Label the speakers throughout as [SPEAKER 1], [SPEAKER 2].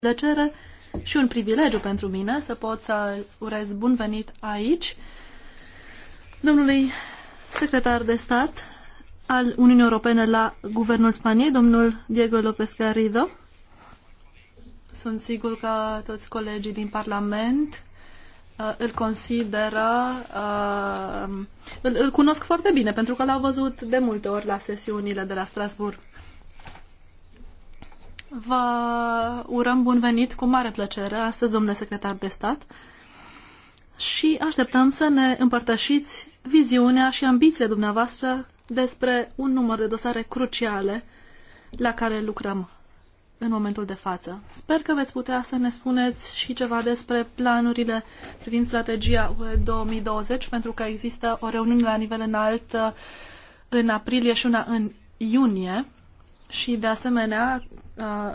[SPEAKER 1] plăcere și un privilegiu pentru mine să pot să urez bun venit aici domnului secretar de stat al Uniunii Europene la Guvernul Spaniei, domnul Diego López Garrido. Sunt sigur că toți colegii din Parlament uh, îl consideră, uh, îl, îl cunosc foarte bine, pentru că l-au văzut de multe ori la sesiunile de la Strasburg. Vă urăm bun venit cu mare plăcere astăzi, domnule secretar de stat, și așteptăm să ne împărtășiți viziunea și ambițiile dumneavoastră despre un număr de dosare cruciale la care lucrăm în momentul de față. Sper că veți putea să ne spuneți și ceva despre planurile privind strategia UE 2020, pentru că există o reuniune la nivel înalt uh, în aprilie și una în iunie și, de asemenea,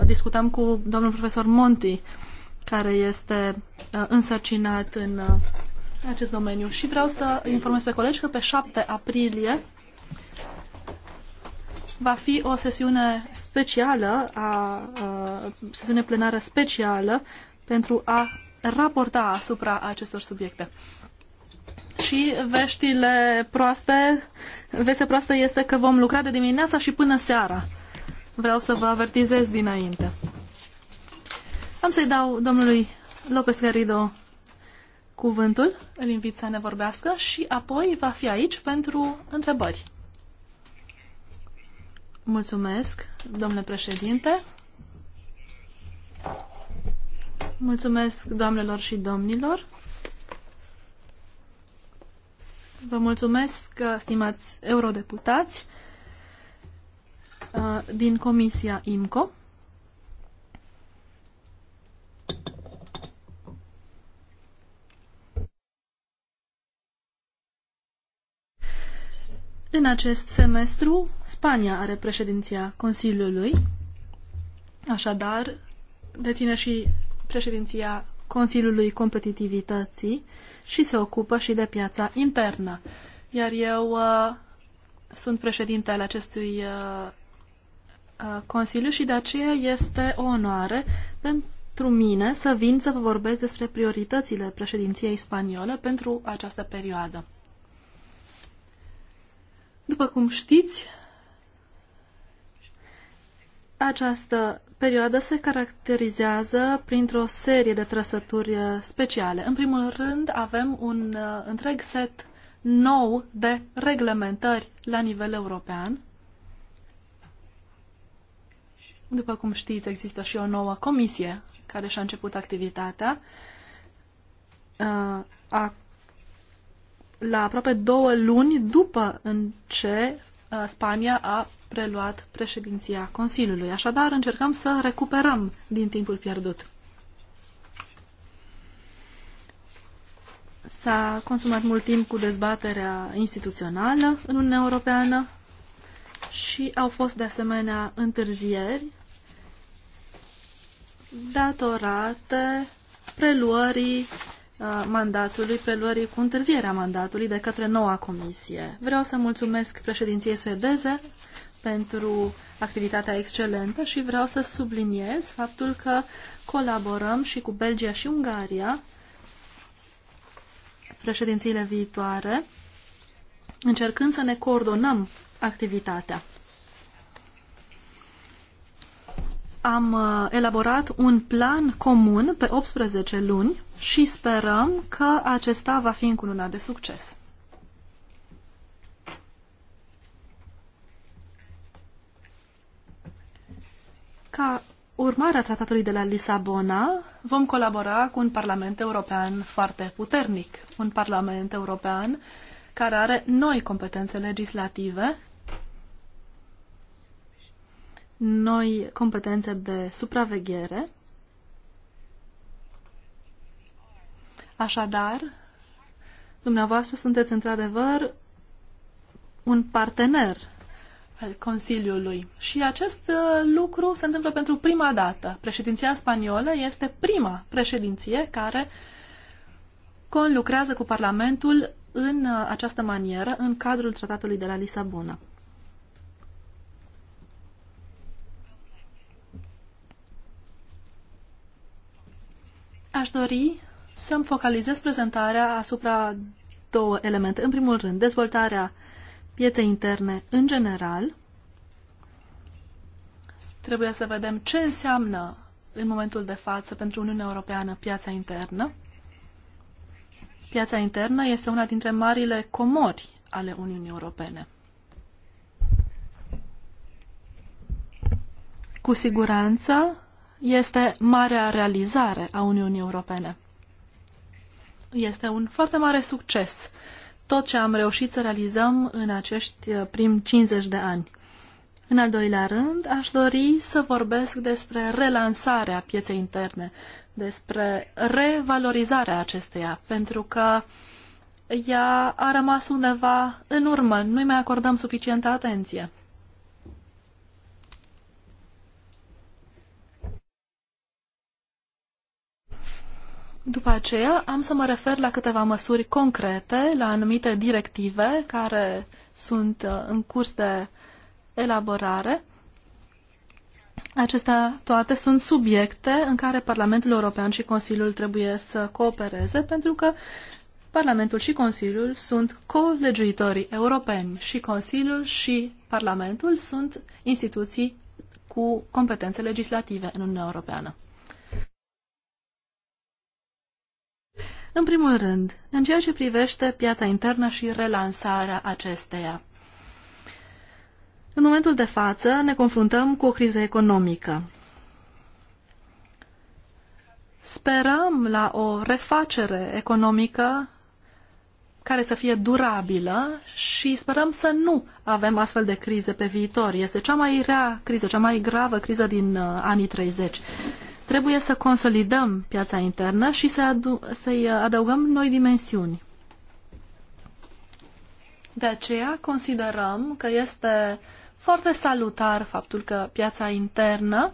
[SPEAKER 1] discutam cu domnul profesor Monti, care este uh, însărcinat în uh, acest domeniu. Și vreau să informez pe colegi că pe 7 aprilie va fi o sesiune specială, a, a, sesiune plenară specială pentru a raporta asupra acestor subiecte. Și veștile proaste, veste proastă este că vom lucra de dimineața și până seara. Vreau să vă avertizez dinainte. Am să-i dau domnului Lopez Garrido cuvântul, îl invit să ne vorbească și apoi va fi aici pentru întrebări. Mulțumesc, domnule președinte. Mulțumesc, doamnelor și domnilor. Vă mulțumesc, stimați eurodeputați, Uh, din Comisia IMCO. În acest semestru, Spania are președinția Consiliului, așadar deține și președinția Consiliului Competitivității și se ocupă și de piața internă. Iar eu uh, sunt președintele acestui uh, Consiliu și de aceea este o onoare pentru mine să vin să vă vorbesc despre prioritățile președinției spaniole pentru această perioadă. După cum știți, această perioadă se caracterizează printr-o serie de trăsături uh, speciale. În primul rând, avem un uh, întreg set nou de reglementări la nivel european, după cum știți, există și o nouă comisie care și-a început activitatea. Uh, a, la aproape două luni după în ce uh, Spania a preluat președinția Consiliului. Așadar, încercăm să recuperăm din timpul pierdut. S-a consumat mult timp cu dezbaterea instituțională în Uniunea Europeană și au fost de asemenea întârzieri datorată preluării uh, mandatului, preluării cu întârzierea mandatului de către noua comisie. Vreau să mulțumesc președinției suedeze pentru activitatea excelentă și vreau să subliniez faptul că colaborăm și cu Belgia și Ungaria, președințiile viitoare, încercând să ne coordonăm activitatea. am uh, elaborat un plan comun pe 18 luni și sperăm că acesta va fi încununat de succes. Ca urmare a tratatului de la Lisabona, vom colabora cu un Parlament European foarte puternic, un Parlament European care are noi competențe legislative noi competențe de supraveghere. Așadar, dumneavoastră sunteți într-adevăr un partener al Consiliului. Și acest uh, lucru se întâmplă pentru prima dată. Președinția spaniolă este prima președinție care conlucrează cu Parlamentul în uh, această manieră, în cadrul Tratatului de la Lisabona. Aș dori să-mi focalizez prezentarea asupra două elemente. În primul rând, dezvoltarea pieței interne în general. Trebuie să vedem ce înseamnă în momentul de față pentru Uniunea Europeană piața internă. Piața internă este una dintre marile comori ale Uniunii Europene. Cu siguranță, este marea realizare a Uniunii Europene. Este un foarte mare succes tot ce am reușit să realizăm în acești uh, prim 50 de ani. În al doilea rând, aș dori să vorbesc despre relansarea pieței interne, despre revalorizarea acesteia, pentru că ea a rămas undeva în urmă, nu-i mai acordăm suficientă atenție. După aceea am să mă refer la câteva măsuri concrete, la anumite directive care sunt uh, în curs de elaborare. Acestea toate sunt subiecte în care Parlamentul European și Consiliul trebuie să coopereze pentru că Parlamentul și Consiliul sunt colegiuitorii europeni și Consiliul și Parlamentul sunt instituții cu competențe legislative în Uniunea Europeană. În primul rând, în ceea ce privește piața internă și relansarea acesteia. În momentul de față ne confruntăm cu o criză economică. Sperăm la o refacere economică care să fie durabilă și sperăm să nu avem astfel de crize pe viitor. Este cea mai rea criză, cea mai gravă criză din uh, anii 30. Trebuie să consolidăm piața internă și să să-i adăugăm noi dimensiuni. De aceea considerăm că este foarte salutar faptul că piața internă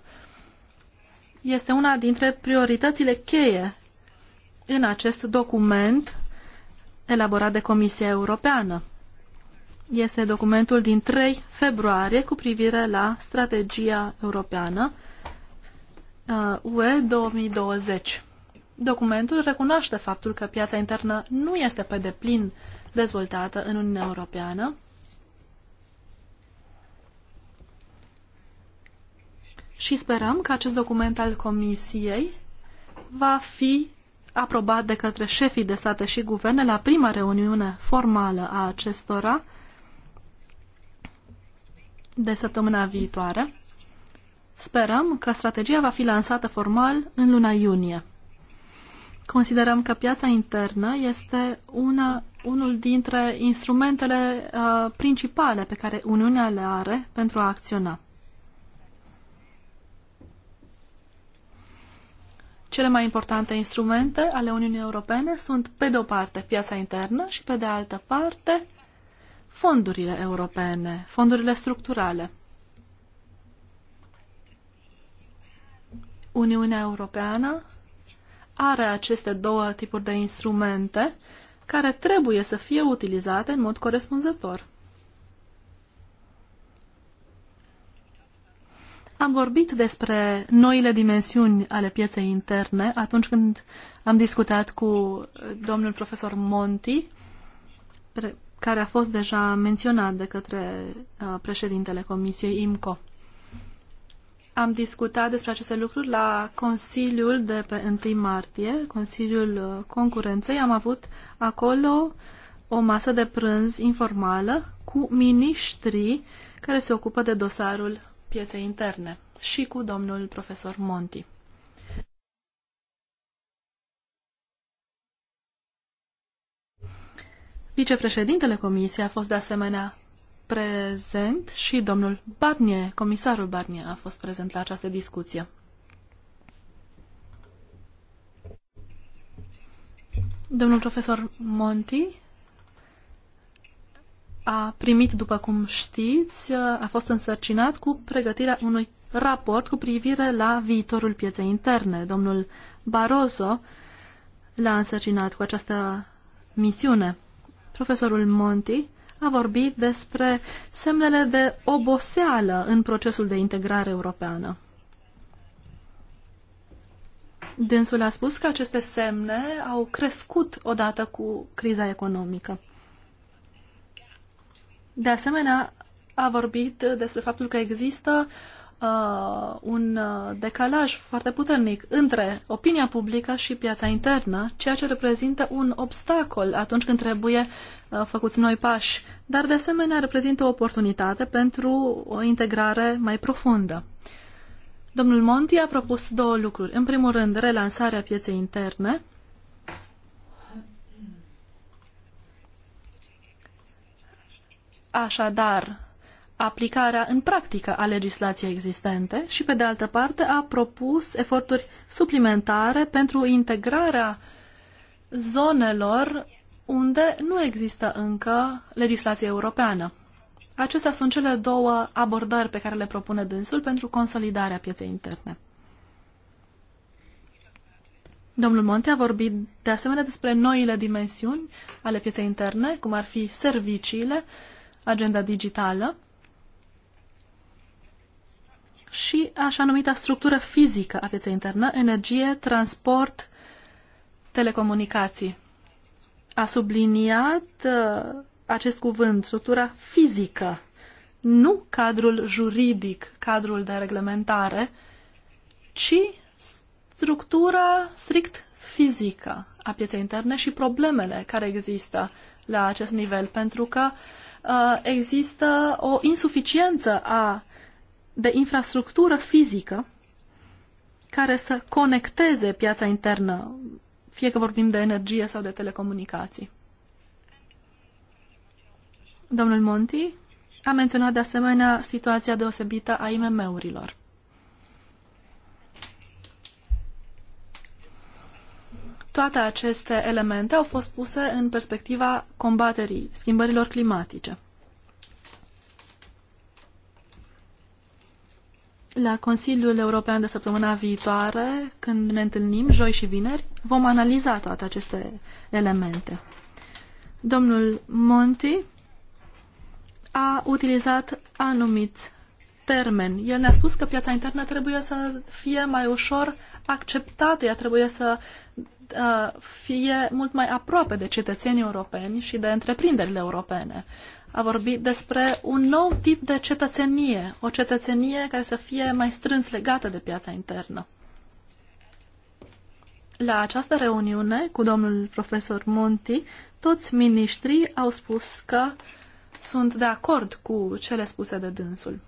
[SPEAKER 1] este una dintre prioritățile cheie în acest document elaborat de Comisia Europeană. Este documentul din 3 februarie cu privire la strategia europeană Uh, UE 2020. Documentul recunoaște faptul că piața internă nu este pe deplin dezvoltată în Uniunea Europeană și sperăm că acest document al Comisiei va fi aprobat de către șefii de state și guverne la prima reuniune formală a acestora de săptămâna viitoare Sperăm că strategia va fi lansată formal în luna iunie. Considerăm că piața internă este una, unul dintre instrumentele uh, principale pe care Uniunea le are pentru a acționa. Cele mai importante instrumente ale Uniunii Europene sunt, pe de o parte, piața internă și, pe de altă parte, fondurile europene, fondurile structurale. Uniunea Europeană are aceste două tipuri de instrumente care trebuie să fie utilizate în mod corespunzător. Am vorbit despre noile dimensiuni ale pieței interne atunci când am discutat cu domnul profesor Monti, care a fost deja menționat de către uh, președintele Comisiei IMCO. Am discutat despre aceste lucruri la Consiliul de pe 1 martie, Consiliul uh, Concurenței. Am avut acolo o masă de prânz informală cu miniștrii care se ocupă de dosarul pieței interne și cu domnul profesor Monti. Vicepreședintele Comisiei a fost de asemenea prezent și domnul Barnier, comisarul Barnier a fost prezent la această discuție. Domnul profesor Monti a primit, după cum știți, a fost însărcinat cu pregătirea unui raport cu privire la viitorul pieței interne. Domnul Barroso l-a însărcinat cu această misiune. Profesorul Monti a vorbit despre semnele de oboseală în procesul de integrare europeană. Dânsul a spus că aceste semne au crescut odată cu criza economică. De asemenea, a vorbit despre faptul că există uh, uh, un uh, decalaj foarte puternic între opinia publică și piața internă, ceea ce reprezintă un obstacol atunci când trebuie uh, făcuți noi pași, dar de asemenea reprezintă o oportunitate pentru o integrare mai profundă. Domnul Monti a propus două lucruri. În primul rând, relansarea pieței interne, Așadar, aplicarea în practică a legislației existente și, pe de altă parte, a propus eforturi suplimentare pentru integrarea zonelor unde nu există încă legislație europeană. Acestea sunt cele două abordări pe care le propune dânsul pentru consolidarea pieței interne. Domnul Monte a vorbit de asemenea despre noile dimensiuni ale pieței interne, cum ar fi serviciile, agenda digitală, și așa numita structură fizică a pieței interne, energie, transport, telecomunicații. A subliniat uh, acest cuvânt, structura fizică, nu cadrul juridic, cadrul de reglementare, ci structura strict fizică a pieței interne și problemele care există la acest nivel, pentru că uh, există o insuficiență a de infrastructură fizică care să conecteze piața internă, fie că vorbim de energie sau de telecomunicații. Domnul Monti a menționat de asemenea situația deosebită a IMM-urilor. Toate aceste elemente au fost puse în perspectiva combaterii schimbărilor climatice. La Consiliul European de săptămâna viitoare, când ne întâlnim, joi și vineri, vom analiza toate aceste elemente. Domnul Monti a utilizat anumiți termeni. El ne-a spus că piața internă trebuie să fie mai ușor acceptată, ea trebuie să uh, fie mult mai aproape de cetățenii europeni și de întreprinderile europene a vorbit despre un nou tip de cetățenie, o cetățenie care să fie mai strâns legată de piața internă. La această reuniune cu domnul profesor Monti, toți miniștrii au spus că sunt de acord cu cele spuse de dânsul.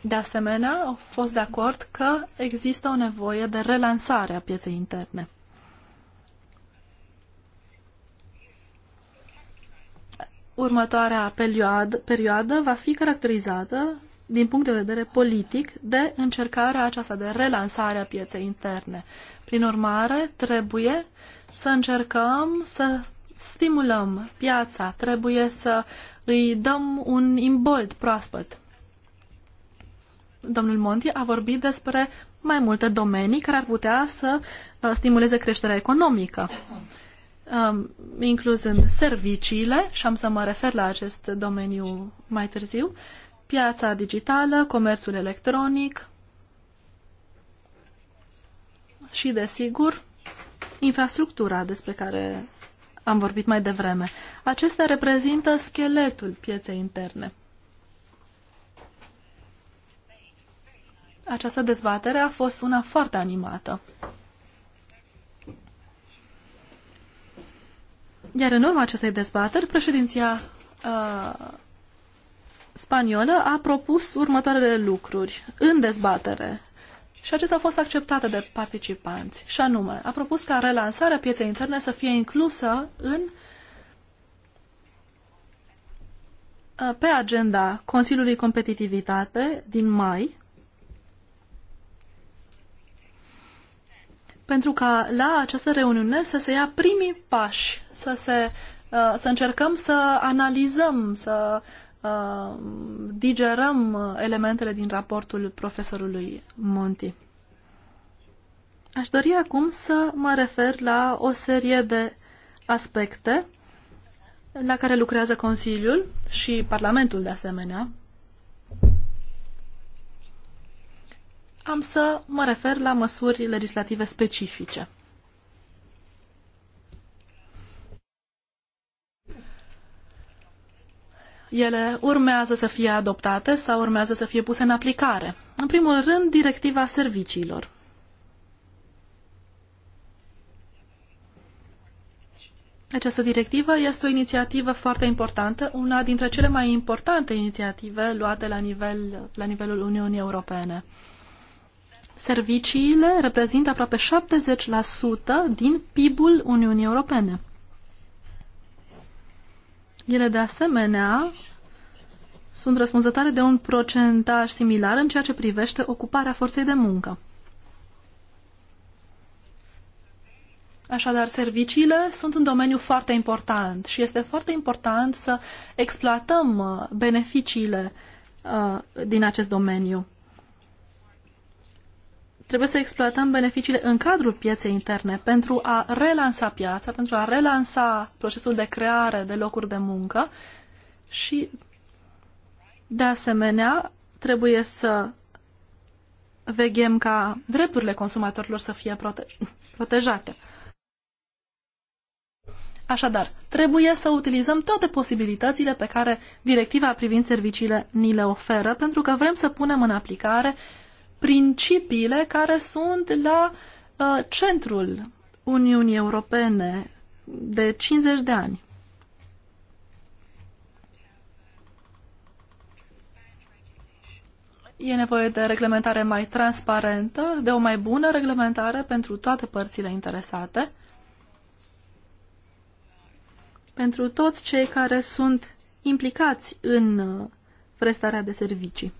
[SPEAKER 1] De asemenea, au fost de acord că există o nevoie de relansare a pieței interne. următoarea perioadă, perioadă va fi caracterizată, din punct de vedere politic, de încercarea aceasta de relansare a pieței interne. Prin urmare, trebuie să încercăm să stimulăm piața, trebuie să îi dăm un imbold proaspăt. Domnul Monti a vorbit despre mai multe domenii care ar putea să uh, stimuleze creșterea economică um, incluzând serviciile, și am să mă refer la acest domeniu mai târziu, piața digitală, comerțul electronic și, desigur, infrastructura despre care am vorbit mai devreme. Acestea reprezintă scheletul pieței interne. Această dezbatere a fost una foarte animată. Iar în urma acestei dezbateri, președinția uh, spaniolă a propus următoarele lucruri în dezbatere. Și acestea au fost acceptate de participanți. Și anume, a propus ca relansarea pieței interne să fie inclusă în uh, pe agenda Consiliului Competitivitate din mai pentru ca la această reuniune să se ia primii pași, să, se, uh, să încercăm să analizăm, să uh, digerăm elementele din raportul profesorului Monti. Aș dori acum să mă refer la o serie de aspecte la care lucrează Consiliul și Parlamentul de asemenea am să mă refer la măsuri legislative specifice. Ele urmează să fie adoptate sau urmează să fie puse în aplicare. În primul rând, directiva serviciilor. Această directivă este o inițiativă foarte importantă, una dintre cele mai importante inițiative luate la, nivel, la nivelul Uniunii Europene. Serviciile reprezintă aproape 70% din PIB-ul Uniunii Europene. Ele, de asemenea, sunt răspunzătoare de un procentaj similar în ceea ce privește ocuparea forței de muncă. Așadar, serviciile sunt un domeniu foarte important și este foarte important să exploatăm uh, beneficiile uh, din acest domeniu. Trebuie să exploatăm beneficiile în cadrul pieței interne pentru a relansa piața, pentru a relansa procesul de creare de locuri de muncă și, de asemenea, trebuie să veghem ca drepturile consumatorilor să fie prote protejate. Așadar, trebuie să utilizăm toate posibilitățile pe care directiva privind serviciile ni le oferă, pentru că vrem să punem în aplicare principiile care sunt la uh, centrul Uniunii Europene de 50 de ani. E nevoie de reglementare mai transparentă, de o mai bună reglementare pentru toate părțile interesate, pentru toți cei care sunt implicați în uh, prestarea de servicii.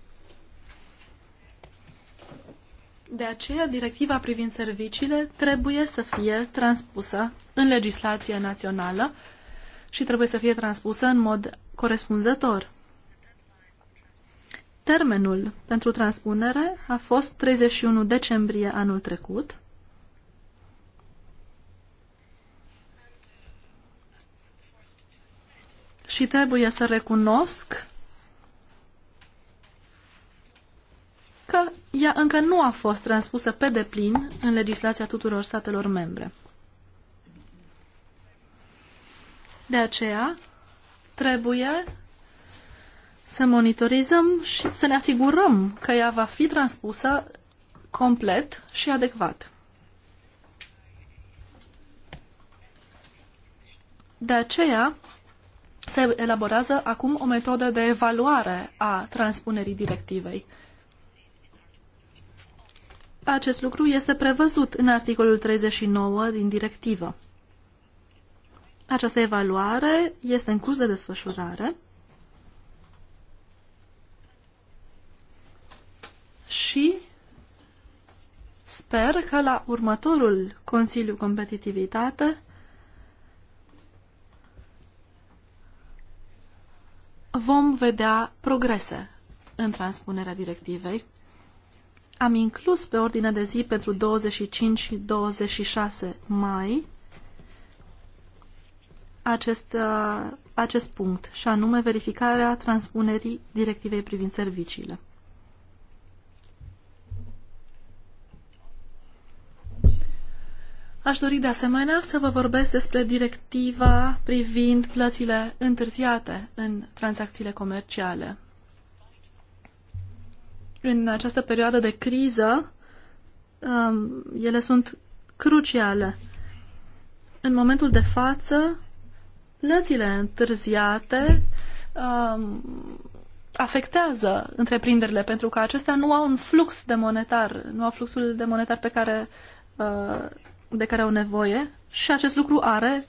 [SPEAKER 1] De aceea, directiva privind serviciile trebuie să fie transpusă în legislația națională și trebuie să fie transpusă în mod corespunzător. Termenul pentru transpunere a fost 31 decembrie anul trecut. Și trebuie să recunosc că ea încă nu a fost transpusă pe deplin în legislația tuturor statelor membre. De aceea, trebuie să monitorizăm și să ne asigurăm că ea va fi transpusă complet și adecvat. De aceea, se elaborează acum o metodă de evaluare a transpunerii directivei. Acest lucru este prevăzut în articolul 39 din directivă. Această evaluare este în curs de desfășurare și sper că la următorul Consiliu Competitivitate vom vedea progrese în transpunerea directivei am inclus pe ordinea de zi pentru 25 și 26 mai acest, uh, acest punct, și anume verificarea transpunerii directivei privind serviciile. Aș dori de asemenea să vă vorbesc despre directiva privind plățile întârziate în tranzacțiile comerciale în această perioadă de criză, um, ele sunt cruciale. În momentul de față, plățile întârziate um, afectează întreprinderile pentru că acestea nu au un flux de monetar, nu au fluxul de monetar pe care, uh, de care au nevoie și acest lucru are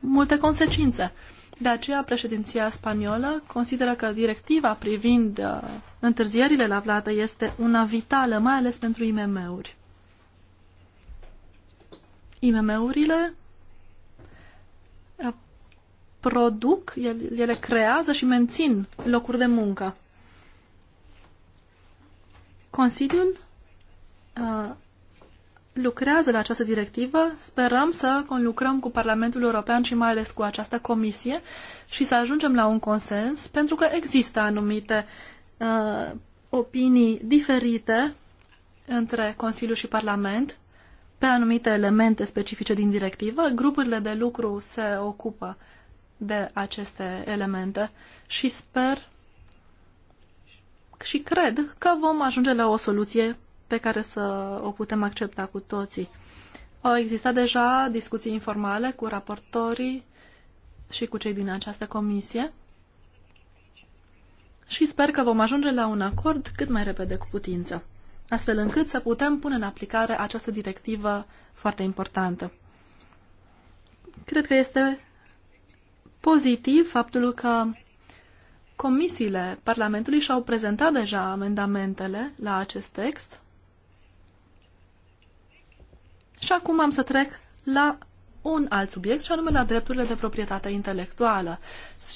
[SPEAKER 1] multe consecințe. De aceea, președinția spaniolă consideră că directiva privind uh, întârzierile la plată este una vitală, mai ales pentru IMM-uri. IMM-urile uh, produc, ele, ele creează și mențin locuri de muncă. Consiliul uh, lucrează la această directivă. Sperăm să conlucrăm cu Parlamentul European și mai ales cu această comisie și să ajungem la un consens, pentru că există anumite uh, opinii diferite între Consiliu și Parlament pe anumite elemente specifice din directivă. Grupurile de lucru se ocupă de aceste elemente și sper și cred că vom ajunge la o soluție pe care să o putem accepta cu toții. Au existat deja discuții informale cu raportorii și cu cei din această comisie și sper că vom ajunge la un acord cât mai repede cu putință, astfel încât să putem pune în aplicare această directivă foarte importantă. Cred că este pozitiv faptul că comisiile Parlamentului și-au prezentat deja amendamentele la acest text și acum am să trec la un alt subiect și anume la drepturile de proprietate intelectuală.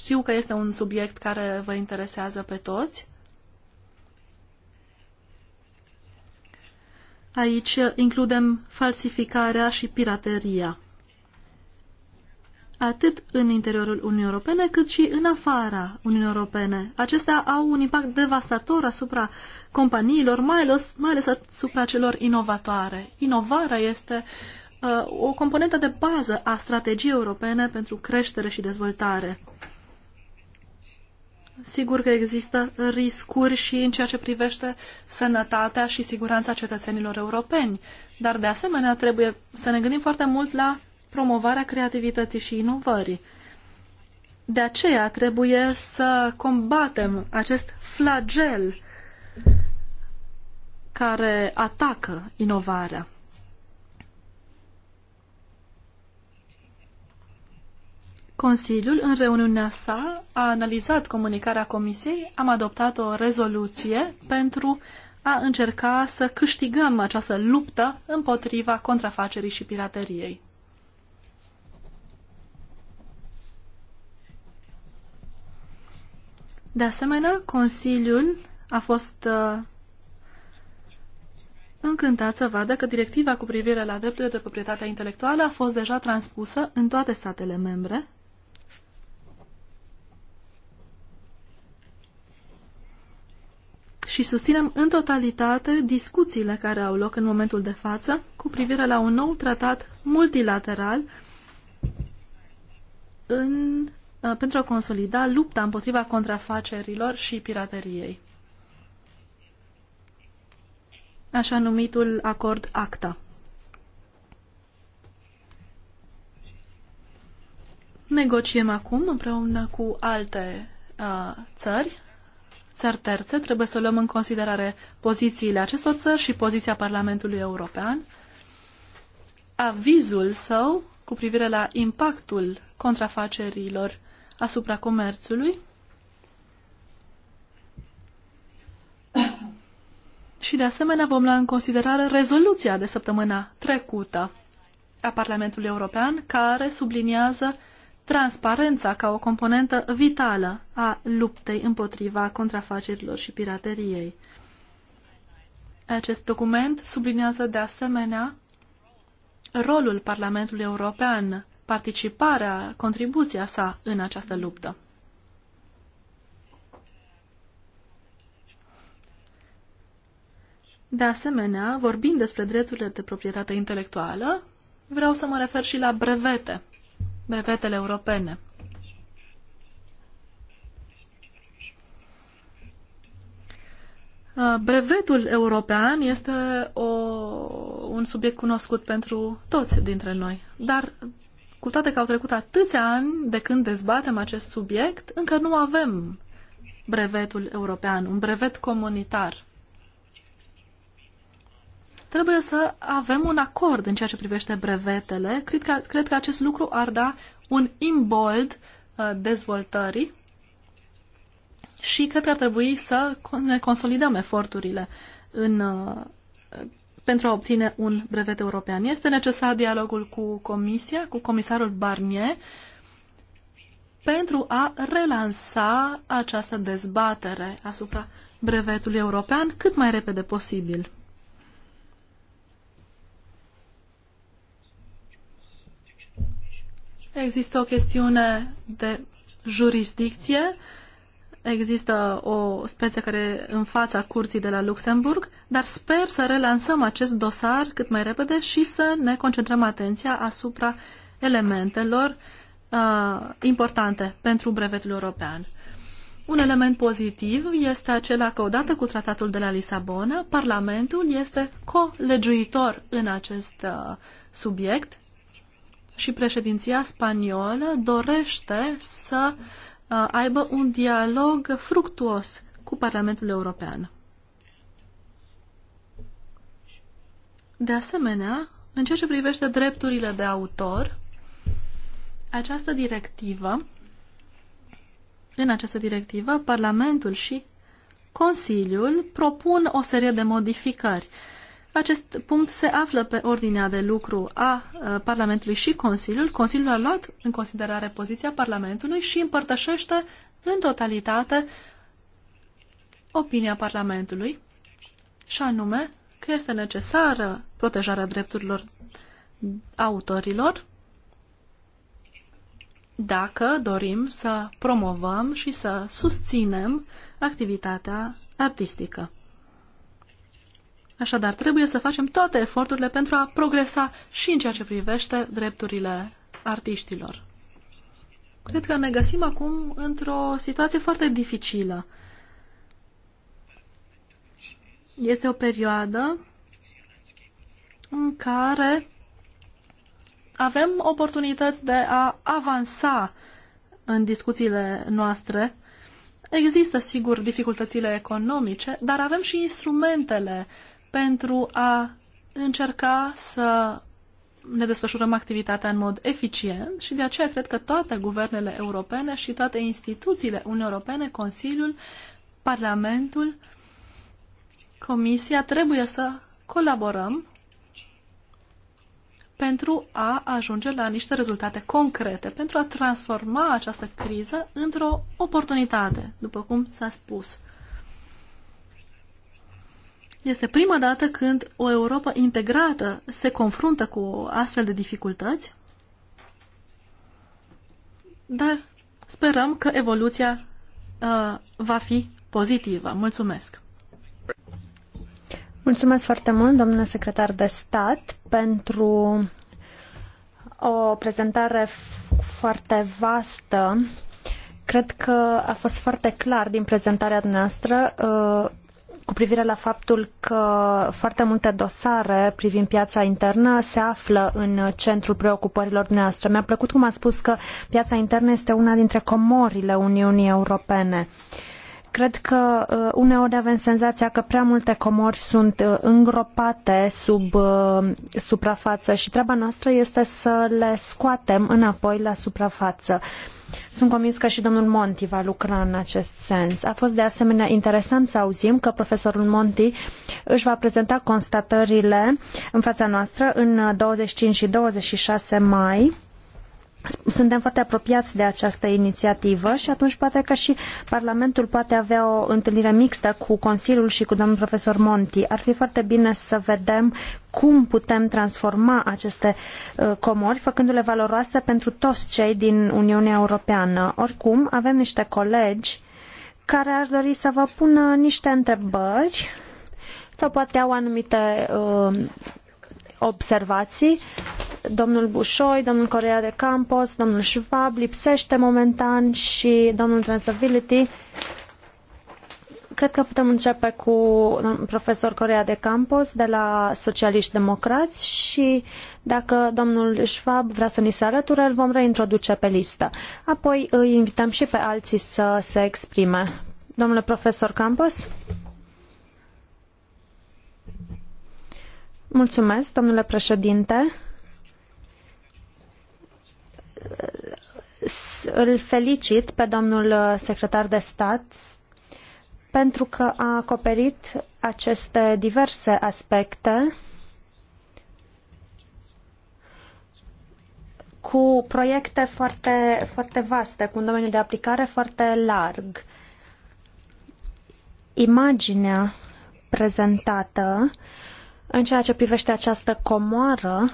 [SPEAKER 1] Știu că este un subiect care vă interesează pe toți. Aici includem falsificarea și pirateria atât în interiorul Uniunii Europene, cât și în afara Uniunii Europene. Acestea au un impact devastator asupra companiilor, mai ales, mai ales asupra celor inovatoare. Inovarea este uh, o componentă de bază a strategiei europene pentru creștere și dezvoltare. Sigur că există riscuri și în ceea ce privește sănătatea și siguranța cetățenilor europeni, dar de asemenea trebuie să ne gândim foarte mult la promovarea creativității și inovării. De aceea trebuie să combatem acest flagel care atacă inovarea. Consiliul, în reuniunea sa, a analizat comunicarea Comisiei, am adoptat o rezoluție pentru a încerca să câștigăm această luptă împotriva contrafacerii și pirateriei. De asemenea, Consiliul a fost uh, încântat să vadă că directiva cu privire la drepturile de proprietate intelectuală a fost deja transpusă în toate statele membre. Și susținem în totalitate discuțiile care au loc în momentul de față cu privire la un nou tratat multilateral în Uh, pentru a consolida lupta împotriva contrafacerilor și pirateriei. Așa numitul acord ACTA. Negociem acum împreună cu alte uh, țări, țări terțe. Trebuie să luăm în considerare pozițiile acestor țări și poziția Parlamentului European. Avizul său cu privire la impactul contrafacerilor asupra comerțului și de asemenea vom lua în considerare rezoluția de săptămâna trecută a Parlamentului European care subliniază transparența ca o componentă vitală a luptei împotriva contrafacerilor și pirateriei. Acest document subliniază de asemenea rolul Parlamentului European participarea, contribuția sa în această luptă. De asemenea, vorbind despre drepturile de proprietate intelectuală, vreau să mă refer și la brevete, brevetele europene. Uh, brevetul european este o, un subiect cunoscut pentru toți dintre noi, dar cu toate că au trecut atâția ani de când dezbatem acest subiect, încă nu avem brevetul european, un brevet comunitar. Trebuie să avem un acord în ceea ce privește brevetele. Cred că, cred că acest lucru ar da un imbold uh, dezvoltării și cred că ar trebui să ne consolidăm eforturile în uh, pentru a obține un brevet european. Este necesar dialogul cu Comisia, cu comisarul Barnier, pentru a relansa această dezbatere asupra brevetului european cât mai repede posibil. Există o chestiune de jurisdicție există o speță care în fața curții de la Luxemburg, dar sper să relansăm acest dosar cât mai repede și să ne concentrăm atenția asupra elementelor uh, importante pentru brevetul european. Un element pozitiv este acela că odată cu tratatul de la Lisabona, Parlamentul este colegiuitor în acest uh, subiect și președinția spaniolă dorește să uh, Uh, aibă un dialog fructuos cu Parlamentul European. De asemenea, în ceea ce privește drepturile de autor, această directivă, în această directivă, Parlamentul și Consiliul propun o serie de modificări. Uh, acest punct se află pe ordinea de lucru a uh, Parlamentului și Consiliul. Consiliul a luat în considerare poziția Parlamentului și împărtășește în totalitate opinia Parlamentului, și anume că este necesară protejarea drepturilor autorilor dacă dorim să promovăm și să susținem activitatea artistică. Așadar, trebuie să facem toate eforturile pentru a progresa și în ceea ce privește drepturile artiștilor. Cred că ne găsim acum într-o situație foarte dificilă. Este o perioadă în care avem oportunități de a avansa în discuțiile noastre. Există, sigur, dificultățile economice, dar avem și instrumentele pentru a încerca să ne desfășurăm activitatea în mod eficient și de aceea cred că toate guvernele europene și toate instituțiile Uniunii Europene, Consiliul, Parlamentul, Comisia, trebuie să colaborăm pentru a ajunge la niște rezultate concrete, pentru a transforma această criză într-o oportunitate, după cum s-a spus. Este prima dată când o Europa integrată se confruntă cu astfel de dificultăți, dar sperăm că evoluția uh, va fi pozitivă. Mulțumesc!
[SPEAKER 2] Mulțumesc foarte mult, domnule secretar de stat, pentru o prezentare foarte vastă. Cred că a fost foarte clar din prezentarea noastră uh, cu privire la faptul că foarte multe dosare privind piața internă se află în centrul preocupărilor noastre. Mi-a plăcut cum a spus că piața internă este una dintre comorile Uniunii Europene. Cred că uh, uneori avem senzația că prea multe comori sunt uh, îngropate sub uh, suprafață și treaba noastră este să le scoatem înapoi la suprafață. Uh, sunt convins că și domnul Monti va lucra în acest sens. A fost de asemenea interesant să auzim că profesorul Monti își va prezenta constatările în fața noastră în 25 și 26 mai suntem foarte apropiați de această inițiativă și atunci poate că și Parlamentul poate avea o întâlnire mixtă cu Consiliul și cu domnul profesor Monti. Ar fi foarte bine să vedem cum putem transforma aceste uh, comori, făcându-le valoroase pentru toți cei din Uniunea Europeană. Oricum, avem niște colegi care aș dori să vă pună niște întrebări sau poate au anumite uh, observații domnul Bușoi, domnul Corea de Campos, domnul Schwab lipsește momentan și domnul Transability. Cred că putem începe cu profesor Corea de Campos de la Socialiști Democrați și dacă domnul Schwab vrea să ni se alăture, îl vom reintroduce pe listă. Apoi îi invităm și pe alții să se exprime. Domnule profesor Campos? Mulțumesc, domnule președinte. îl felicit pe domnul uh, secretar de stat pentru că a acoperit aceste diverse aspecte cu proiecte foarte, foarte vaste, cu un domeniu de aplicare foarte larg. Imaginea prezentată în ceea ce privește această comoară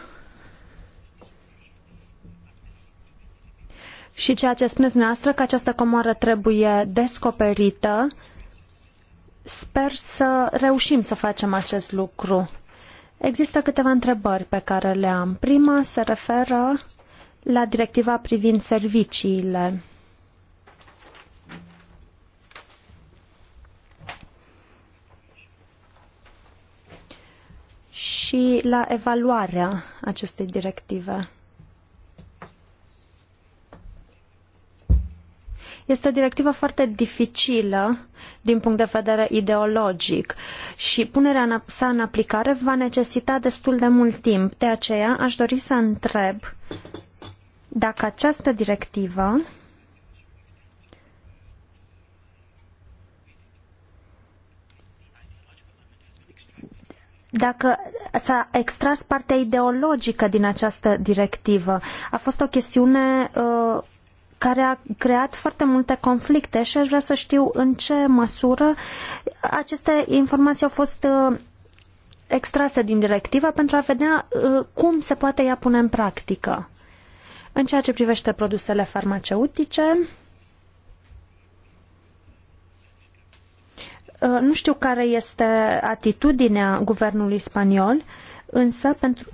[SPEAKER 2] și ceea ce spuneți noastră că această comoară trebuie descoperită. Sper să reușim să facem acest lucru. Există câteva întrebări pe care le am. Prima se referă la directiva privind serviciile. și la evaluarea acestei directive. Este o directivă foarte dificilă din punct de vedere ideologic și punerea sa în aplicare va necesita destul de mult timp. De aceea aș dori să întreb dacă această directivă dacă s-a extras partea ideologică din această directivă. A fost o chestiune uh, care a creat foarte multe conflicte și aș vrea să știu în ce măsură aceste informații au fost uh, extrase din directiva pentru a vedea uh, cum se poate ea pune în practică. În ceea ce privește produsele farmaceutice, uh, nu știu care este atitudinea guvernului spaniol, însă pentru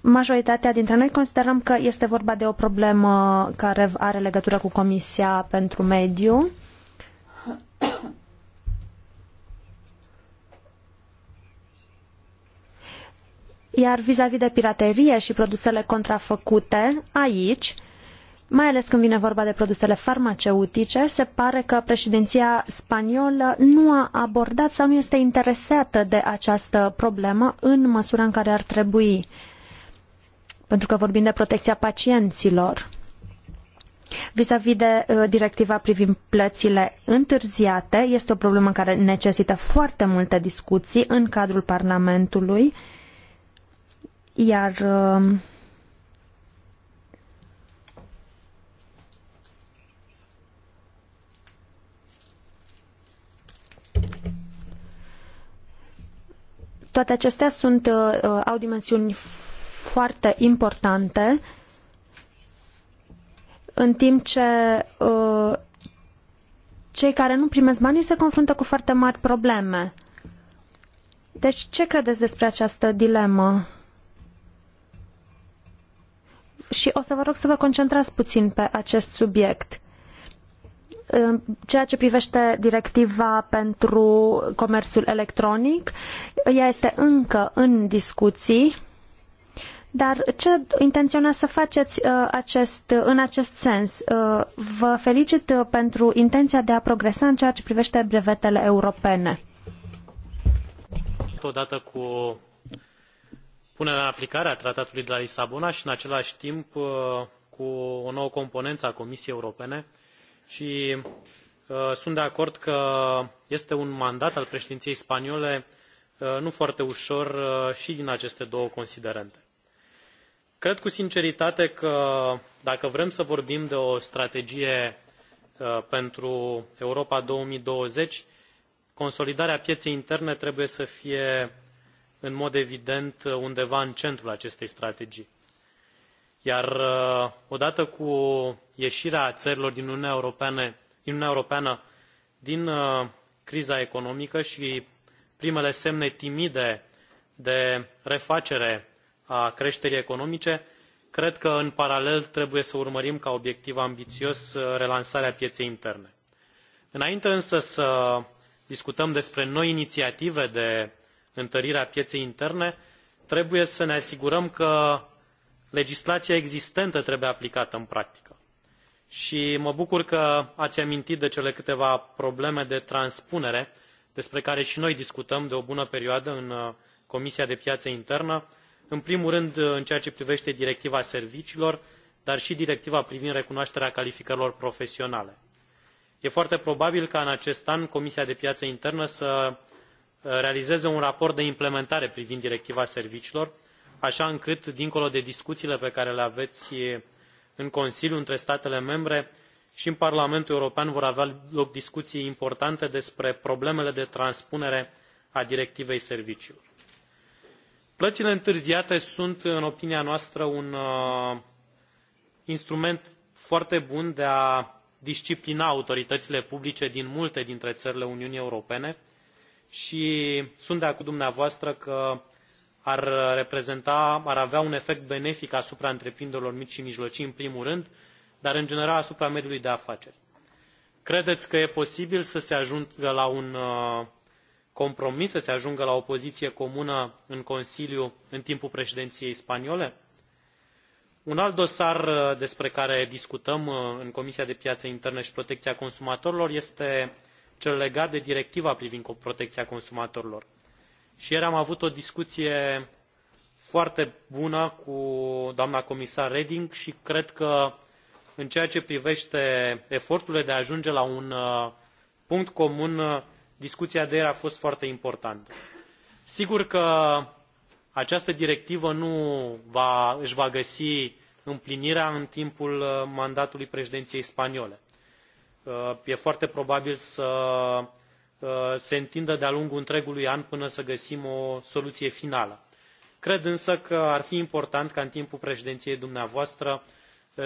[SPEAKER 2] majoritatea dintre noi considerăm că este vorba de o problemă care are legătură cu Comisia pentru Mediu. Iar vis-a-vis -vis de piraterie și produsele contrafăcute, aici, mai ales când vine vorba de produsele farmaceutice, se pare că președinția spaniolă nu a abordat sau nu este interesată de această problemă în măsura în care ar trebui. Uh, pentru că vorbim de protecția pacienților. Vis-a-vis de uh, directiva privind plățile întârziate, este o problemă care necesită foarte multe discuții în cadrul Parlamentului, iar uh, toate acestea sunt, uh, au dimensiuni foarte importante, în timp ce uh, cei care nu primesc banii se confruntă cu foarte mari probleme. Deci, ce credeți despre această dilemă? Și o să vă rog să vă concentrați puțin pe acest subiect. Ceea ce privește directiva pentru comerțul electronic, ea este încă în discuții dar ce intenționați să faceți uh, acest, uh, în acest sens? Uh, vă felicit pentru intenția de a progresa în ceea ce privește brevetele europene.
[SPEAKER 3] Odată cu punerea în aplicare a tratatului de la Lisabona și în același timp cu o nouă componență a Comisiei Europene și sunt de acord că este un mandat al președinției spaniole nu foarte ușor și din aceste două considerente cred cu sinceritate că dacă vrem să vorbim de o strategie uh, pentru europa două mii douăzeci consolidarea pieței interne trebuie să fie în mod evident undeva în centrul acestei strategii iar uh, odată cu ieșirea țărilor din uniunea europeană, europeană din uh, criza economică și primele semne timide de refacere a creșterii economice cred că în paralel trebuie să urmărim ca obiectiv ambițios uh, relansarea pieței interne. înainte însă să discutăm despre noi inițiative de întărire a pieței interne trebuie să ne asigurăm că legislația existentă trebuie aplicată în practică și mă bucur că ați amintit de cele câteva probleme de transpunere despre care și noi discutăm de o bună perioadă în uh, comisia pentru piața internă în primul rând uh, în ceea ce privete directiva serviciilor dar și directiva privind recunoașterea calificărilor profesionale. e foarte probabil ca în acest an comisia pentru piaa internă să uh, realizeze un raport de implementare privind directiva serviciilor așa încât dincolo de discuțiile pe care le aveți uh, în consiliu între statele membre și în parlamentul european vor avea loc discuții importante despre problemele de transpunere a directivei serviciilor plățile întârziate sunt în opinia noastră un uh, instrument foarte bun de a disciplina autoritățile publice din multe dintre țările uniunii europene și sunt de acord cu dumneavoastră că ar reprezenta ar avea un efect benefic asupra întreprinderilor mici și mijlocii în primul rând dar în general asupra mediului de afaceri. credeți că e posibil să se ajungă la un uh, compromis să se ajungă la o poziție comună în Consiliu în timpul președinției spaniole? Un alt dosar uh, despre care discutăm uh, în Comisia de Piață Internă și Protecția Consumatorilor este cel legat de directiva privind protecția consumatorilor. Și ieri am avut o discuție foarte bună cu doamna comisar Reding și cred că în ceea ce privește eforturile de a ajunge la un uh, punct comun discuția de ieri a fost foarte importantă. Sigur că această directivă nu va, își va găsi împlinirea în timpul uh, mandatului președinției spaniole. Uh, e foarte probabil să uh, se întindă de-a lungul întregului an până să găsim o soluție finală. Cred însă că ar fi important ca în timpul președinției dumneavoastră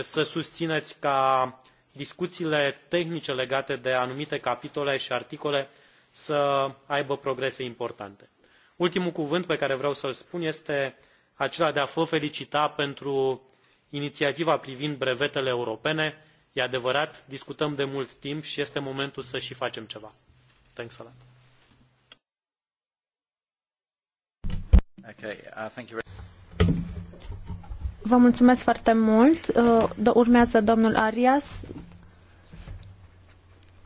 [SPEAKER 3] să susțineți ca discuțiile tehnice legate de anumite capitole și articole să aibă progrese importante. ultimul cuvânt pe care vreau să l spun este acela de a vă felicita pentru inițiativa privind brevetele europene e adevărat discutăm de mult timp și este momentul să și facem ceva. Thanks a lot.
[SPEAKER 4] Okay, uh, thank you.
[SPEAKER 2] Vă mulțumesc foarte mult. Uh, urmează domnul Arias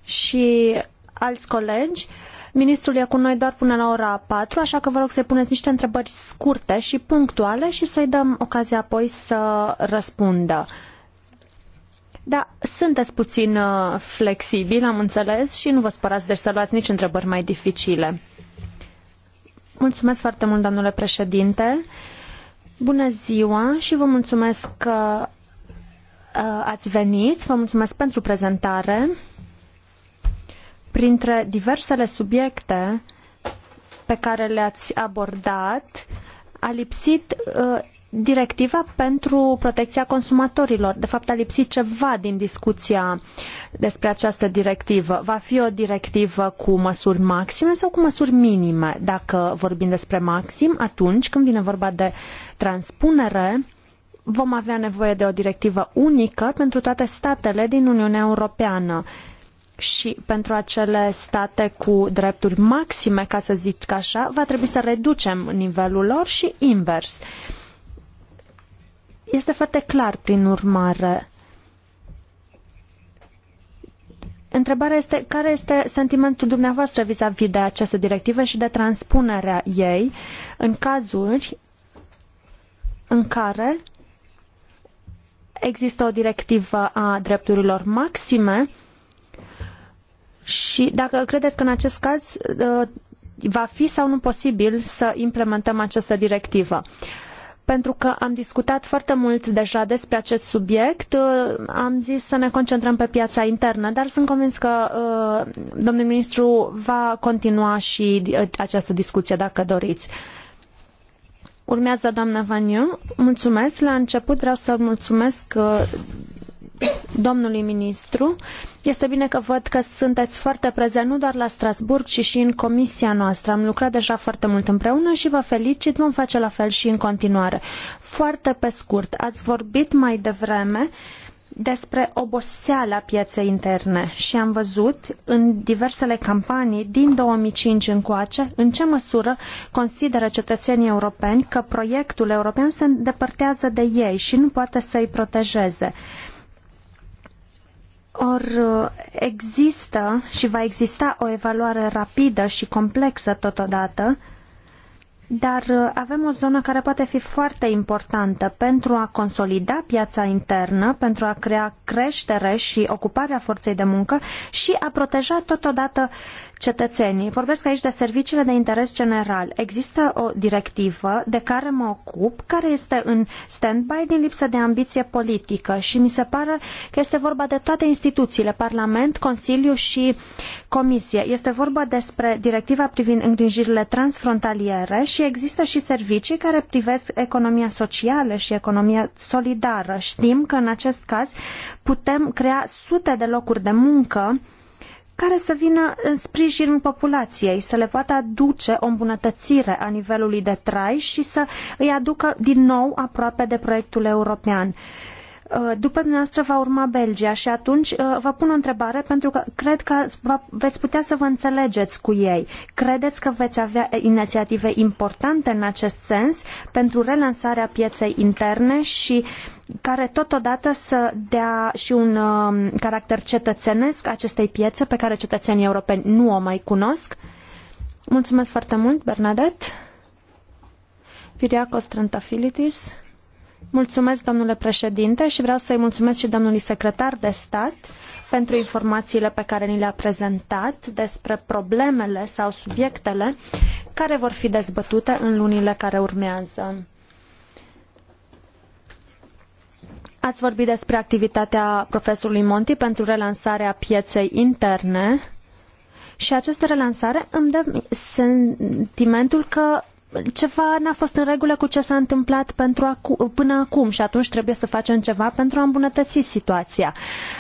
[SPEAKER 2] și alți colegi. Ministrul e cu noi doar până la ora 4, așa că vă rog să-i puneți niște întrebări scurte și punctuale și să-i dăm ocazia apoi să răspundă. Da, sunteți puțin uh, flexibil, am înțeles, și nu vă spărați deci să luați nici întrebări mai dificile. Mulțumesc foarte mult, domnule președinte. Bună ziua și vă mulțumesc că uh, ați venit, vă mulțumesc pentru prezentare printre diversele subiecte pe care le-ați abordat, a lipsit uh, directiva pentru protecția consumatorilor. De fapt, a lipsit ceva din discuția despre această directivă. Va fi o directivă cu măsuri maxime sau cu măsuri minime? Dacă vorbim despre maxim, atunci când vine vorba de transpunere, vom avea nevoie de o directivă unică pentru toate statele din Uniunea Europeană și pentru acele state cu drepturi maxime, ca să zic așa, va trebui să reducem nivelul lor și invers. Este foarte clar, prin urmare. Întrebarea este care este sentimentul dumneavoastră vis-a-vis de această directivă și de transpunerea ei în cazuri în care există o directivă a drepturilor maxime și dacă credeți că în acest caz uh, va fi sau nu posibil să implementăm această directivă. Pentru că am discutat foarte mult deja despre acest subiect, uh, am zis să ne concentrăm pe piața internă, dar sunt convins că uh, domnul ministru va continua și această discuție dacă doriți. Urmează doamna Vaniu. Mulțumesc. La început vreau să mulțumesc domnului ministru. Este bine că văd că sunteți foarte prezent nu doar la Strasburg, ci și în comisia noastră. Am lucrat deja foarte mult împreună și vă felicit, vom face la fel și în continuare. Foarte pe scurt, ați vorbit mai devreme despre oboseala pieței interne și am văzut în diversele campanii din 2005 încoace în ce măsură consideră cetățenii europeni că proiectul european se îndepărtează de ei și nu poate să îi protejeze. Or, uh, există și va exista o evaluare rapidă și complexă totodată, dar uh, avem o zonă care poate fi foarte importantă pentru a consolida piața internă, pentru a crea creștere și ocuparea forței de muncă și a proteja totodată uh, cetățenii. Vorbesc aici de serviciile de interes general. Există o directivă de care mă ocup, care este în stand-by din lipsă de ambiție politică și mi se pare că este vorba de toate instituțiile, Parlament, Consiliu și Comisie. Este vorba despre directiva privind îngrijirile transfrontaliere și există și servicii care privesc economia socială și economia solidară. Știm că în acest caz putem crea sute de locuri de muncă care să vină în sprijinul populației, să le poată aduce o îmbunătățire a nivelului de trai și să îi aducă din nou aproape de proiectul european. Uh, după dumneavoastră va urma Belgia și atunci uh, vă pun o întrebare pentru că cred că veți putea să vă înțelegeți cu ei. Credeți că veți avea inițiative importante în acest sens pentru relansarea pieței interne și uh, care totodată să dea și un um, caracter cetățenesc acestei piețe pe care cetățenii europeni nu o mai cunosc. Mulțumesc foarte mult, Bernadette. Viriacos Trantafilitis. Mulțumesc, domnule președinte, și vreau să-i mulțumesc și domnului secretar de stat pentru informațiile pe care ni le-a prezentat despre problemele sau subiectele care vor fi dezbătute în lunile care urmează. Ați vorbit despre activitatea profesorului Monti pentru relansarea pieței interne și această relansare îmi dă sentimentul că ceva n-a fost în regulă cu ce s-a întâmplat pentru acu- până acum și atunci trebuie să facem ceva pentru a îmbunătăți situația.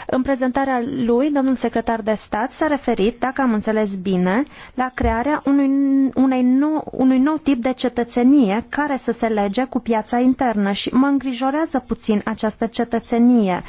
[SPEAKER 2] În prezentarea lui, domnul secretar de stat s-a referit, dacă am înțeles bine, la crearea unui, unei nou, unui nou tip de cetățenie care să se lege cu piața internă și mă îngrijorează puțin această cetățenie.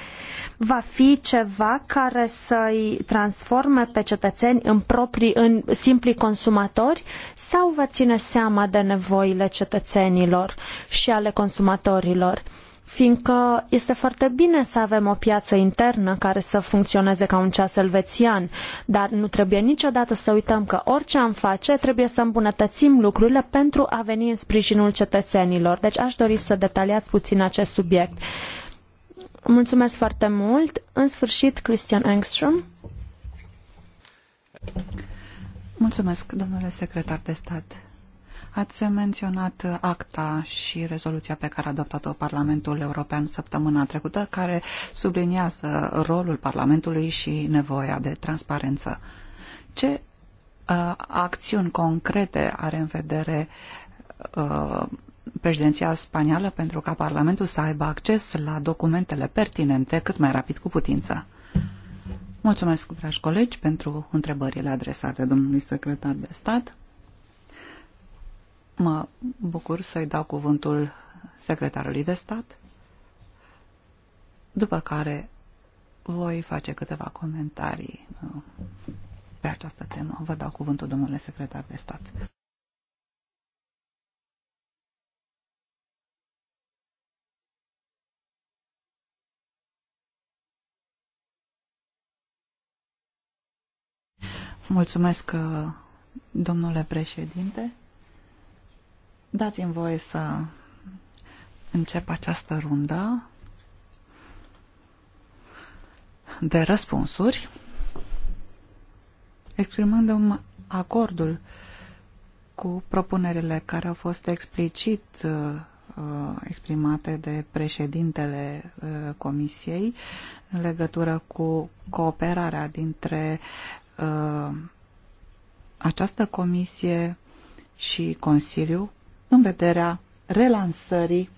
[SPEAKER 2] Va fi ceva care să-i transforme pe cetățeni în, proprii, în simpli consumatori sau va ține seama de nevoile cetățenilor și ale consumatorilor fiindcă este foarte bine să avem o piață internă care să funcționeze ca un ceas elvețian, dar nu trebuie niciodată să uităm că orice am face trebuie să îmbunătățim lucrurile pentru a veni în sprijinul cetățenilor. Deci aș dori să detaliați puțin acest subiect. Mulțumesc foarte mult. În sfârșit, Christian Engström.
[SPEAKER 4] Mulțumesc, domnule secretar de stat. Ați menționat acta și rezoluția pe care a adoptat-o Parlamentul European săptămâna trecută, care subliniază rolul Parlamentului și nevoia de transparență. Ce uh, acțiuni concrete are în vedere uh, președinția spaniolă pentru ca Parlamentul să aibă acces la documentele pertinente cât mai rapid cu putință? Mulțumesc, dragi colegi, pentru întrebările adresate domnului secretar de stat. Mă bucur să-i dau cuvântul secretarului de stat, după care voi face câteva comentarii uh, pe această temă. Vă dau cuvântul, domnule secretar de stat. Mulțumesc, uh, domnule președinte. Dați-mi voie să încep această rundă de răspunsuri, exprimându-mi acordul cu propunerile care au fost explicit uh, exprimate de președintele uh, Comisiei în legătură cu cooperarea dintre uh, această comisie și Consiliu în vederea relansării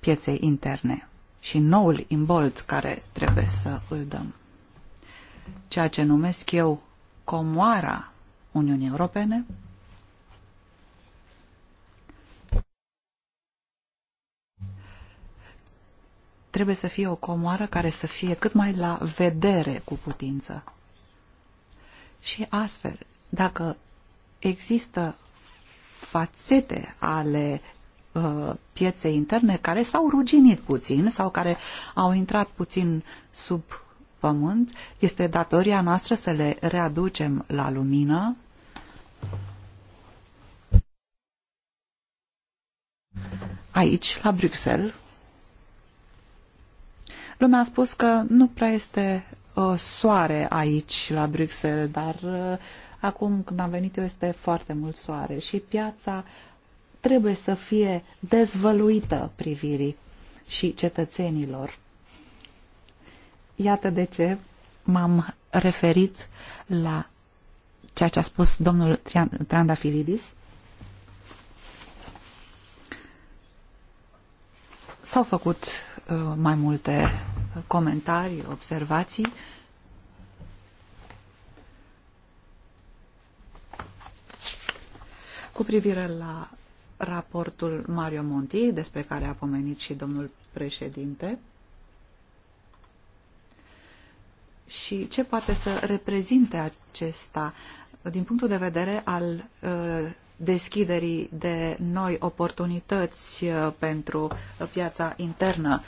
[SPEAKER 4] pieței interne și noul imbold care trebuie să îl dăm. Ceea ce numesc eu comoara Uniunii Europene trebuie să fie o comoară care să fie cât mai la vedere cu putință. Și astfel, dacă există fațete ale uh, pieței interne care s-au ruginit puțin sau care au intrat puțin sub pământ, este datoria noastră să le readucem la lumină. Aici, la Bruxelles, lumea a spus că nu prea este uh, soare aici, la Bruxelles, dar uh, Acum când am venit eu este foarte mult soare și piața trebuie să fie dezvăluită privirii și cetățenilor. Iată de ce m-am referit la ceea ce a spus domnul Trandafilidis. S-au făcut uh, mai multe comentarii, observații. Uh, Cu privire la raportul Mario Monti, despre care a pomenit și domnul președinte, și ce poate să reprezinte acesta din punctul de vedere al uh, deschiderii de noi oportunități uh, pentru piața internă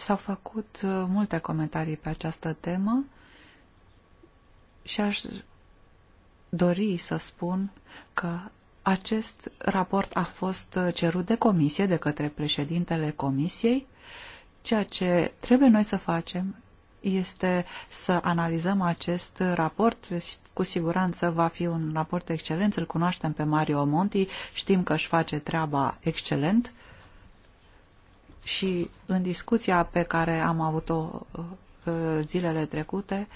[SPEAKER 4] S-au făcut uh, multe comentarii pe această temă și aș dori să spun că acest raport a fost uh, cerut de comisie, de către președintele comisiei. Ceea ce trebuie noi să facem este să analizăm acest raport. Cu siguranță va fi un raport excelent, îl cunoaștem pe Mario Monti, știm că își face treaba excelent și în discuția pe care am avut-o uh, zilele trecute,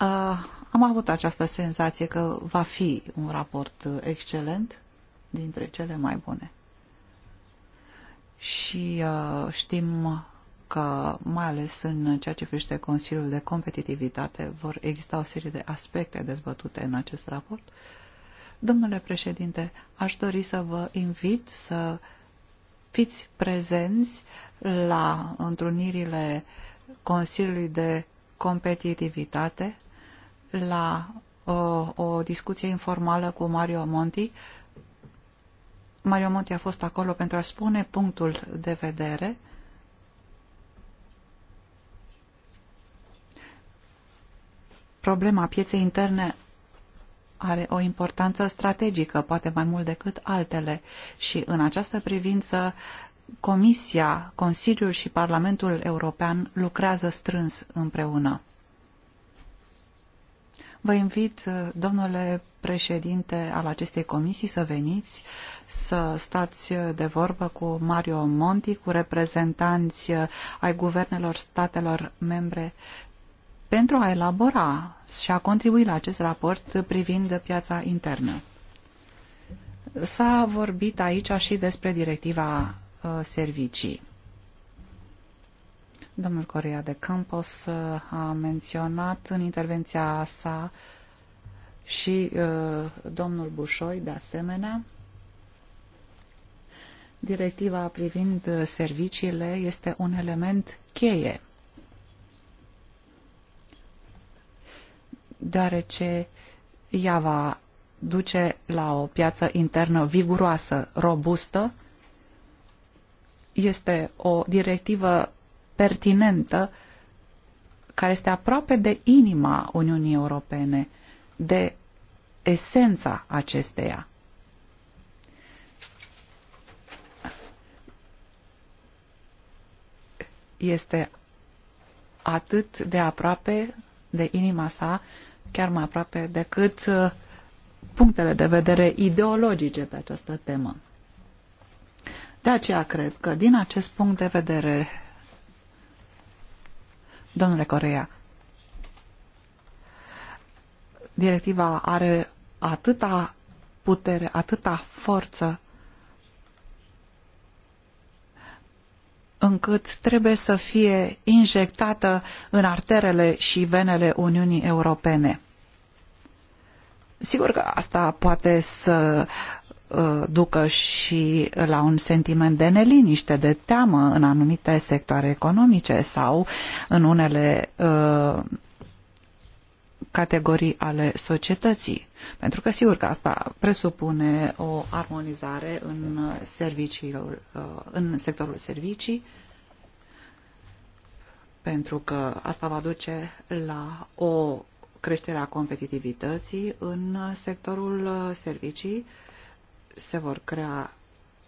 [SPEAKER 4] uh, am avut această senzație că va fi un raport uh, excelent dintre cele mai bune. Și știm că, mai ales în ceea ce privește Consiliul de Competitivitate, vor exista o serie de aspecte dezbătute în acest raport. Domnule președinte, aș dori să vă invit să fiți prezenți la întrunirile Consiliului de Competitivitate, la o, o discuție informală cu Mario Monti. Mario Monti a fost acolo pentru a spune punctul de vedere. Problema pieței interne are o importanță strategică, poate mai mult decât altele. Și în această privință, Comisia, Consiliul și Parlamentul European lucrează strâns împreună. Vă invit, domnule președinte al acestei comisii, să veniți, să stați de vorbă cu Mario Monti, cu reprezentanți ai guvernelor statelor membre pentru a elabora și a contribui la acest raport privind piața internă. S-a vorbit aici și despre directiva uh, servicii. Domnul Corea de Campos uh, a menționat în intervenția sa și uh, domnul Bușoi de asemenea. Directiva privind serviciile este un element cheie deoarece ea va duce la o piață internă viguroasă, robustă. Este o directivă pertinentă care este aproape de inima Uniunii Europene, de esența acesteia. Este atât de aproape de inima sa chiar mai aproape decât uh, punctele de vedere ideologice pe această temă. De aceea cred că din acest punct de vedere, domnule Corea, directiva are atâta putere, atâta forță încât trebuie să fie injectată în arterele și venele Uniunii Europene. Sigur că asta poate să uh, ducă și la un sentiment de neliniște, de teamă în anumite sectoare economice sau în unele uh, categorii ale societății. Pentru că sigur că asta presupune o armonizare în, serviciul, uh, în sectorul servicii, pentru că asta va duce la o creștere a competitivității în sectorul uh, servicii. Se vor crea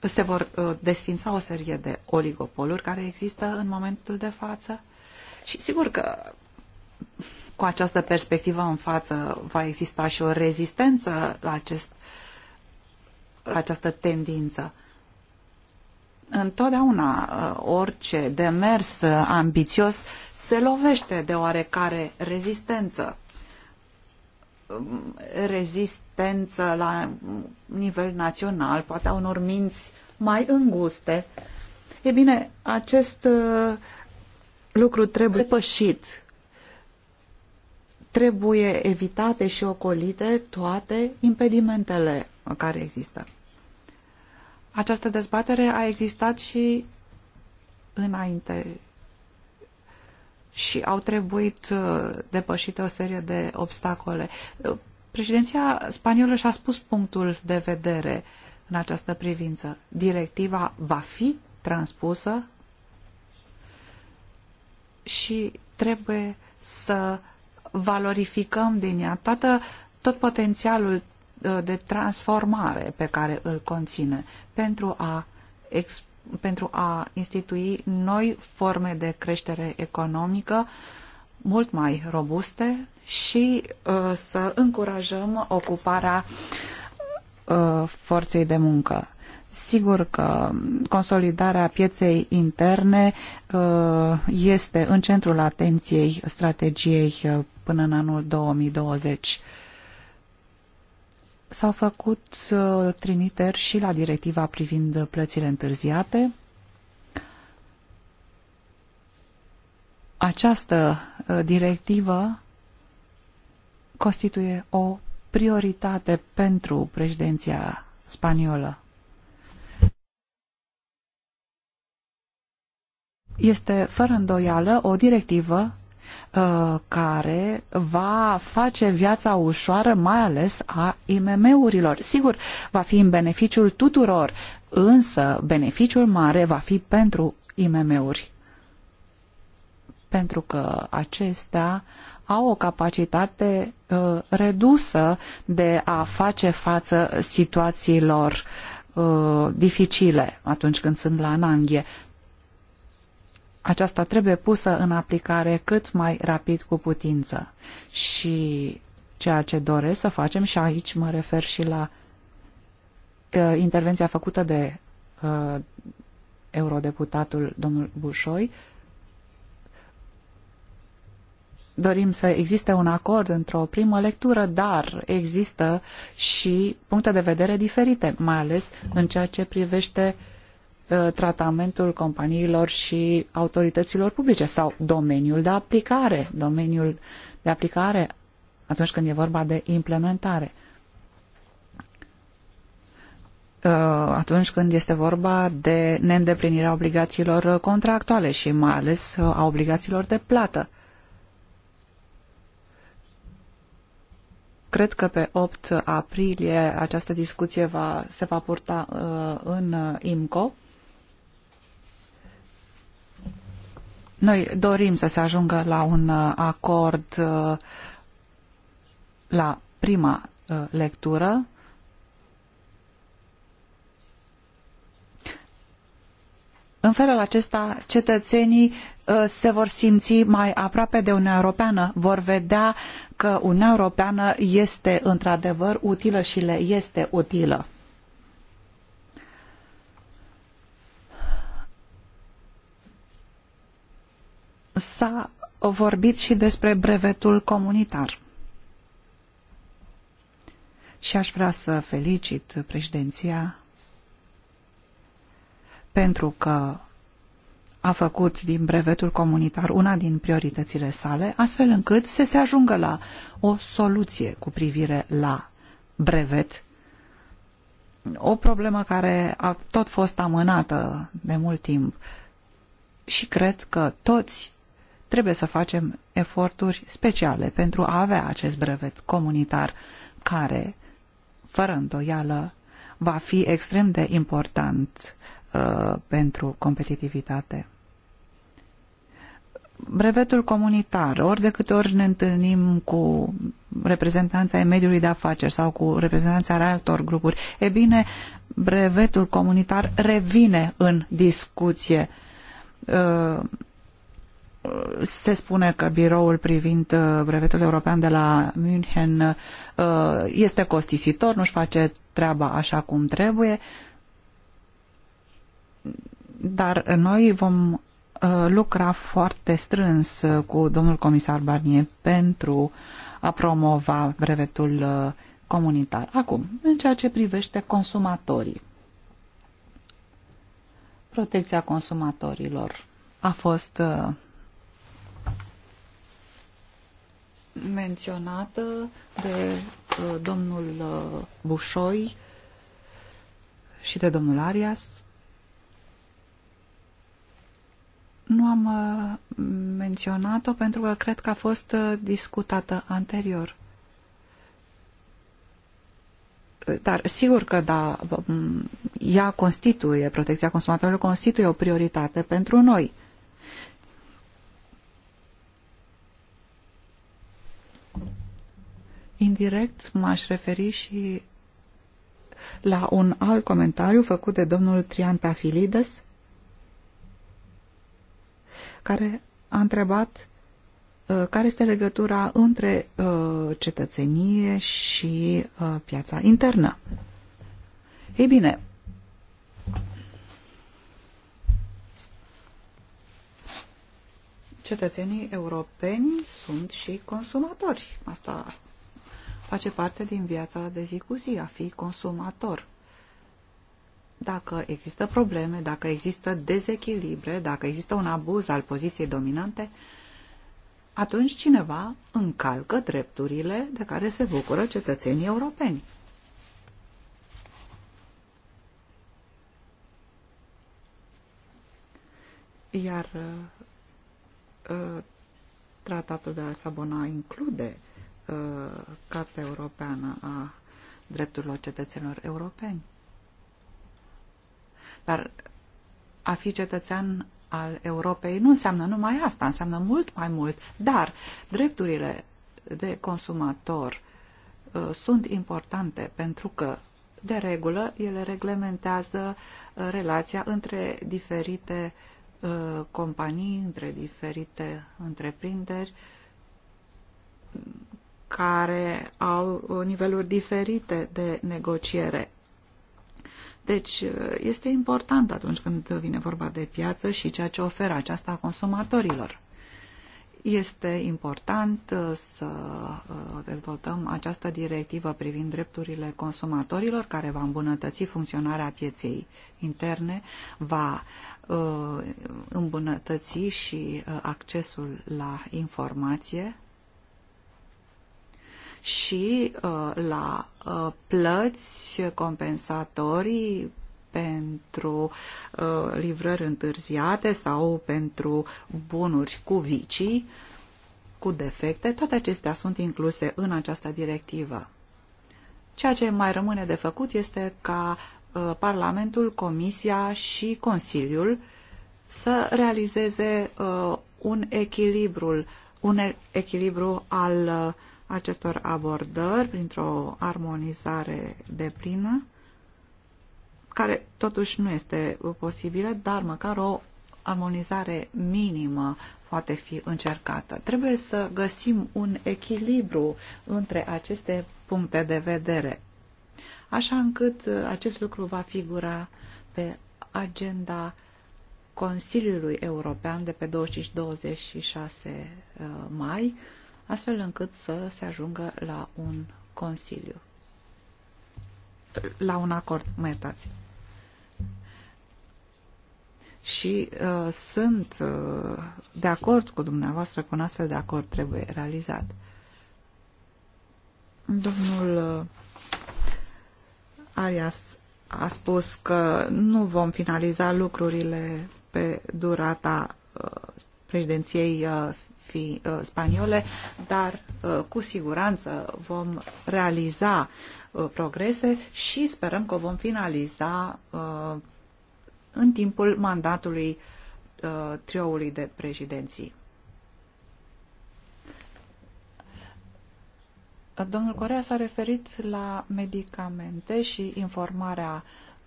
[SPEAKER 4] se vor uh, desfința o serie de oligopoluri care există în momentul de față și sigur că cu această perspectivă în față va exista și o rezistență la, acest, la această tendință. Întotdeauna uh, orice demers uh, ambițios se lovește de oarecare rezistență. Um, rezistență la nivel național, poate a unor minți mai înguste. E bine, acest uh, lucru trebuie pășit trebuie evitate și ocolite toate impedimentele care există. Această dezbatere a existat și înainte și au trebuit uh, depășite o serie de obstacole. Uh, președinția spaniolă și-a spus punctul de vedere în această privință. Directiva va fi transpusă și trebuie să valorificăm din ea toată, tot potențialul uh, de transformare pe care îl conține pentru a, ex, pentru a institui noi forme de creștere economică mult mai robuste și uh, să încurajăm ocuparea uh, forței de muncă. Sigur că consolidarea pieței interne uh, este în centrul atenției strategiei uh, până în anul 2020. S-au făcut uh, trimiteri și la directiva privind plățile întârziate. Această uh, directivă constituie o prioritate pentru președinția spaniolă. Este fără îndoială o directivă Uh, care va face viața ușoară, mai ales a IMM-urilor. Sigur, va fi în beneficiul tuturor, însă beneficiul mare va fi pentru IMM-uri. Pentru că acestea au o capacitate uh, redusă de a face față situațiilor uh, dificile atunci când sunt la ananghie aceasta trebuie pusă în aplicare cât mai rapid cu putință. Și ceea ce doresc să facem, și aici mă refer și la uh, intervenția făcută de uh, eurodeputatul domnul Bușoi, dorim să existe un acord într-o primă lectură, dar există și puncte de vedere diferite, mai ales în ceea ce privește uh, Uh, tratamentul companiilor și autorităților publice sau domeniul de aplicare, domeniul de aplicare atunci când e vorba de implementare. Uh, atunci când este vorba de neîndeplinirea obligațiilor contractuale și mai ales uh, a obligațiilor de plată. Cred că pe 8 aprilie această discuție va, se va purta uh, în IMCO Noi dorim să se ajungă la un uh, acord uh, la prima uh, lectură. În felul acesta, cetățenii se vor simți mai aproape de Uniunea Europeană, vor vedea că Uniunea Europeană este într-adevăr utilă și le este utilă. S-a vorbit și despre brevetul comunitar. Și aș vrea să felicit președinția pentru că a făcut din brevetul comunitar una din prioritățile sale, astfel încât să se ajungă la o soluție cu privire la brevet, o problemă care a tot fost amânată de mult timp și cred că toți trebuie să facem eforturi speciale pentru a avea acest brevet comunitar care, fără îndoială, va fi extrem de important uh, pentru competitivitate. Brevetul comunitar, ori de câte ori ne întâlnim cu reprezentanța ai mediului de afaceri sau cu reprezentanța altor grupuri, e bine, brevetul comunitar revine în discuție. Uh, se spune că biroul privind uh, brevetul european de la München uh, este costisitor, nu-și face treaba așa cum trebuie, dar noi vom uh, lucra foarte strâns cu domnul comisar Barnier pentru a promova brevetul comunitar. Acum, în ceea ce privește consumatorii, protecția consumatorilor a fost menționată de uh, domnul uh, Bușoi și de domnul Arias. Nu am uh, menționat-o pentru că cred că a fost discutată anterior. Dar sigur că da, um, ea constituie, protecția consumatorilor constituie o prioritate pentru noi Indirect m-aș referi și la un alt comentariu făcut de domnul Triantafilides, care a întrebat uh, care este legătura între uh, cetățenie și uh, piața internă. Ei bine, cetățenii europeni sunt și consumatori. Asta face parte din viața de zi cu zi, a fi consumator. Dacă există probleme, dacă există dezechilibre, dacă există un abuz al poziției dominante, atunci cineva încalcă drepturile de care se bucură cetățenii europeni. Iar uh, uh tratatul de la Sabona include Uh, Carta Europeană a Drepturilor Cetățenilor Europeni. Dar a fi cetățean al Europei nu înseamnă numai asta, înseamnă mult mai mult, dar drepturile de consumator uh, sunt importante pentru că, de regulă, ele reglementează uh, relația între diferite companii, între diferite întreprinderi, care au uh, niveluri diferite de negociere. Deci uh, este important atunci când vine vorba de piață și ceea ce oferă aceasta consumatorilor. Este important uh, să dezvoltăm această directivă privind drepturile consumatorilor care va îmbunătăți funcționarea pieței interne, va îmbunătăți și accesul la informație și uh, la uh, plăți compensatorii pentru uh, livrări întârziate sau pentru bunuri cu vicii, cu defecte, toate acestea sunt incluse în această directivă. Ceea ce mai rămâne de făcut este ca Parlamentul, Comisia și Consiliul să realizeze un, echilibru, un echilibru al acestor abordări printr-o armonizare de plină, care totuși nu este posibilă, dar măcar o armonizare minimă poate fi încercată. Trebuie să găsim un echilibru între aceste puncte de vedere, așa încât acest lucru va figura pe agenda Consiliului European de pe 25-26 uh, mai, astfel încât să se ajungă la un consiliu. La un acord, mă iertați. Și uh, sunt uh, de acord cu dumneavoastră că un astfel de acord trebuie realizat. Domnul uh, Arias a spus că nu vom finaliza lucrurile pe durata uh, președinției uh, fi uh, spaniole, dar uh, cu siguranță vom realiza uh, progrese și sperăm că o vom finaliza uh, în timpul mandatului uh, trioului de președinții. Domnul Corea s-a referit la medicamente și informarea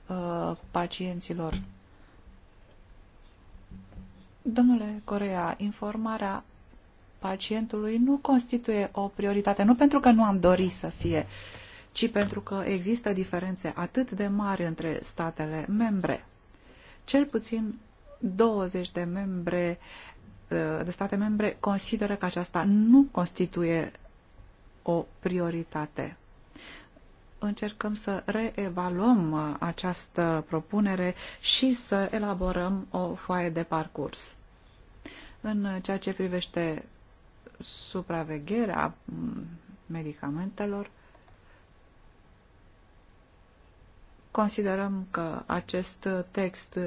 [SPEAKER 4] uh, pacienților. Domnule Corea, informarea pacientului nu constituie o prioritate, nu pentru că nu am dorit să fie, ci pentru că există diferențe atât de mari între statele membre. Cel puțin 20 de membre ă, de state membre consideră că aceasta nu constituie o prioritate. Încercăm să reevaluăm ă, această propunere și să elaborăm o foaie de parcurs. În ceea ce privește supravegherea medicamentelor, considerăm că acest text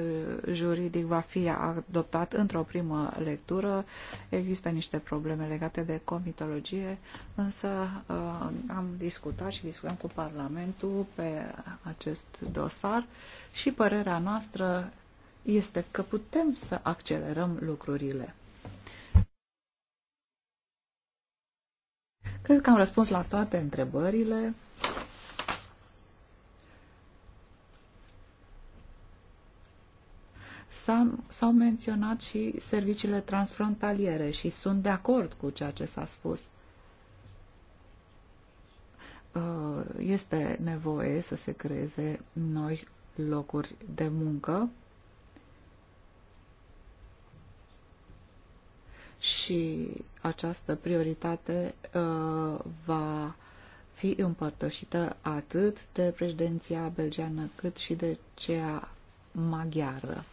[SPEAKER 4] juridic va fi adoptat într-o primă lectură. Există niște probleme legate de comitologie, însă uh, am discutat și discutăm cu Parlamentul pe acest dosar și părerea noastră este că putem să accelerăm lucrurile. Cred că am răspuns la toate întrebările. S-au menționat și serviciile transfrontaliere și sunt de acord cu ceea ce s-a spus. Uh, este nevoie să se creeze noi locuri de muncă și această prioritate uh, va fi împărtășită atât de președinția belgeană cât și de cea maghiară.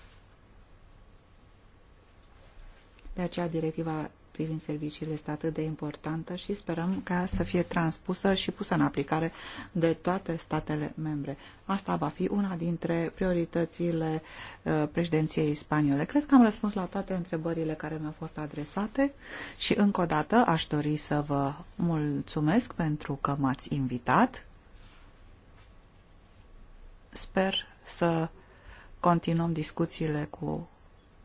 [SPEAKER 4] De aceea, directiva privind serviciile este atât de importantă și sperăm ca să fie transpusă și pusă în aplicare de toate statele membre. Asta va fi una dintre prioritățile uh, președinției spaniole. Cred că am răspuns la toate întrebările care mi-au fost adresate și încă o dată aș dori să vă mulțumesc pentru că m-ați invitat. Sper să continuăm discuțiile cu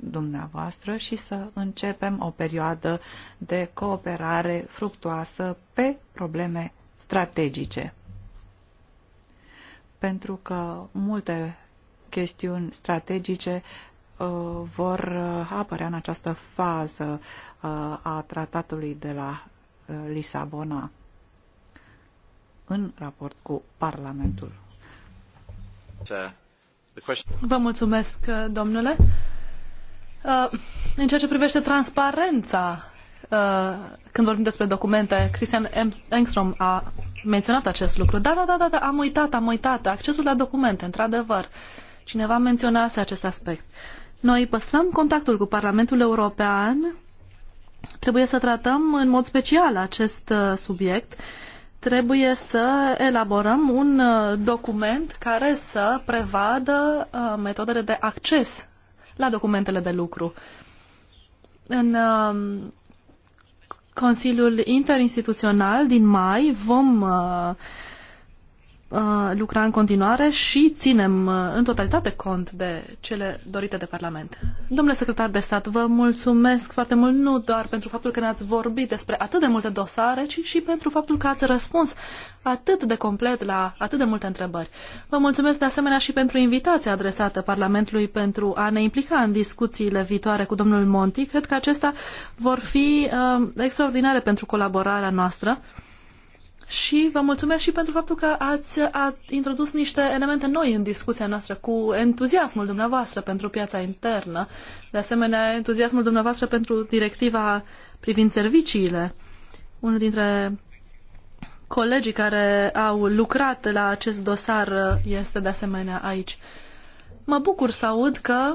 [SPEAKER 4] dumneavoastră și să începem o perioadă de cooperare fructuoasă pe probleme strategice. Pentru că multe chestiuni strategice uh, vor uh, apărea în această fază uh, a tratatului de la Lisabona în raport cu Parlamentul.
[SPEAKER 1] Vă mulțumesc, domnule. Uh, în ceea ce privește transparența, uh, când vorbim despre documente, Christian Engstrom a menționat acest lucru. Da, da, da, da, da am uitat, am uitat. Accesul la documente, într-adevăr. Cineva menționase acest aspect. Noi păstrăm contactul cu Parlamentul European. Trebuie să tratăm în mod special acest uh, subiect. Trebuie să elaborăm un document care să prevadă metodele de acces la documentele de lucru. În uh, Consiliul Interinstituțional din mai vom uh, Uh, lucra în continuare și ținem uh, în totalitate cont de cele dorite de Parlament. Domnule secretar de stat, vă mulțumesc foarte mult nu doar pentru faptul că ne-ați vorbit despre atât de multe dosare, ci și pentru faptul că ați răspuns atât de complet la atât de multe întrebări. Vă mulțumesc de asemenea și pentru invitația adresată Parlamentului pentru a ne implica în discuțiile viitoare cu domnul Monti. Cred că acestea vor fi uh, extraordinare pentru colaborarea noastră și vă mulțumesc și pentru faptul că ați a introdus niște elemente noi în discuția noastră cu entuziasmul dumneavoastră pentru piața internă, de asemenea entuziasmul dumneavoastră pentru directiva privind serviciile. Unul dintre colegii care au lucrat la acest dosar este de asemenea aici. Mă bucur să aud că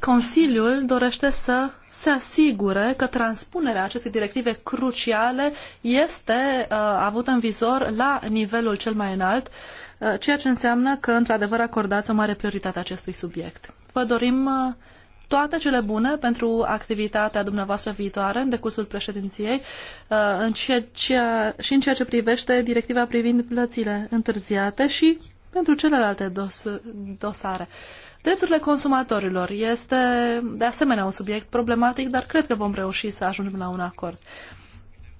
[SPEAKER 1] Consiliul dorește să se asigure că transpunerea acestei directive cruciale este uh, avută în vizor la nivelul cel mai înalt, uh, ceea ce înseamnă că, într-adevăr, acordați o mare prioritate acestui subiect. Vă dorim uh, toate cele bune pentru activitatea dumneavoastră viitoare în decursul președinției uh, în ceea ce, și în ceea ce privește directiva privind plățile întârziate și pentru celelalte dos, dosare. Drepturile consumatorilor este de asemenea un subiect problematic, dar cred că vom reuși să ajungem la un acord.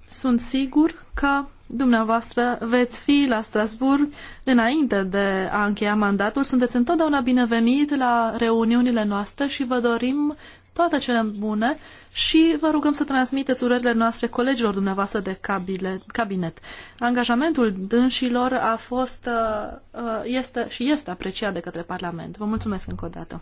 [SPEAKER 1] Sunt sigur că dumneavoastră veți fi la Strasburg înainte de a încheia mandatul. Sunteți întotdeauna binevenit la reuniunile noastre și vă dorim toate cele bune și vă rugăm să transmiteți urările noastre colegilor dumneavoastră de cabinet. Angajamentul dânșilor a fost uh, uh, este și este apreciat de către Parlament. Vă mulțumesc încă o dată.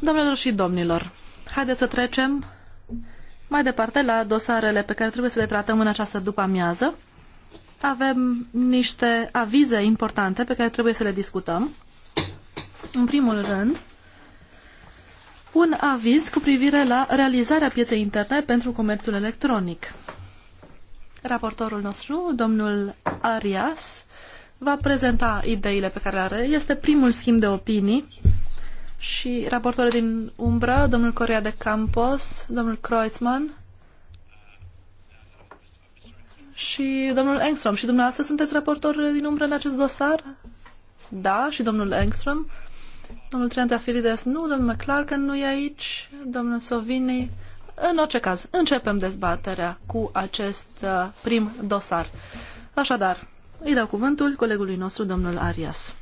[SPEAKER 1] Domnilor și domnilor, haideți să trecem mai departe la dosarele pe care trebuie să le tratăm în această după-amiază. Avem niște avize importante pe care trebuie să le discutăm. În primul rând, un aviz cu privire la realizarea pieței interne pentru comerțul electronic. Raportorul nostru, domnul Arias, va prezenta ideile pe care le are. Este primul schimb de opinii și raportorul din umbră, domnul Corea de Campos, domnul Kreutzmann și domnul Engstrom. Și dumneavoastră sunteți raportor din umbră în acest dosar? Da, și domnul Engstrom. Domnul Filides, nu, domnul McClarken nu e aici, domnul Sovini. În orice caz, începem dezbaterea cu acest uh, prim dosar. Așadar, îi dau cuvântul colegului nostru, domnul Arias.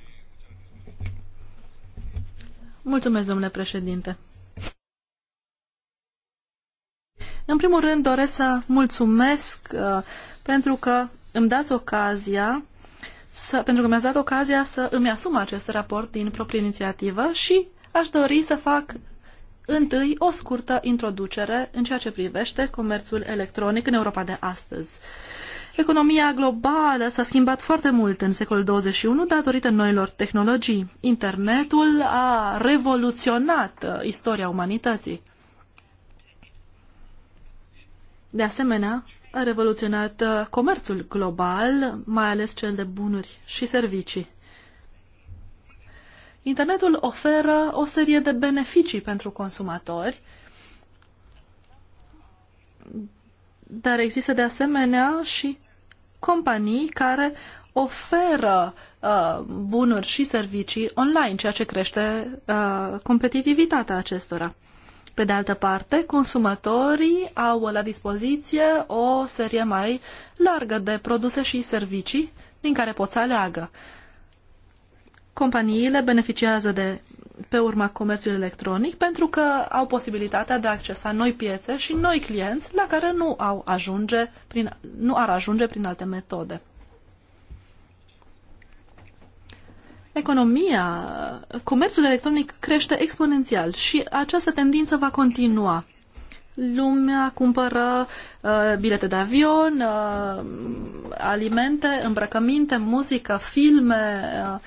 [SPEAKER 1] Mulțumesc, domnule președinte. În primul rând, doresc să mulțumesc uh, pentru că îmi dați ocazia să, pentru că mi-ați dat ocazia să îmi asum acest raport din proprie inițiativă și aș dori să fac întâi o scurtă introducere în ceea ce privește comerțul electronic în Europa de astăzi. Economia globală s-a schimbat foarte mult în secolul 21 datorită noilor tehnologii. Internetul a revoluționat uh, istoria umanității. De asemenea, a revoluționat uh, comerțul global, mai ales cel de bunuri și servicii. Internetul oferă o serie de beneficii pentru consumatori, dar există de asemenea și companii care oferă uh, bunuri și servicii online, ceea ce crește uh, competitivitatea acestora. Pe de altă parte, consumatorii au la dispoziție o serie mai largă de produse și servicii din care pot să aleagă. Companiile beneficiază de pe urma comerțului electronic pentru că au posibilitatea de a accesa noi piețe și noi clienți la care nu, au ajunge prin, nu ar ajunge prin alte metode. Economia, comerțul electronic crește exponențial și această tendință va continua. Lumea cumpără uh, bilete de avion, uh, alimente, îmbrăcăminte, muzică, filme, uh,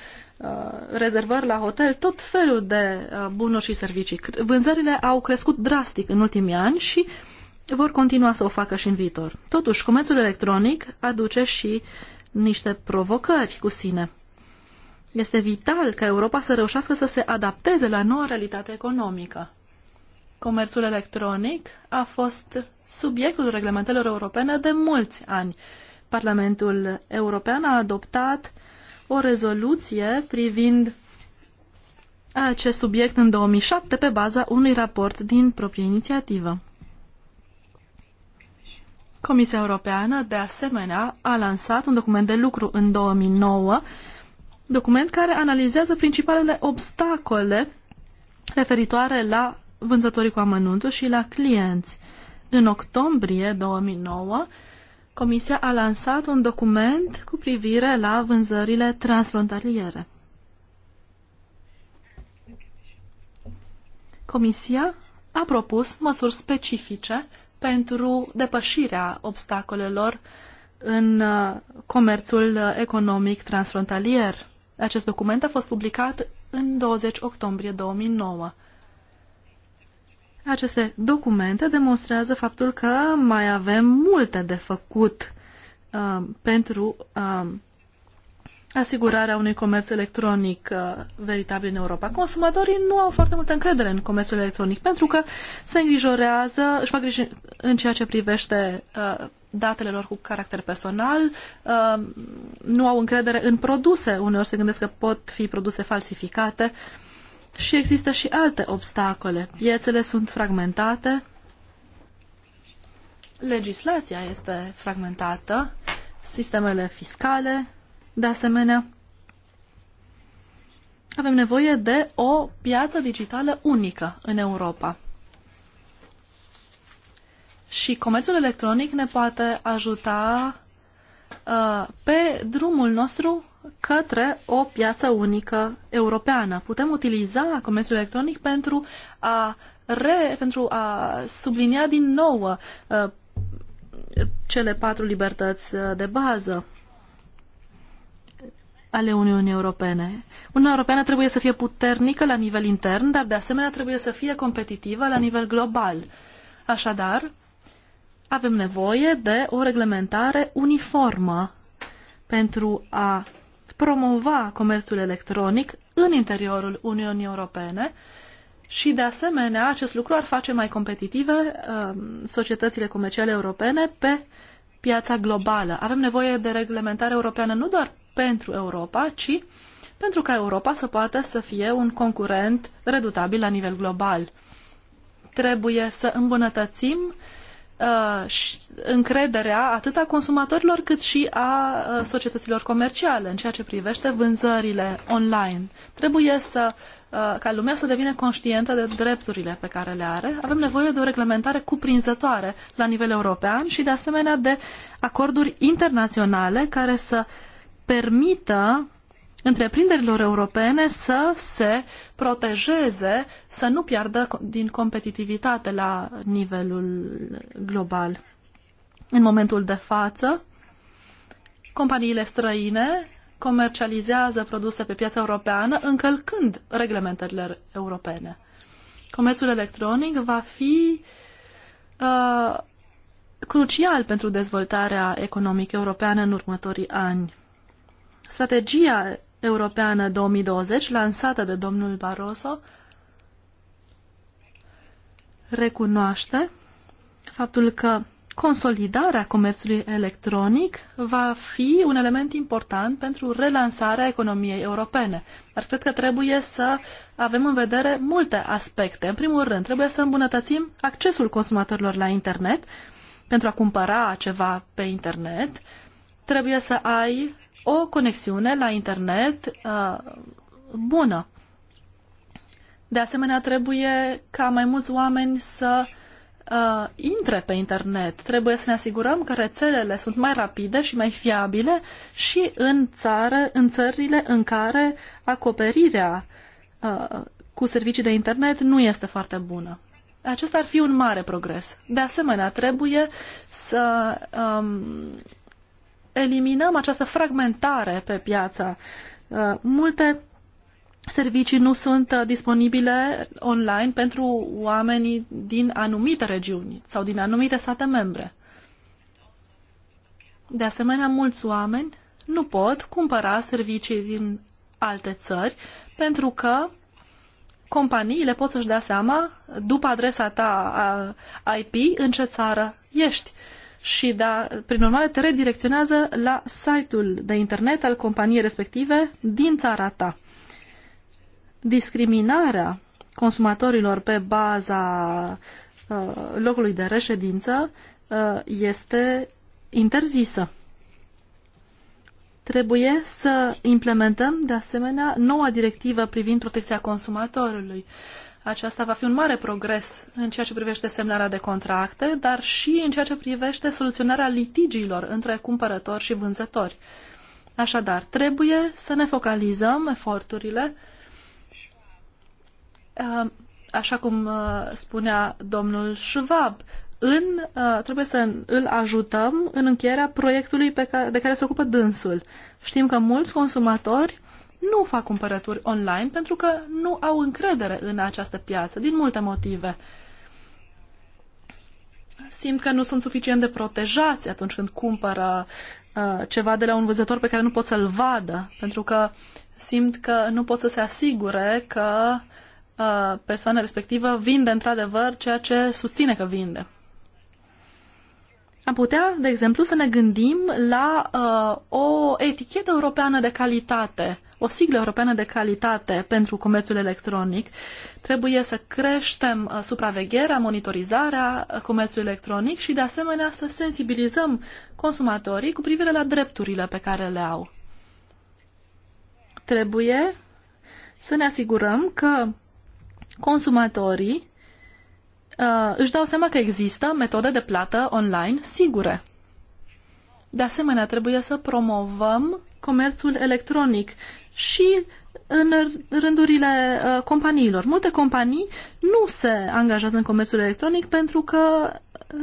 [SPEAKER 1] Uh, rezervări la hotel, tot felul de uh, bunuri și servicii. Vânzările au crescut drastic în ultimii ani și vor continua să o facă și în viitor. Totuși, comerțul electronic aduce și niște provocări cu sine. Este vital ca Europa să reușească să se adapteze la noua realitate economică. Comerțul electronic a fost subiectul reglementelor europene de mulți ani. Parlamentul European a adoptat o rezoluție privind acest subiect în 2007 pe baza unui raport din proprie inițiativă. Comisia Europeană, de asemenea, a lansat un document de lucru în 2009, document care analizează principalele obstacole referitoare la vânzătorii cu amănuntul și la clienți. În octombrie 2009, Comisia a lansat un document cu privire la vânzările transfrontaliere. Comisia a propus măsuri specifice pentru depășirea obstacolelor în uh, comerțul uh, economic transfrontalier. Acest document a fost publicat în 20 octombrie 2009. Aceste documente demonstrează faptul că mai avem multe de făcut uh, pentru uh, asigurarea unui comerț electronic uh, veritabil în Europa. Consumatorii nu au foarte multă încredere în comerțul electronic pentru că se îngrijorează, își fac griji în ceea ce privește uh, datele lor cu caracter personal, uh, nu au încredere în produse. Uneori se gândesc că pot fi produse falsificate. Uh, și există și alte obstacole. Piețele sunt fragmentate, legislația este fragmentată, sistemele fiscale, de asemenea. Avem nevoie de o piață digitală unică în Europa. Și comerțul electronic ne poate ajuta uh, pe drumul nostru către o piață unică europeană. Putem utiliza comerțul electronic pentru a, re, pentru a sublinia din nou uh, cele patru libertăți uh, de bază ale Uniunii Europene. Uniunea Europeană trebuie să fie puternică la nivel intern, dar de asemenea trebuie să fie competitivă la nivel global. Așadar, avem nevoie de o reglementare uniformă pentru a promova comerțul electronic în interiorul Uniunii Europene și, de asemenea, acest lucru ar face mai competitive uh, societățile comerciale europene pe piața globală. Avem nevoie de reglementare europeană nu doar pentru Europa, ci pentru ca Europa să poată să fie un concurent redutabil la nivel global. Trebuie să îmbunătățim Uh, încrederea atât a consumatorilor cât și a uh, societăților comerciale în ceea ce privește vânzările online. Trebuie să uh, ca lumea să devină conștientă de drepturile pe care le are, avem nevoie de o reglementare cuprinzătoare la nivel european și de asemenea de acorduri internaționale care să permită întreprinderilor europene să se protejeze, să nu piardă din competitivitate la nivelul global. În momentul de față, companiile străine comercializează produse pe piața europeană încălcând reglementările europene. Comerțul electronic va fi uh, crucial pentru dezvoltarea economică europeană în următorii ani. Strategia Europeană 2020, lansată de domnul Barroso, recunoaște faptul că consolidarea comerțului electronic va fi un element important pentru relansarea economiei europene. Dar cred că trebuie să avem în vedere multe aspecte. În primul rând, trebuie să îmbunătățim accesul consumatorilor la internet pentru a cumpăra ceva pe internet. Trebuie să ai o conexiune la internet uh, bună. De asemenea, trebuie ca mai mulți oameni să uh, intre pe internet. Trebuie să ne asigurăm că rețelele sunt mai rapide și mai fiabile și în țară, în țările în care acoperirea uh, cu servicii de internet nu este foarte bună. Acesta ar fi un mare progres. De asemenea, trebuie să um, eliminăm această fragmentare pe piață. Uh, multe servicii nu sunt uh, disponibile online pentru oamenii din anumite regiuni sau din anumite state membre. De asemenea, mulți oameni nu pot cumpăra servicii din alte țări pentru că companiile pot să-și dea seama, după adresa ta IP, în ce țară ești. Uh, și, da, prin urmare, te redirecționează la site-ul de internet al companiei respective din țara ta. Discriminarea consumatorilor pe baza uh, locului de reședință uh, este interzisă. Trebuie să implementăm, de asemenea, noua directivă privind protecția consumatorului. Uh, aceasta va fi un mare progres în ceea ce privește semnarea de contracte, dar și în ceea ce privește soluționarea litigiilor între cumpărători și vânzători. Așadar, trebuie să ne focalizăm eforturile, uh, așa cum uh, spunea domnul Schwab, în, uh, trebuie să îl ajutăm în încheierea proiectului pe care, de care se ocupă dânsul. Știm că mulți consumatori nu fac cumpărături online pentru că nu au încredere în această piață, din multe motive. Simt că nu sunt suficient de protejați atunci când cumpără uh, ceva de la un văzător pe care nu pot să-l vadă, pentru că simt că nu pot să se asigure că uh, persoana respectivă vinde într-adevăr ceea ce susține că vinde. Am putea, de exemplu, să ne gândim la uh, o etichetă europeană de calitate o siglă europeană de calitate pentru comerțul electronic. Trebuie să creștem uh, supravegherea, monitorizarea uh, comerțului electronic și, de asemenea, să sensibilizăm consumatorii cu privire la drepturile pe care le au. Trebuie să ne asigurăm că consumatorii uh, își dau seama că există metode de plată online sigure. De asemenea, trebuie să promovăm comerțul electronic și în rândurile uh, companiilor. Multe companii nu se angajează în comerțul electronic pentru că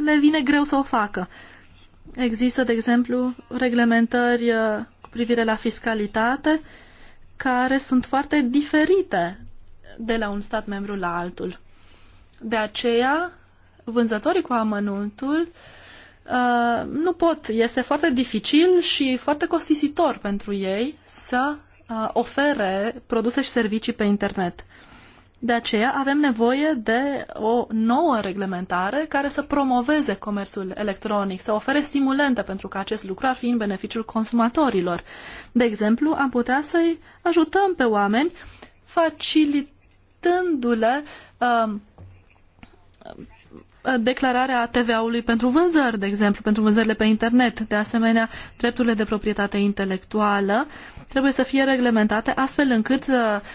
[SPEAKER 1] le vine greu să o facă. Există, de exemplu, reglementări uh, cu privire la fiscalitate care sunt foarte diferite de la un stat membru la altul. De aceea, vânzătorii cu amănuntul uh, nu pot. Este foarte dificil și foarte costisitor pentru ei să ofere produse și servicii pe internet. De aceea avem nevoie de o nouă reglementare care să promoveze comerțul electronic, să ofere stimulente pentru că acest lucru ar fi în beneficiul consumatorilor. De exemplu, am putea să-i ajutăm pe oameni facilitându-le uh, Uh, declararea TVA-ului pentru vânzări, de exemplu, pentru vânzările pe internet. De asemenea, drepturile de proprietate intelectuală trebuie să fie reglementate astfel încât uh,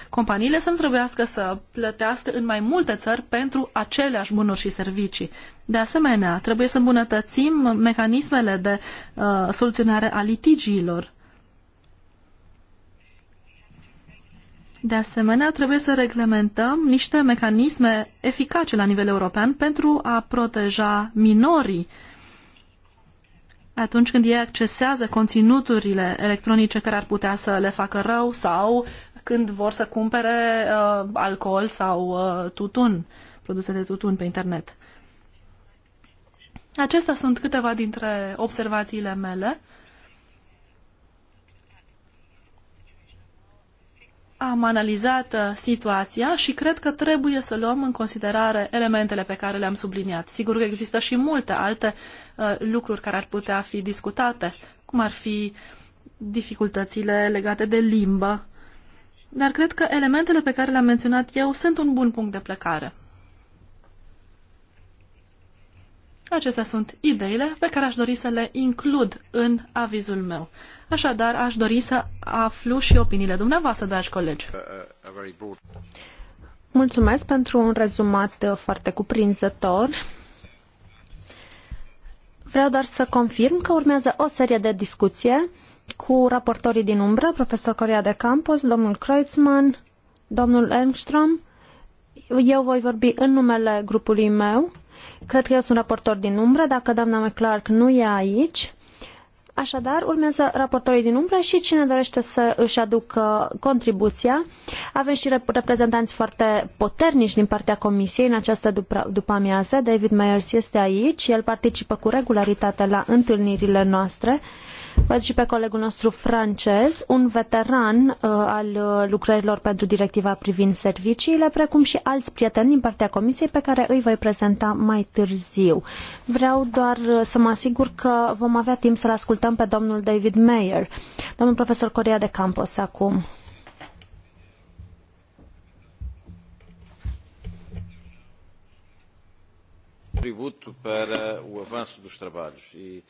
[SPEAKER 1] companiile să nu trebuiască să plătească în mai multe țări pentru aceleași bunuri și servicii. De asemenea, trebuie să îmbunătățim mecanismele de uh, soluționare a litigiilor De asemenea, trebuie să reglementăm niște mecanisme eficace la nivel european pentru a proteja minorii atunci când ei accesează conținuturile electronice care ar putea să le facă rău sau când vor să cumpere uh, alcool sau uh, tutun, produse de tutun pe internet. Acestea sunt câteva dintre observațiile mele. am analizat uh, situația și cred că trebuie să luăm în considerare elementele pe care le-am subliniat. Sigur că există și multe alte uh, lucruri care ar putea fi discutate, cum ar fi dificultățile legate de limbă, dar cred că elementele pe care le-am menționat eu sunt un bun punct de plecare. Acestea sunt ideile pe care aș dori să le includ în avizul meu. Așadar, aș dori să aflu și opiniile dumneavoastră, dragi colegi.
[SPEAKER 2] Mulțumesc pentru un rezumat uh, foarte cuprinzător. Vreau doar să confirm că urmează o serie de discuție cu raportorii din umbră, profesor Coria de Campos, domnul Kreutzmann, domnul Elmström. Eu voi vorbi în numele grupului meu. Cred că eu sunt raportor din umbră. Dacă doamna McClark nu e aici, Așadar, urmează raportorii din umbră și cine dorește să își aducă contribuția. Avem și reprezentanți foarte puternici din partea Comisiei în această după-amiază. David Myers este aici, el participă cu regularitate la întâlnirile noastre. Uh, Văd și pe colegul nostru francez, un veteran uh, al uh, lucrărilor pentru directiva privind serviciile, precum și alți prieteni din partea comisiei pe care îi voi prezenta mai târziu. Vreau doar uh, să mă asigur că vom avea timp să-l ascultăm pe domnul David Mayer, domnul profesor Coria de Campos acum.
[SPEAKER 3] contributo para uh, o avanço dos trabalhos. E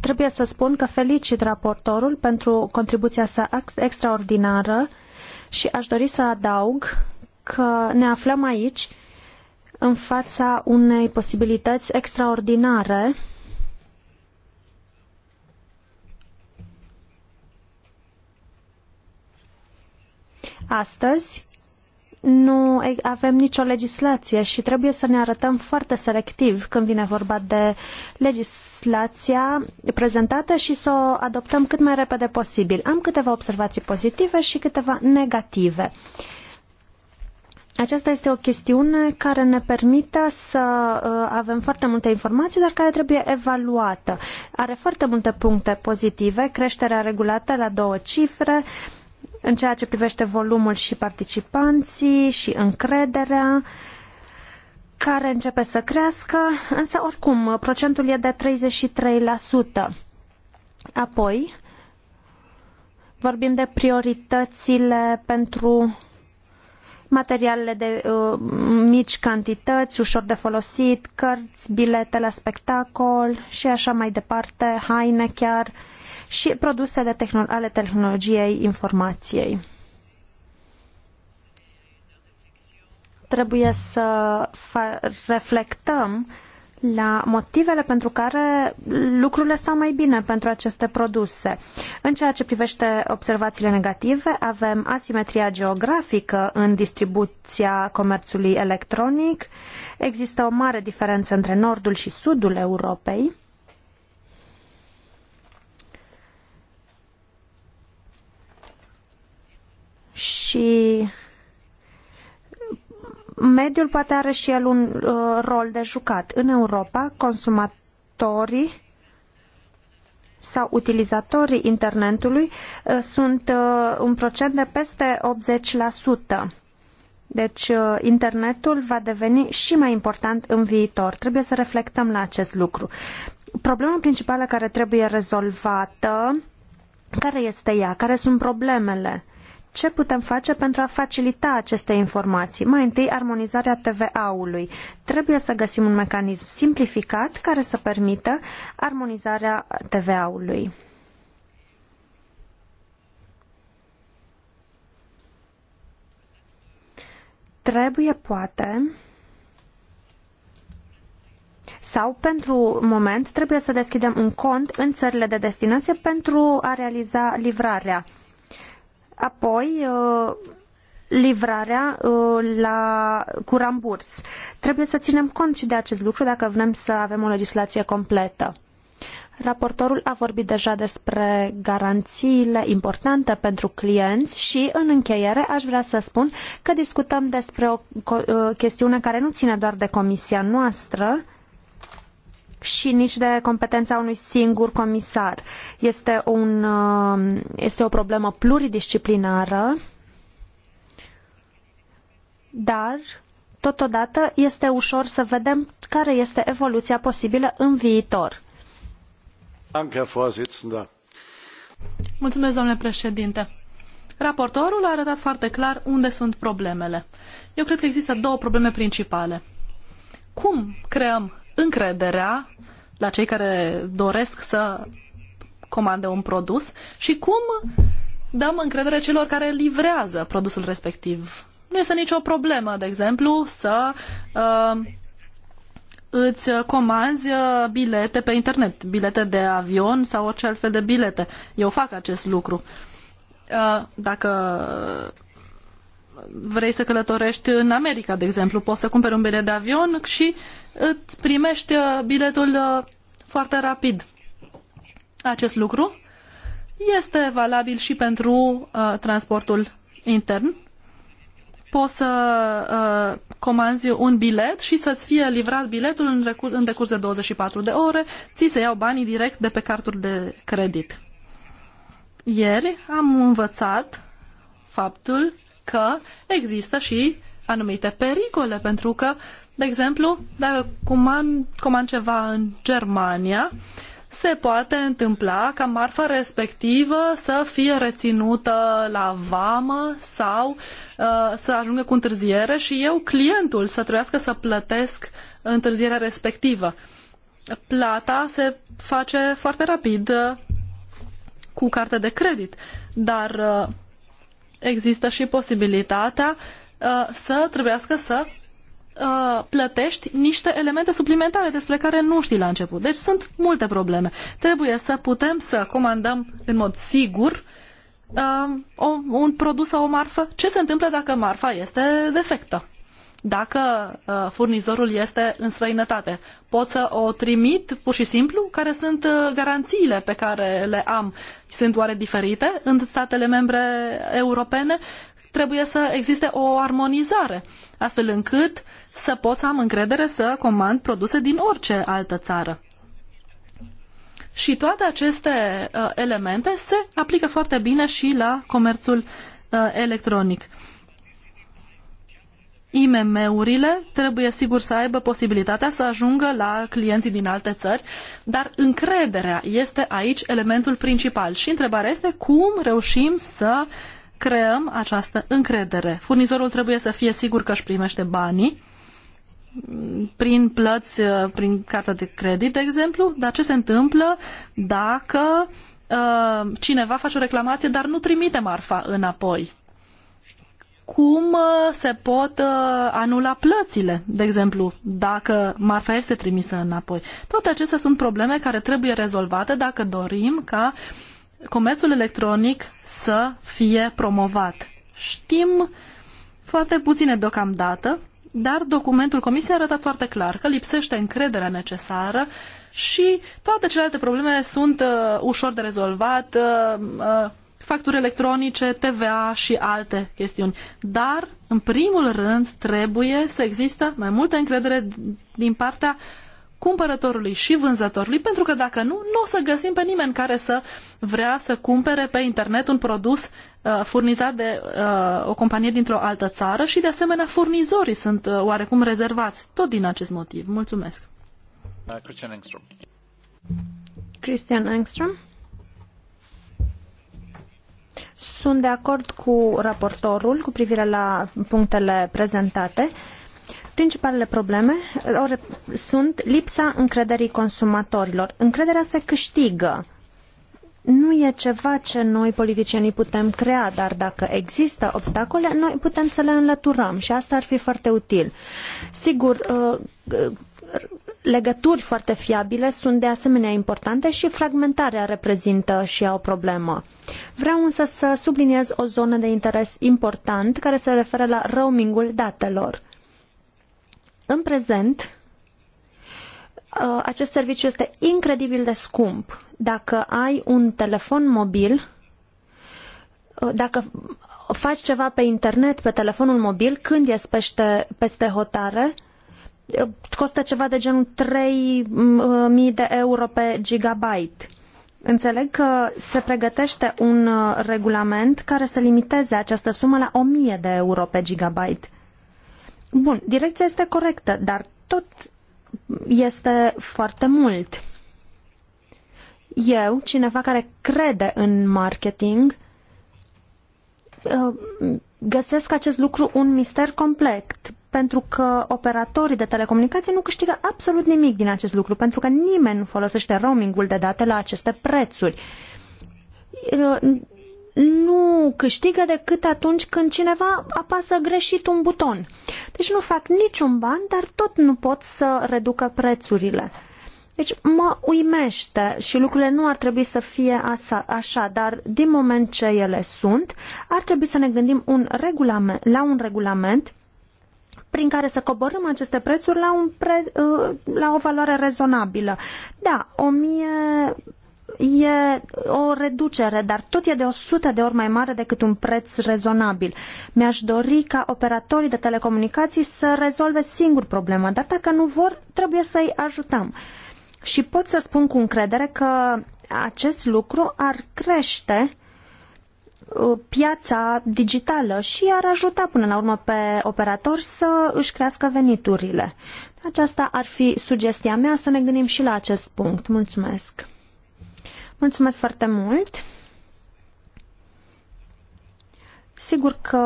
[SPEAKER 2] trebuie să spun că felicit raportorul pentru contribuția sa extraordinară și aș dori să adaug că ne aflăm aici în fața unei posibilități extraordinare astăzi nu avem nicio legislație și trebuie să ne arătăm foarte selectiv când vine vorba de legislația prezentată și să o adoptăm cât mai repede posibil. Am câteva observații pozitive și câteva negative. Aceasta este o chestiune care ne permite să uh, avem foarte multe informații, dar care trebuie evaluată. Are foarte multe puncte pozitive, creșterea regulată la două cifre, uh, în ceea ce privește volumul și participanții și încrederea care începe să crească, însă oricum procentul e de 33%. Apoi vorbim de prioritățile pentru materialele de uh, mici cantități, ușor de folosit, cărți, bilete la spectacol și așa mai departe, haine chiar. Uh, și produse de tehno- ale tehnologiei informației. Trebuie să reflectăm la motivele pentru care lucrurile stau mai bine pentru aceste produse. În ceea ce privește observațiile negative, avem asimetria geografică în distribuția comerțului electronic, există o mare diferență între nordul și sudul Europei, și mediul poate are și el un uh, rol de jucat. În Europa, consumatorii sau utilizatorii internetului uh, sunt uh, un procent de peste 80%. Deci uh, internetul va deveni și mai important în viitor. Trebuie să reflectăm la acest lucru. Problema principală care trebuie rezolvată, care este ea? Care sunt problemele? ce putem face pentru a facilita aceste informații? Mai întâi, armonizarea TVA-ului. Trebuie să găsim un mecanism simplificat care să permită armonizarea TVA-ului. Trebuie, poate, sau pentru moment trebuie să deschidem un cont în țările de destinație pentru a realiza livrarea. Apoi, uh, livrarea uh, la, cu ramburs. Trebuie să ținem cont și de acest lucru dacă vrem să avem o legislație completă. Raportorul a vorbit deja despre garanțiile importante pentru clienți și, în încheiere, aș vrea să spun că discutăm despre o uh, chestiune care nu ține doar de comisia noastră, și nici de competența unui singur comisar. Este, un, uh, este o problemă pluridisciplinară, dar totodată este ușor să vedem care este evoluția posibilă în viitor. Mulțumesc,
[SPEAKER 1] domnule președinte. Raportorul a arătat foarte clar unde sunt problemele. Eu cred că există două probleme principale. Cum creăm încrederea la cei care doresc să comande un produs și cum dăm încredere celor care livrează produsul respectiv. Nu este nicio problemă, de exemplu, să uh, îți comanzi uh, bilete pe internet, bilete de avion sau orice altfel de bilete. Eu fac acest lucru. Uh, dacă vrei să călătorești în America, de exemplu, poți să cumperi un bilet de avion și îți primești uh, biletul uh, foarte rapid. Acest lucru este valabil și pentru uh, transportul intern. Poți să uh, comanzi un bilet și să-ți fie livrat biletul în, recur- în decurs de 24 de ore, ți se iau banii direct de pe carturi de credit. Ieri am învățat faptul că există și anumite pericole, pentru că, de exemplu, dacă comand, comand ceva în Germania, se poate întâmpla ca marfa respectivă să fie reținută la vamă sau uh, să ajungă cu întârziere și eu, clientul, să trebuiască să plătesc întârzierea respectivă. Plata se face foarte rapid uh, cu carte de credit, dar uh, există și posibilitatea uh, să trebuiască să uh, plătești niște elemente suplimentare despre care nu știi la început. Deci sunt multe probleme. Trebuie să putem să comandăm în mod sigur uh, un produs sau o marfă. Ce se întâmplă dacă marfa este defectă? dacă uh, furnizorul este în străinătate. Pot să o trimit pur și simplu? Care sunt uh, garanțiile pe care le am? Sunt oare diferite în statele membre europene? Trebuie să existe o armonizare, astfel încât să pot să am încredere să comand produse din orice altă țară. Și toate aceste uh, elemente se aplică foarte bine și la comerțul uh, electronic. IMM-urile trebuie sigur să aibă posibilitatea să ajungă la clienții din alte țări, dar încrederea este aici elementul principal și întrebarea este cum reușim să creăm această încredere. Furnizorul trebuie să fie sigur că își primește banii prin plăți, prin cartea de credit, de exemplu, dar ce se întâmplă dacă uh, cineva face o reclamație, dar nu trimite marfa înapoi? cum uh, se pot uh, anula plățile, de exemplu, dacă marfa este trimisă înapoi. Toate acestea sunt probleme care trebuie rezolvate dacă dorim ca comerțul electronic să fie promovat. Știm foarte puține deocamdată, dar documentul Comisiei a arătat foarte clar că lipsește încrederea necesară și toate celelalte probleme sunt uh, ușor de rezolvat, uh, uh, facturi electronice, TVA și alte chestiuni. Dar, în primul rând, trebuie să există mai multă încredere din partea cumpărătorului și vânzătorului, pentru că dacă nu, nu o să găsim pe nimeni care să vrea să cumpere pe internet un produs uh, furnizat de uh, o companie dintr-o altă țară și, de asemenea, furnizorii sunt uh, oarecum rezervați, tot din acest motiv. Mulțumesc!
[SPEAKER 4] Uh, Christian Engström.
[SPEAKER 2] Christian Engström. Sunt de acord cu raportorul cu privire la punctele prezentate. Principalele probleme sunt lipsa încrederii consumatorilor. Încrederea se câștigă. Nu e ceva ce noi politicienii putem crea, dar dacă există obstacole, noi putem să le înlăturăm și asta ar fi foarte util. Sigur, uh, legături foarte fiabile sunt de asemenea importante și fragmentarea reprezintă și ea o problemă. Vreau însă să subliniez o zonă de interes important care se referă la roamingul datelor. În prezent, uh, acest serviciu este incredibil de scump. Dacă ai un telefon mobil, uh, dacă faci ceva pe internet, pe telefonul mobil, când ești peste, peste hotare, costă ceva de genul 3.000 mm, uh, de euro pe gigabyte. Înțeleg că se pregătește un uh, regulament care să limiteze această sumă la 1.000 de euro pe gigabyte. Bun, direcția este corectă, dar tot este foarte mult. Eu, cineva care crede în marketing, uh, găsesc acest lucru un mister complet, pentru că operatorii de telecomunicații nu câștigă absolut nimic din acest lucru, pentru că nimeni nu folosește roamingul de date la aceste prețuri. Nu câștigă decât atunci când cineva apasă greșit un buton. Deci nu fac niciun ban, dar tot nu pot să reducă prețurile. Deci mă uimește și lucrurile nu ar trebui să fie asa, așa, dar din moment ce ele sunt, ar trebui să ne gândim un regulament, la un regulament prin care să coborâm aceste prețuri la, un pre, uh, la o valoare rezonabilă. Da, 1000 e o reducere, dar tot e de 100 de ori mai mare decât un preț rezonabil. Mi-aș dori ca operatorii de telecomunicații să rezolve singur problema, dar dacă nu vor, trebuie să-i ajutăm. Și pot să spun cu încredere că acest lucru ar crește uh, Uh, piața digitală și ar ajuta până la urmă pe operatori să își crească veniturile. Aceasta ar fi sugestia mea să ne gândim și la acest punct. Mulțumesc! Mulțumesc foarte mult! Sigur că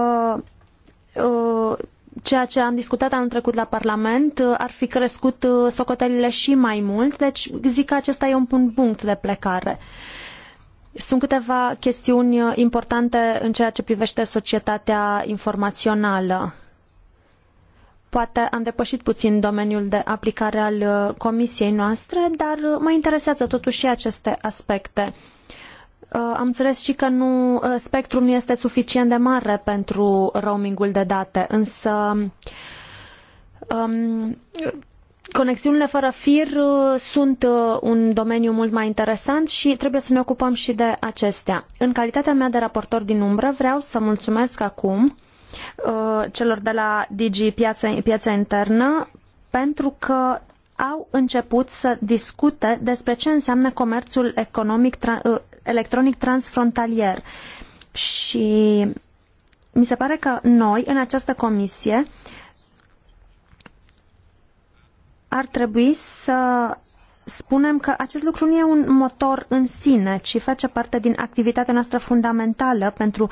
[SPEAKER 2] uh, ceea ce am discutat anul trecut la Parlament uh, ar fi crescut socotelile și mai mult, deci zic că acesta e un punct de plecare. Sunt câteva chestiuni uh, importante în ceea ce privește societatea informațională. Poate am depășit puțin domeniul de aplicare al uh, comisiei noastre, dar uh, mă interesează totuși și aceste aspecte. Am înțeles și că nu, spectrul nu este suficient de mare pentru roamingul de date, însă um, Conexiunile fără fir uh, sunt uh, un domeniu mult mai interesant și trebuie să ne ocupăm și de acestea. În calitatea mea de raportor din umbră vreau să mulțumesc acum uh, celor de la DG Piața, Piața Internă pentru că au început să discute despre ce înseamnă comerțul economic, tra electronic transfrontalier. Și mi se pare că noi, în această comisie, uh, ar trebui să spunem că acest lucru nu e un motor în sine, ci face parte din activitatea noastră fundamentală pentru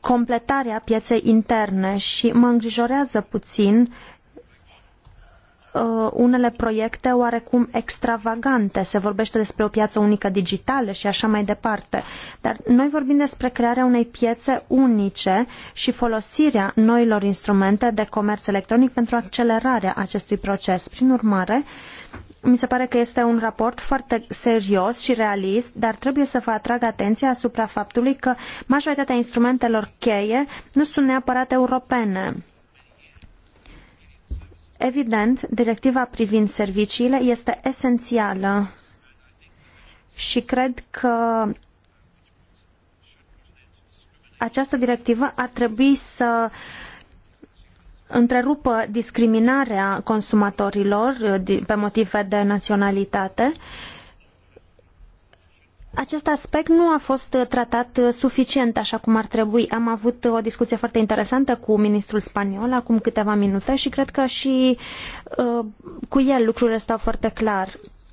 [SPEAKER 2] completarea pieței interne și mă îngrijorează puțin uh, unele proiecte oarecum extravagante. Se vorbește despre o piață unică digitală și așa mai departe. Dar noi vorbim despre crearea unei piețe unice și folosirea noilor instrumente de comerț electronic pentru accelerarea acestui proces. Prin urmare, mi se pare că este un raport foarte serios și realist, dar trebuie să vă atrag atenția asupra faptului că majoritatea instrumentelor cheie nu sunt neapărat europene Evident, directiva privind serviciile este esențială și cred că această directivă ar trebui să întrerupă discriminarea consumatorilor pe motive de naționalitate acest aspect nu a fost uh, tratat uh, suficient așa cum ar trebui. Am avut uh, o discuție foarte interesantă cu ministrul spaniol acum câteva minute și cred că și cu el lucrurile stau foarte clar.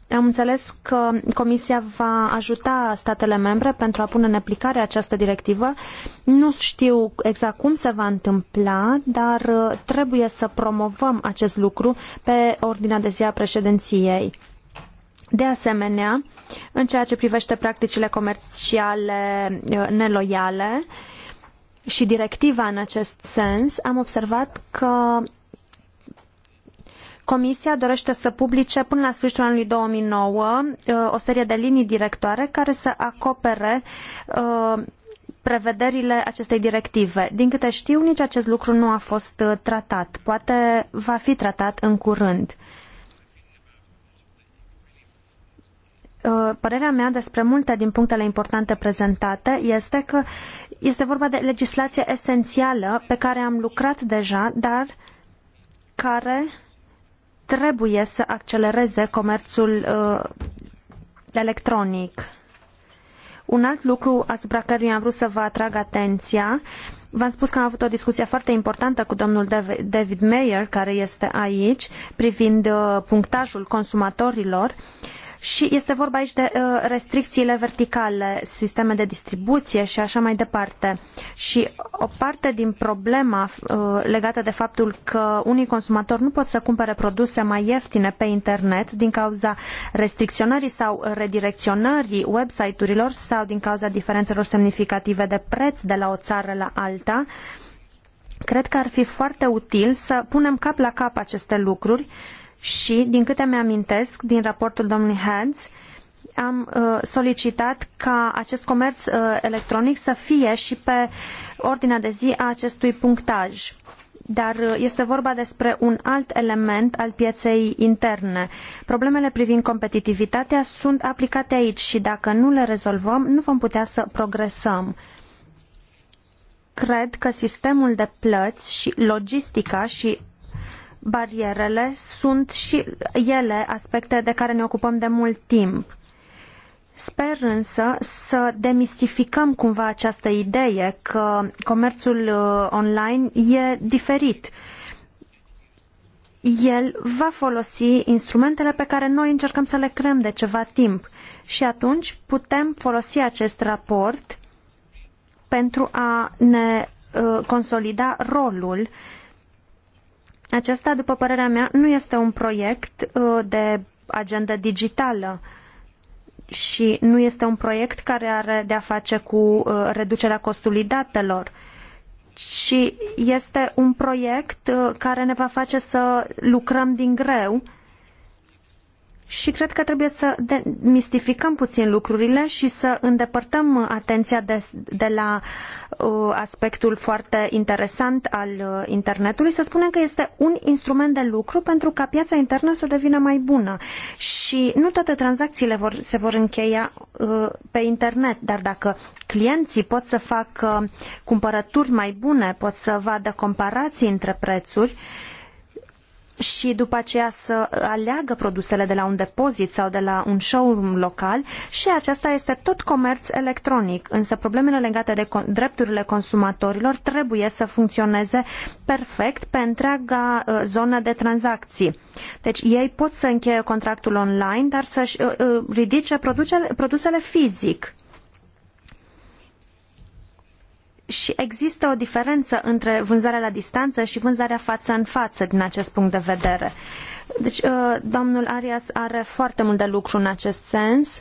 [SPEAKER 2] Am înțeles că Comisia va ajuta statele membre pentru a pune în aplicare această directivă. Nu știu exact cum se va întâmpla, dar trebuie să promovăm acest lucru pe ordinea de zi a președinției. De asemenea, în ceea ce privește practicile comerciale uh, neloiale și directiva în acest sens, am observat că Comisia dorește să publice până la sfârșitul anului 2009 uh, o serie de linii directoare care să acopere uh, prevederile acestei directive. Din câte știu, nici acest lucru nu a fost tratat. Poate va fi tratat în curând. Uh, părerea mea despre multe din punctele importante prezentate este că este vorba de legislație esențială pe care am lucrat deja, dar care trebuie să accelereze comerțul uh, electronic. Un alt lucru asupra căruia am vrut să vă atrag atenția, v-am spus că am avut o discuție foarte importantă cu domnul David Mayer, care este aici, privind uh, punctajul consumatorilor. Uh, și este vorba aici de uh, restricțiile verticale, sisteme de distribuție și așa mai departe. Și o parte din problema uh, legată de faptul că unii consumatori nu pot să cumpere produse mai ieftine pe internet din cauza restricționării sau redirecționării website-urilor sau din cauza diferențelor semnificative de preț de la o țară la alta, cred că ar fi foarte util să punem cap la cap aceste lucruri și, din câte mi-amintesc, din raportul domnului Hans, am uh, solicitat ca acest comerț uh, electronic să fie și pe ordinea de zi a acestui punctaj. Dar uh, este vorba despre un alt element al pieței interne. Problemele privind competitivitatea sunt aplicate aici și dacă nu le rezolvăm, nu vom putea să progresăm cred că sistemul de plăți și logistica și barierele sunt și ele aspecte de care ne ocupăm de mult timp. Sper însă să demistificăm cumva această idee că comerțul uh, online e diferit. El va folosi instrumentele pe care noi încercăm să le creăm de ceva timp și atunci putem folosi acest raport pentru a ne uh, consolida rolul uh, acesta, după părerea mea, nu este un proiect uh, de agendă digitală și nu este un proiect care are de a face cu uh, reducerea costului datelor, ci este un proiect uh, care ne va face să lucrăm din greu și cred că trebuie să mistificăm puțin lucrurile și să îndepărtăm atenția de, de la uh, aspectul foarte interesant al uh, internetului, să spunem că este un instrument de lucru pentru ca piața internă să devină mai bună. Și nu toate tranzacțiile vor, se vor încheia uh, pe internet, dar dacă clienții pot să facă cumpărături mai bune, pot să vadă comparații între prețuri, uh, și după aceea să aleagă produsele de la un depozit sau de la un showroom local și aceasta este tot comerț electronic. Însă problemele legate de drepturile consumatorilor trebuie să funcționeze perfect pe întreaga uh, zonă de tranzacții. Deci ei pot să încheie contractul online, dar să-și uh, uh, ridice produsele fizic. și există o diferență între vânzarea la distanță și vânzarea față în față din acest punct de vedere. Deci, uh, domnul Arias are foarte mult de lucru în acest sens.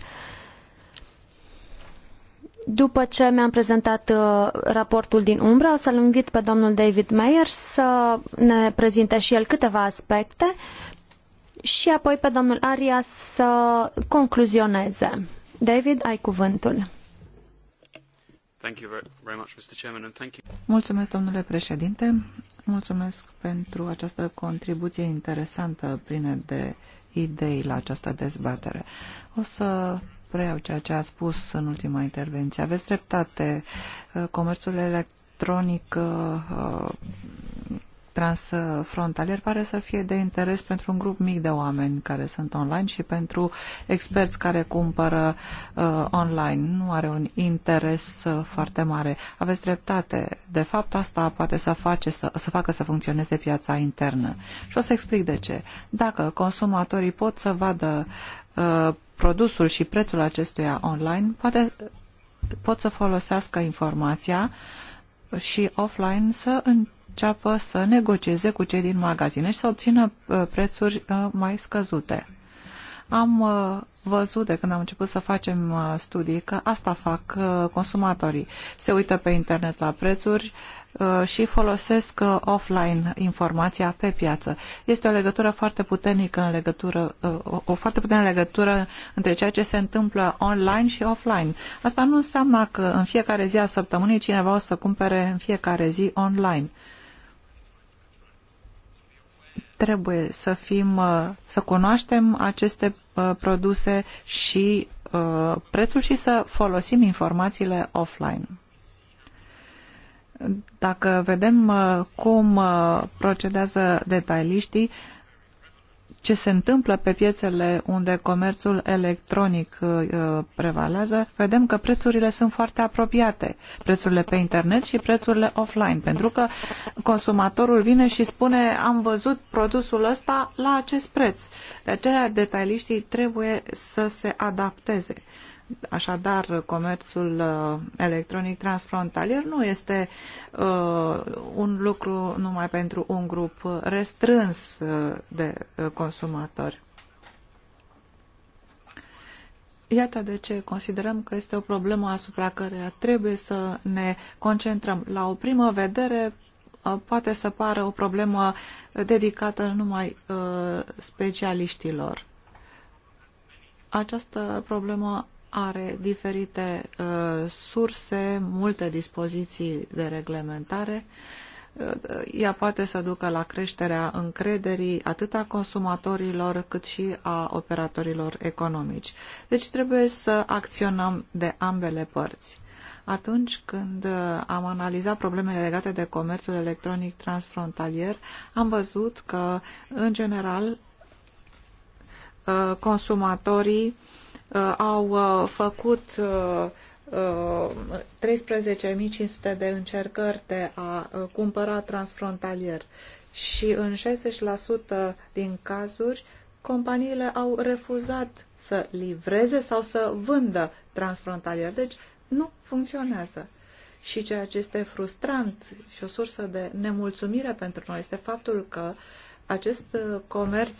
[SPEAKER 2] După ce mi-am prezentat uh, raportul din umbră, o să-l invit pe domnul David Mayer să ne prezinte și el câteva aspecte și apoi pe domnul Arias să concluzioneze. David, ai cuvântul.
[SPEAKER 4] Mulțumesc, domnule președinte. Mulțumesc pentru această contribuție interesantă, plină de idei la această dezbatere. O să preiau ceea ce a spus în ultima intervenție. Aveți dreptate. Comerțul electronic uh, transfrontalier pare să fie de interes pentru un grup mic de oameni care sunt online și pentru experți care cumpără uh, online. Nu are un interes uh, foarte mare. Aveți dreptate. De fapt, asta poate să, face, să, să facă să funcționeze piața internă. Și o să explic de ce. Dacă consumatorii pot să vadă uh, produsul și prețul acestuia online, poate pot să folosească informația și offline să încerce înceapă să negocieze cu cei din magazine și să obțină uh, prețuri uh, mai scăzute. Am uh, văzut de când am început să facem studii că asta fac consumatorii. Se uită pe internet la prețuri și folosesc offline informația pe piață. Este o legătură foarte puternică în legătură, o foarte puternică legătură între ceea ce se întâmplă online și offline. Asta nu înseamnă că în fiecare zi a săptămânii cineva o să cumpere în fiecare zi online. Trebuie să fim, uh, să cunoaștem aceste uh, produse și uh, prețul și să folosim informațiile offline. Dacă vedem cum procedează detailiștii, ce se întâmplă pe piețele unde comerțul electronic uh, prevalează, vedem că prețurile sunt foarte apropiate, prețurile pe internet și prețurile offline, pentru că consumatorul vine și spune am văzut produsul ăsta la acest preț. De aceea detaliștii trebuie să se adapteze. Așadar, comerțul uh, electronic transfrontalier nu este uh, un lucru numai pentru un grup restrâns uh, de consumatori. Iată de ce considerăm că este o problemă asupra căreia trebuie să ne concentrăm. La o primă vedere, poate să pară o problemă dedicată numai specialiștilor. Această problemă are diferite uh, surse, multe dispoziții de reglementare. Uh, ea poate să ducă la creșterea încrederii atât a consumatorilor cât și a operatorilor economici. Deci trebuie să acționăm de ambele părți. Atunci când uh, am analizat problemele legate de comerțul electronic transfrontalier, am văzut că, în general, uh, consumatorii Uh, au uh, făcut 13.500 uh, de încercări de a cumpăra transfrontalier și în 60% din cazuri companiile au refuzat să livreze sau să vândă transfrontalier. Deci nu funcționează. Și ceea ce este frustrant și o sursă de nemulțumire pentru noi este faptul că acest comerț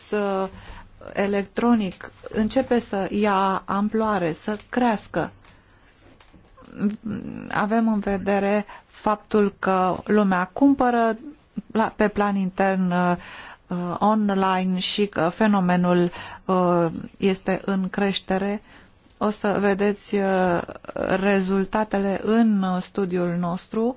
[SPEAKER 4] electronic începe să ia amploare, să crească. Avem în vedere faptul că lumea cumpără la, pe plan intern uh, online și că fenomenul uh, este în creștere. O să vedeți uh, rezultatele în studiul nostru.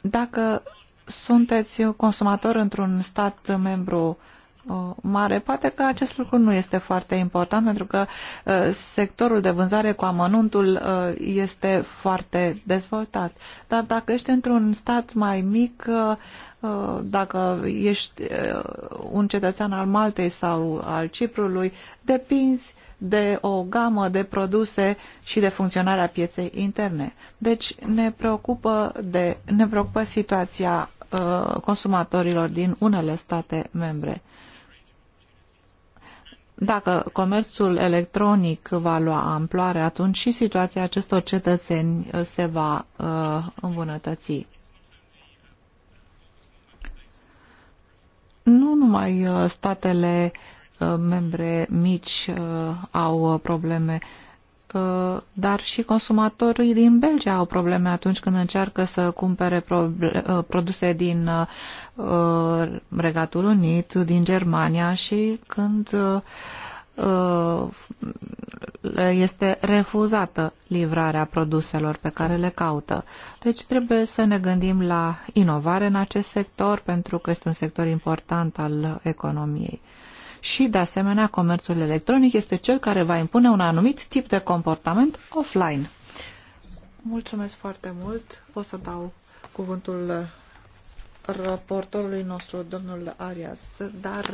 [SPEAKER 4] Dacă sunteți consumator într-un stat membru uh, mare. Poate că acest lucru nu este foarte important pentru că uh, sectorul de vânzare cu amănuntul uh, este foarte dezvoltat. Dar dacă ești într-un stat mai mic, dacă ești un cetățean al Maltei sau al Ciprului, depinzi de o gamă de produse și de funcționarea pieței interne. Deci ne preocupă, de, ne preocupă situația Uh, consumatorilor din unele state membre. Dacă comerțul electronic va lua amploare, atunci și situația acestor cetățeni se va uh, îmbunătăți. Nu numai uh, statele uh, membre mici au probleme uh, dar și consumatorii din Belgia au probleme atunci când încearcă să cumpere uh, produse din uh, Regatul Unit, din Germania și când uh, este refuzată livrarea produselor pe care le caută. Deci trebuie să ne gândim la inovare în acest sector pentru că este un sector important al economiei și, de asemenea, comerțul electronic este cel care va impune un anumit tip de comportament offline. Mulțumesc foarte mult. O să dau cuvântul raportorului nostru, domnul Arias, dar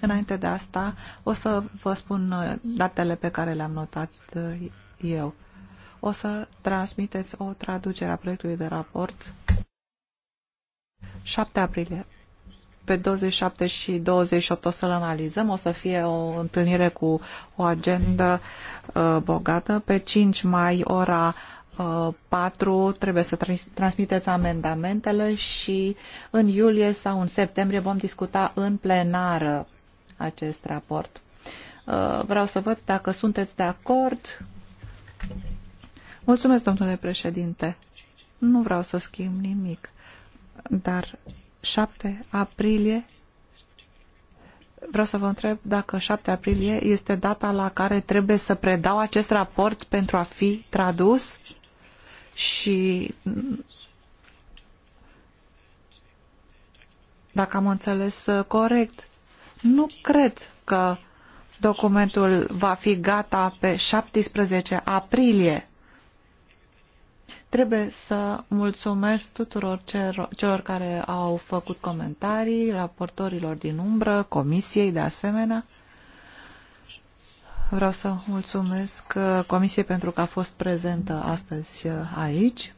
[SPEAKER 4] înainte de asta o să vă spun datele pe care le-am notat uh, eu. O să transmiteți o traducere a proiectului de raport 7 aprilie. Pe 27 și 28 o să-l analizăm, o să fie o întâlnire cu o agendă uh, bogată. Pe 5 mai, ora 4, uh, trebuie să transmiteți amendamentele și în iulie sau în septembrie vom discuta în plenară acest raport. Uh, vreau să văd dacă sunteți de acord. Mulțumesc, domnule președinte. Nu vreau să schimb nimic, dar 7 aprilie Vreau să vă întreb dacă 7 aprilie este data la care trebuie să predau acest raport pentru a fi tradus și dacă am înțeles corect, nu cred că documentul va fi gata pe 17 aprilie. Trebuie să mulțumesc tuturor celor care au făcut comentarii, raportorilor din umbră, comisiei de asemenea. Vreau să mulțumesc uh, comisiei pentru că a fost prezentă astăzi uh, aici.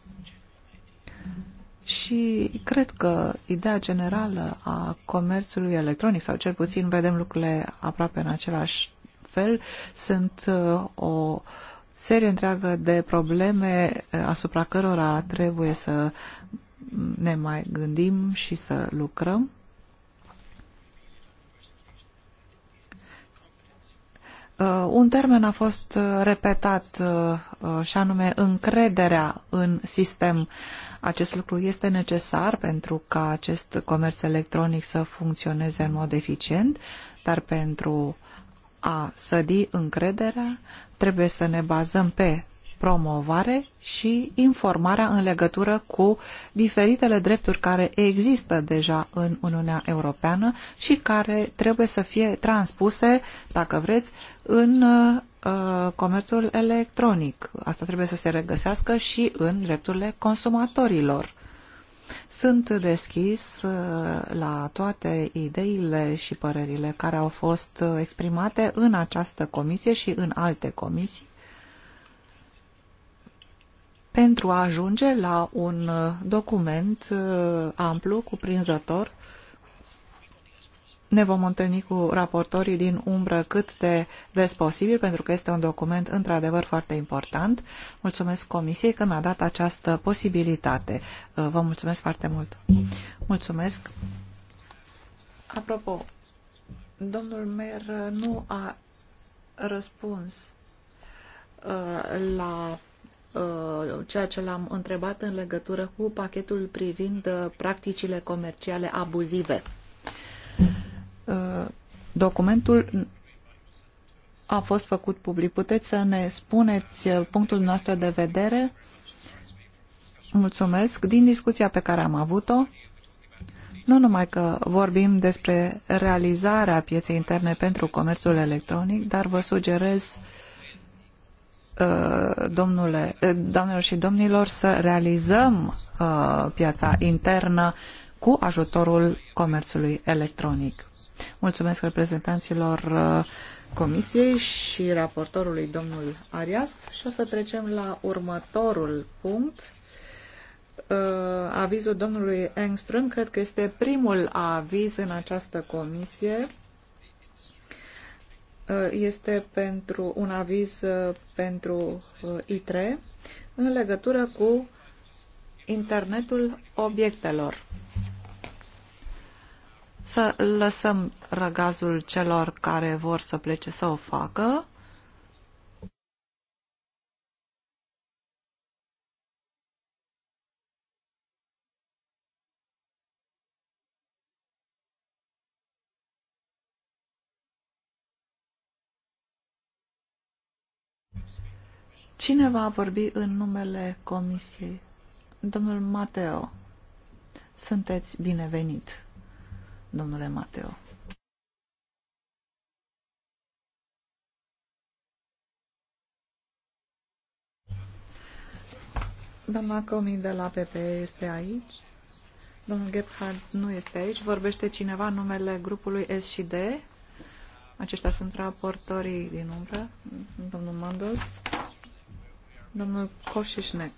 [SPEAKER 4] Și cred că ideea generală a comerțului electronic, sau cel puțin vedem lucrurile aproape în același fel, sunt uh, o serie întreagă de probleme eh, asupra cărora trebuie să ne mai gândim și să lucrăm. Eh, un termen a fost eh, repetat și anume încrederea în sistem. Acest lucru este necesar pentru ca acest comerț electronic să funcționeze în mod eficient, dar pentru uh, a sădi încrederea, trebuie să ne bazăm pe promovare și informarea în legătură cu diferitele drepturi care există deja în Uniunea Europeană și care trebuie să fie transpuse, dacă vreți, în uh, comerțul electronic. Asta trebuie să se regăsească și în drepturile consumatorilor. Sunt deschis uh, la toate ideile și părerile care au fost uh, exprimate în această comisie și în alte comisii pentru a ajunge la un uh, document amplu, cuprinzător, ne vom întâlni cu raportorii din umbră cât de des posibil, pentru că este un document într-adevăr foarte important. Mulțumesc Comisiei că mi-a dat această posibilitate. Uh, vă mulțumesc foarte mult. Mulțumesc. Apropo, domnul Mer nu a răspuns uh, la uh, ceea ce l-am întrebat în legătură cu pachetul privind practicile comerciale abuzive documentul a fost făcut public. Puteți să ne spuneți uh, punctul nostru de vedere? Mulțumesc. Din discuția pe care am avut-o, nu numai că vorbim despre realizarea pieței interne pentru comerțul electronic, dar vă sugerez, uh, domnule, uh, doamnelor și domnilor, să realizăm piața internă cu ajutorul comerțului electronic. Mulțumesc reprezentanților uh, Comisiei și raportorului domnul Arias și o să trecem la următorul punct. Uh, avizul domnului Engström cred că este primul aviz în această comisie uh, este pentru un aviz pentru ITRE în legătură cu internetul obiectelor să lăsăm răgazul celor care vor să plece să o facă. Cine va vorbi în numele Comisiei? Domnul Mateo, sunteți binevenit domnule Mateo. Doamna Comin de la PP este aici. Domnul Gebhard nu este aici. Vorbește cineva numele grupului S și D. Aceștia sunt raportorii din umbră. Domnul Mandos. Domnul Coșișnec.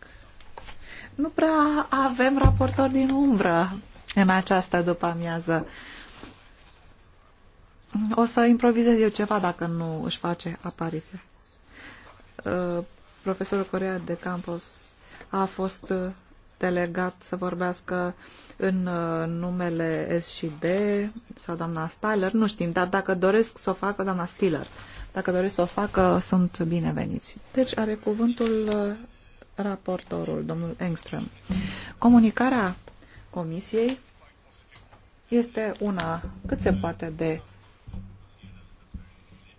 [SPEAKER 4] Nu prea avem raportori din umbră în această după-amiază. O să improvizez eu ceva dacă nu își face apariție. Uh, profesorul Corea de Campos a fost uh, delegat să vorbească în uh, numele S și D sau doamna Styler, nu știm, dar dacă doresc să o facă doamna Stiller, dacă doresc să o facă, sunt bineveniți. Deci are cuvântul uh, raportorul, domnul Engström. Comunicarea Comisiei este una cât se poate de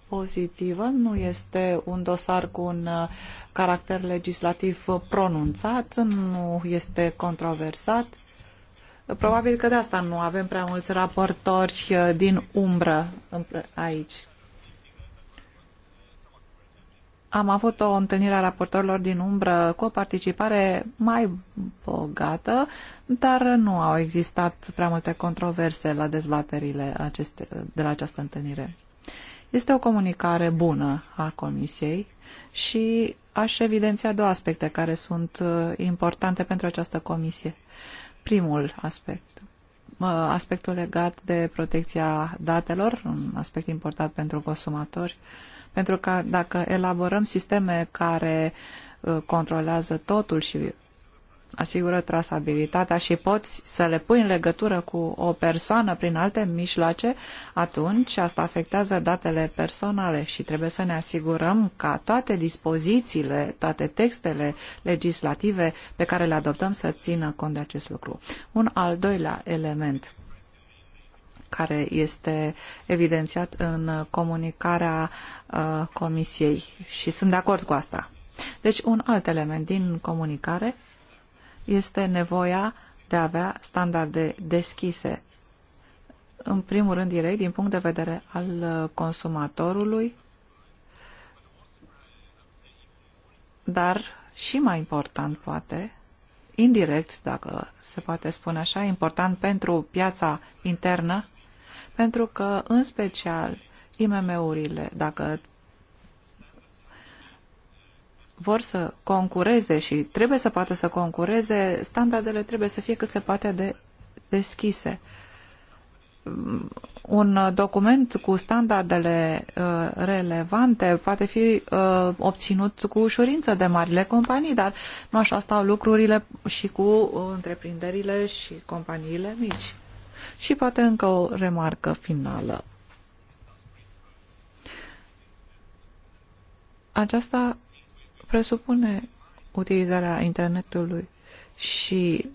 [SPEAKER 4] pozitivă, nu este un dosar cu un uh, caracter legislativ uh, pronunțat, nu este controversat. Probabil că de asta nu avem prea mulți raportori uh, din umbră aici. Am avut o întâlnire a raportorilor din umbră cu o participare mai bogată, dar nu au existat prea multe controverse la dezbaterile aceste, de la această întâlnire. Este o comunicare bună a Comisiei și aș evidenția două aspecte care sunt uh, importante pentru această Comisie. Primul aspect, uh, aspectul legat de protecția datelor, un aspect important pentru consumatori, uh, pentru că dacă elaborăm sisteme care uh, controlează totul și asigură trasabilitatea și poți să le pui în legătură cu o persoană prin alte mijloace, atunci asta afectează datele personale și trebuie să ne asigurăm ca toate dispozițiile, toate textele legislative pe care le adoptăm să țină cont de acest lucru. Un al doilea element care este evidențiat în comunicarea uh, Comisiei și sunt de acord cu asta. Deci un alt element din comunicare este nevoia de a avea standarde deschise. În primul rând, direct, din punct de vedere al uh, consumatorului, dar și mai important, poate, indirect, dacă se poate spune așa, important pentru piața internă pentru că, în special, IMM-urile, dacă vor să concureze și trebuie să poată să concureze, standardele trebuie să fie cât se poate de deschise. Un document cu standardele uh, relevante poate fi uh, obținut cu ușurință de marile companii, dar nu așa stau lucrurile și cu uh, întreprinderile și companiile mici. Și poate încă o remarcă finală. Aceasta presupune utilizarea internetului și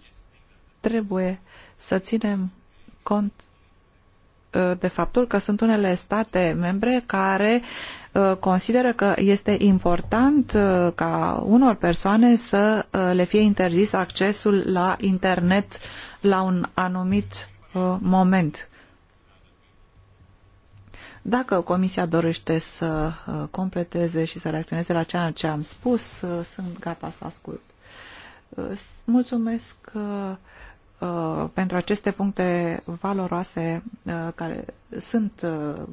[SPEAKER 4] trebuie să ținem cont ă, de faptul că sunt unele state membre care ă, consideră că este important ă, ca unor persoane să le fie interzis accesul la internet la un anumit Uh, moment. Dacă Comisia dorește să uh, completeze și să reacționeze la ceea ce am spus, uh, sunt gata să ascult. Mulțumesc pentru aceste puncte valoroase care sunt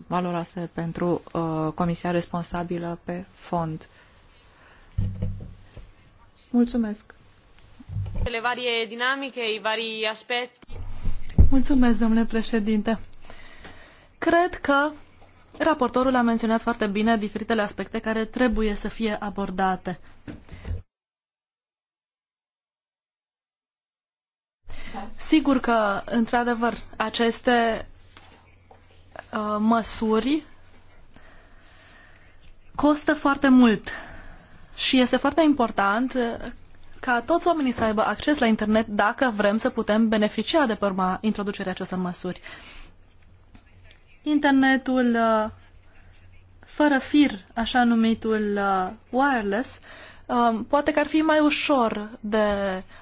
[SPEAKER 4] valoroase pentru Comisia responsabilă pe fond. Mulțumesc.
[SPEAKER 2] Le varie dinamiche, i vari aspecte.
[SPEAKER 1] Mulțumesc, domnule președinte. Cred că raportorul a menționat foarte bine diferitele aspecte care trebuie să fie abordate. Sigur că, într-adevăr, aceste uh, măsuri costă foarte mult și este foarte important ca toți oamenii să aibă acces la internet dacă vrem să putem beneficia de pe urma introducerea acestor măsuri. Internetul uh, fără fir, așa numitul uh, wireless, um, poate că ar fi mai ușor de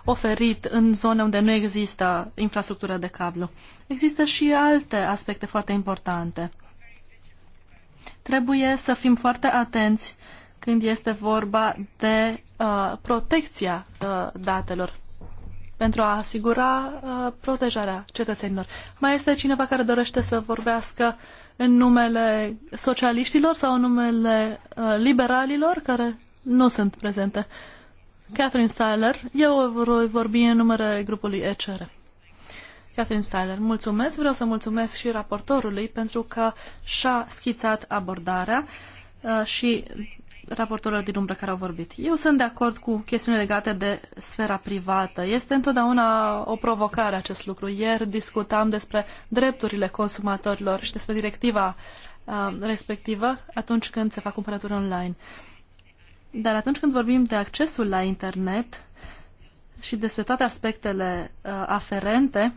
[SPEAKER 1] oferit în zone unde nu există infrastructură de cablu. Există și alte aspecte foarte importante. Trebuie să fim foarte atenți când este vorba de uh, protecția uh, datelor pentru a asigura uh, protejarea cetățenilor. Mai este cineva care dorește să vorbească în numele socialiștilor sau în numele uh, liberalilor care nu sunt prezente? Catherine Styler, eu voi vorbi în numele grupului ECR. Catherine Styler, mulțumesc. Vreau să mulțumesc și raportorului pentru că și-a schițat abordarea uh, și raportorilor din umbră care au vorbit. Eu sunt de acord cu chestiunile legate de sfera privată. Este întotdeauna o provocare acest lucru. Ieri discutam despre drepturile consumatorilor și despre directiva uh, respectivă atunci când se fac cumpărături online. Dar atunci când vorbim de accesul la internet și despre toate aspectele uh, aferente,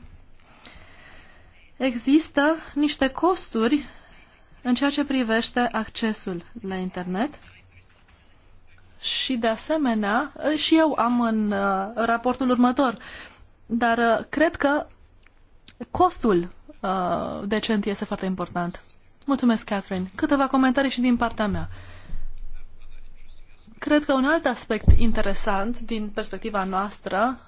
[SPEAKER 1] există niște costuri în ceea ce privește accesul la internet și de asemenea eh, și eu am în eh, raportul următor, dar eh, cred că costul decent este foarte important. Mulțumesc, Catherine. Câteva comentarii și din partea mea. Cred că un alt aspect interesant din perspectiva noastră,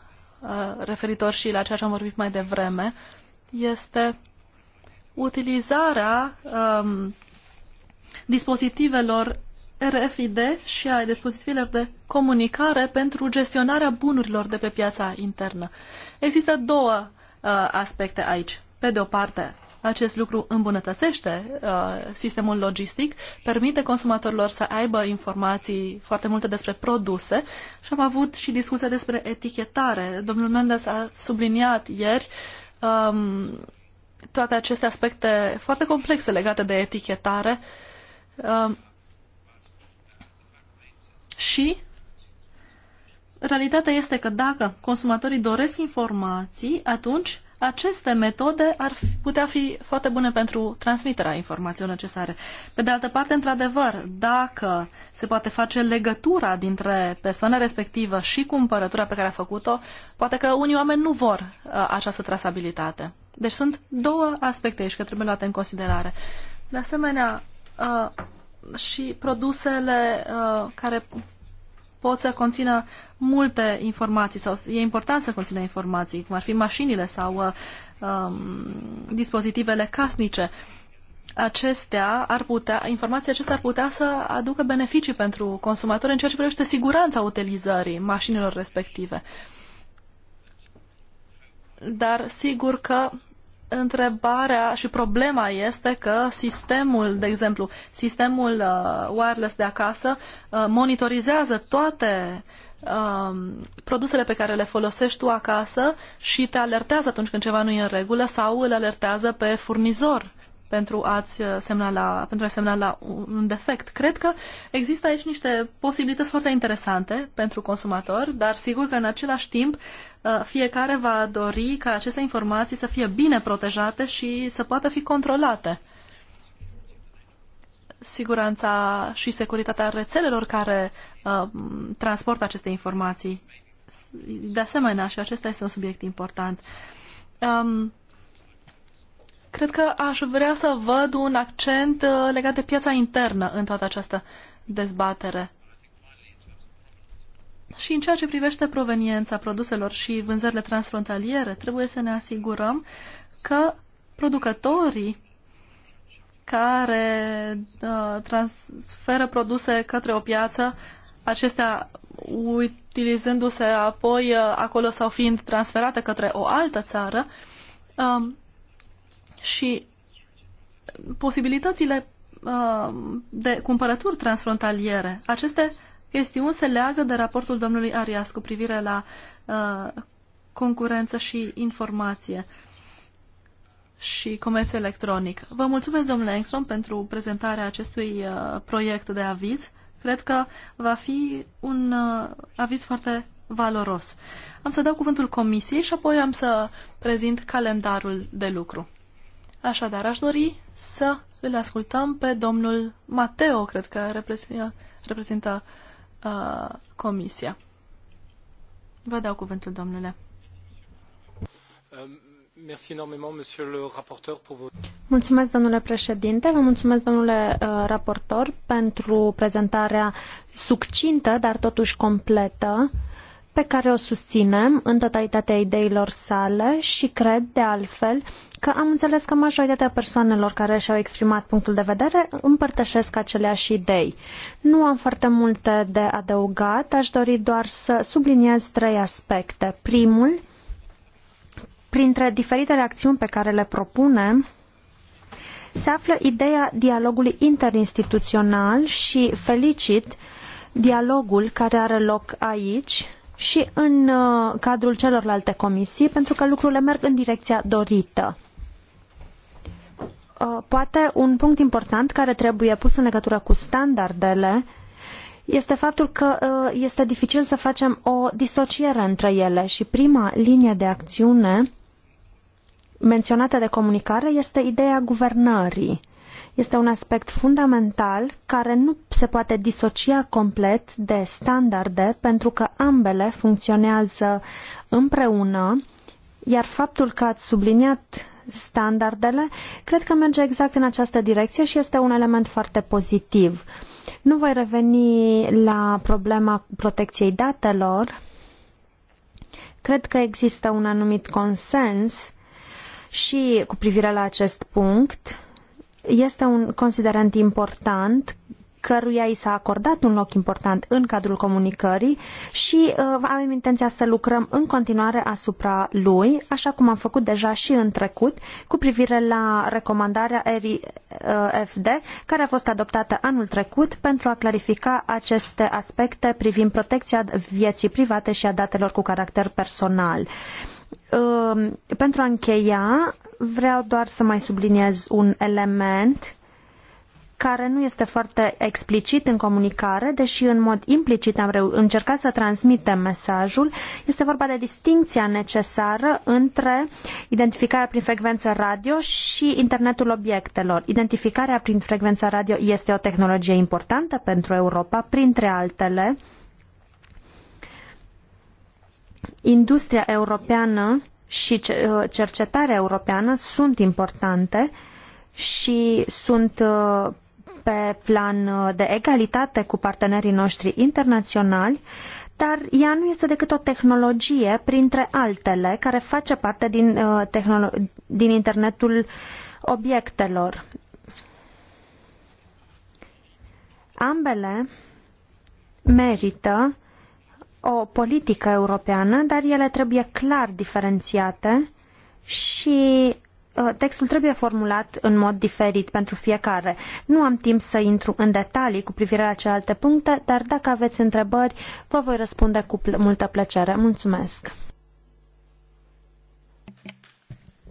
[SPEAKER 1] referitor și la ceea ce am vorbit mai devreme, este utilizarea um, dispozitivelor RFID și a dispozitivelor de comunicare pentru gestionarea bunurilor de pe piața internă. Există două uh, aspecte aici. Pe de o parte, acest lucru îmbunătățește uh, sistemul logistic, permite consumatorilor să aibă informații foarte multe despre produse și am avut și discuția despre etichetare. Domnul Mendes a subliniat ieri um, toate aceste aspecte foarte complexe legate de etichetare. Um, și realitatea este că dacă consumatorii doresc informații, atunci aceste metode ar putea fi foarte bune pentru transmiterea informațiilor necesare. Pe de altă parte, într-adevăr, dacă se poate face legătura dintre persoana respectivă și cumpărătura pe care a făcut-o, poate că unii oameni nu vor uh, această trasabilitate. Deci sunt două aspecte aici care trebuie luate în considerare. De asemenea, uh, și produsele uh, care pot să conțină multe informații sau e important să conțină informații, cum ar fi mașinile sau uh, um, dispozitivele casnice. Acestea ar putea, informația acestea ar putea să aducă beneficii pentru consumatori în ceea ce privește siguranța utilizării mașinilor respective. Dar sigur că întrebarea și problema este că sistemul, de exemplu, sistemul uh, wireless de acasă uh, monitorizează toate um, produsele pe care le folosești tu acasă și te alertează atunci când ceva nu e în regulă sau îl alertează pe furnizor pentru, a-ți uh, semnala, pentru a semnala un defect. Cred că există aici niște posibilități foarte interesante pentru consumator, dar sigur că în același timp uh, fiecare va dori ca aceste informații să fie bine protejate și să poată fi controlate siguranța și securitatea rețelelor care uh, transportă aceste informații. De asemenea, și acesta este un subiect important. Um, Cred că aș vrea să văd un accent uh, legat de piața internă în toată această dezbatere. Și în ceea ce privește proveniența produselor și vânzările transfrontaliere, trebuie să ne asigurăm că producătorii care uh, transferă produse către o piață, acestea utilizându-se apoi uh, acolo sau fiind transferate către o altă țară, um, și posibilitățile uh, de cumpărături transfrontaliere. Aceste chestiuni se leagă de raportul domnului Arias cu privire la uh, concurență și informație și comerț electronic. Vă mulțumesc, domnule Engstrom, pentru prezentarea acestui uh, proiect de aviz. Cred că va fi un uh, aviz foarte valoros. Am să dau cuvântul comisiei și apoi am să prezint calendarul de lucru. Așadar, aș dori să îl ascultăm pe domnul Mateo, cred că reprezintă, reprezintă uh, comisia. Vă dau cuvântul, domnule.
[SPEAKER 3] Um,
[SPEAKER 2] mulțumesc, domnule președinte, vă mulțumesc, domnule uh, raportor, pentru prezentarea succintă, dar totuși completă uh, pe care o susținem în totalitatea ideilor sale și cred, de altfel, că am înțeles că majoritatea persoanelor care și-au exprimat punctul de vedere împărtășesc aceleași idei. Nu am foarte multe de adăugat, aș dori doar să subliniez trei aspecte. Primul, printre diferitele acțiuni pe care le propunem, se află ideea dialogului interinstituțional și felicit dialogul care are loc aici și în uh, cadrul celorlalte comisii, pentru că lucrurile merg în direcția dorită. Uh, poate un punct important care trebuie pus în legătură cu standardele este faptul că uh, este dificil să facem o disociere între ele și prima linie de acțiune menționată de comunicare este ideea guvernării. Este un aspect fundamental care nu se poate disocia complet de standarde pentru că ambele funcționează împreună, iar faptul că ați subliniat standardele, cred că merge exact în această direcție și este un element foarte pozitiv. Nu voi reveni la problema protecției datelor. Cred că există un anumit consens și cu privire la acest punct este un considerent important căruia i s-a acordat un loc important în cadrul comunicării și uh, avem intenția să lucrăm în continuare asupra lui, așa cum am făcut deja și în trecut, cu privire la recomandarea RIFD, uh, care a fost adoptată anul trecut pentru a clarifica aceste aspecte privind protecția vieții private și a datelor cu caracter personal. Uh, pentru a încheia, vreau doar să mai subliniez un element care nu este foarte explicit în comunicare, deși în mod implicit am încercat să transmitem mesajul. Este vorba de distinția necesară între identificarea prin frecvență radio și internetul obiectelor. Identificarea prin frecvență radio este o tehnologie importantă pentru Europa, printre altele. Industria europeană și uh, cercetarea europeană sunt importante și sunt uh, pe plan uh, de egalitate cu partenerii noștri internaționali, dar ea nu este decât o tehnologie printre altele care face parte din, din internetul obiectelor. Ambele merită o politică europeană, dar ele trebuie clar diferențiate și uh, textul trebuie formulat în mod diferit pentru fiecare. Nu am timp să intru în detalii cu privire la celelalte puncte, dar dacă aveți întrebări, vă voi răspunde cu pl- multă plăcere. Mulțumesc!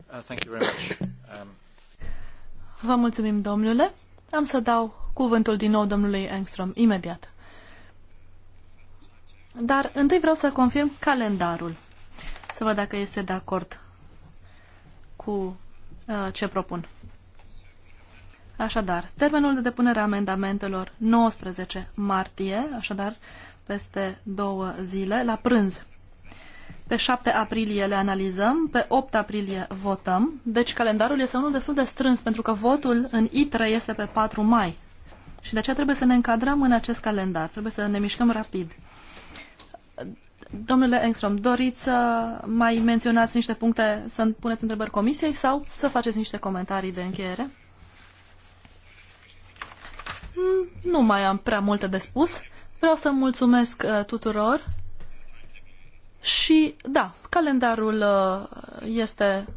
[SPEAKER 1] Uh, um,
[SPEAKER 2] vă mulțumim, domnule. Am
[SPEAKER 1] să dau cuvântul din nou domnului Engstrom imediat. Dar întâi vreau să confirm calendarul. Să văd dacă este de acord cu uh, ce propun. Așadar, termenul de depunere a amendamentelor 19 martie, așadar peste două zile, la prânz. Pe 7 aprilie le analizăm, pe 8 aprilie votăm, deci calendarul este unul destul de strâns, pentru că votul în ITRE este pe 4 mai. Și de aceea trebuie să ne încadrăm în acest calendar, trebuie să ne mișcăm rapid. Domnule Engstrom, doriți să mai menționați niște puncte, să puneți întrebări comisiei sau să faceți niște comentarii de încheiere? Mm, nu mai am prea multe de spus. Vreau să mulțumesc uh, tuturor și, da, calendarul uh, este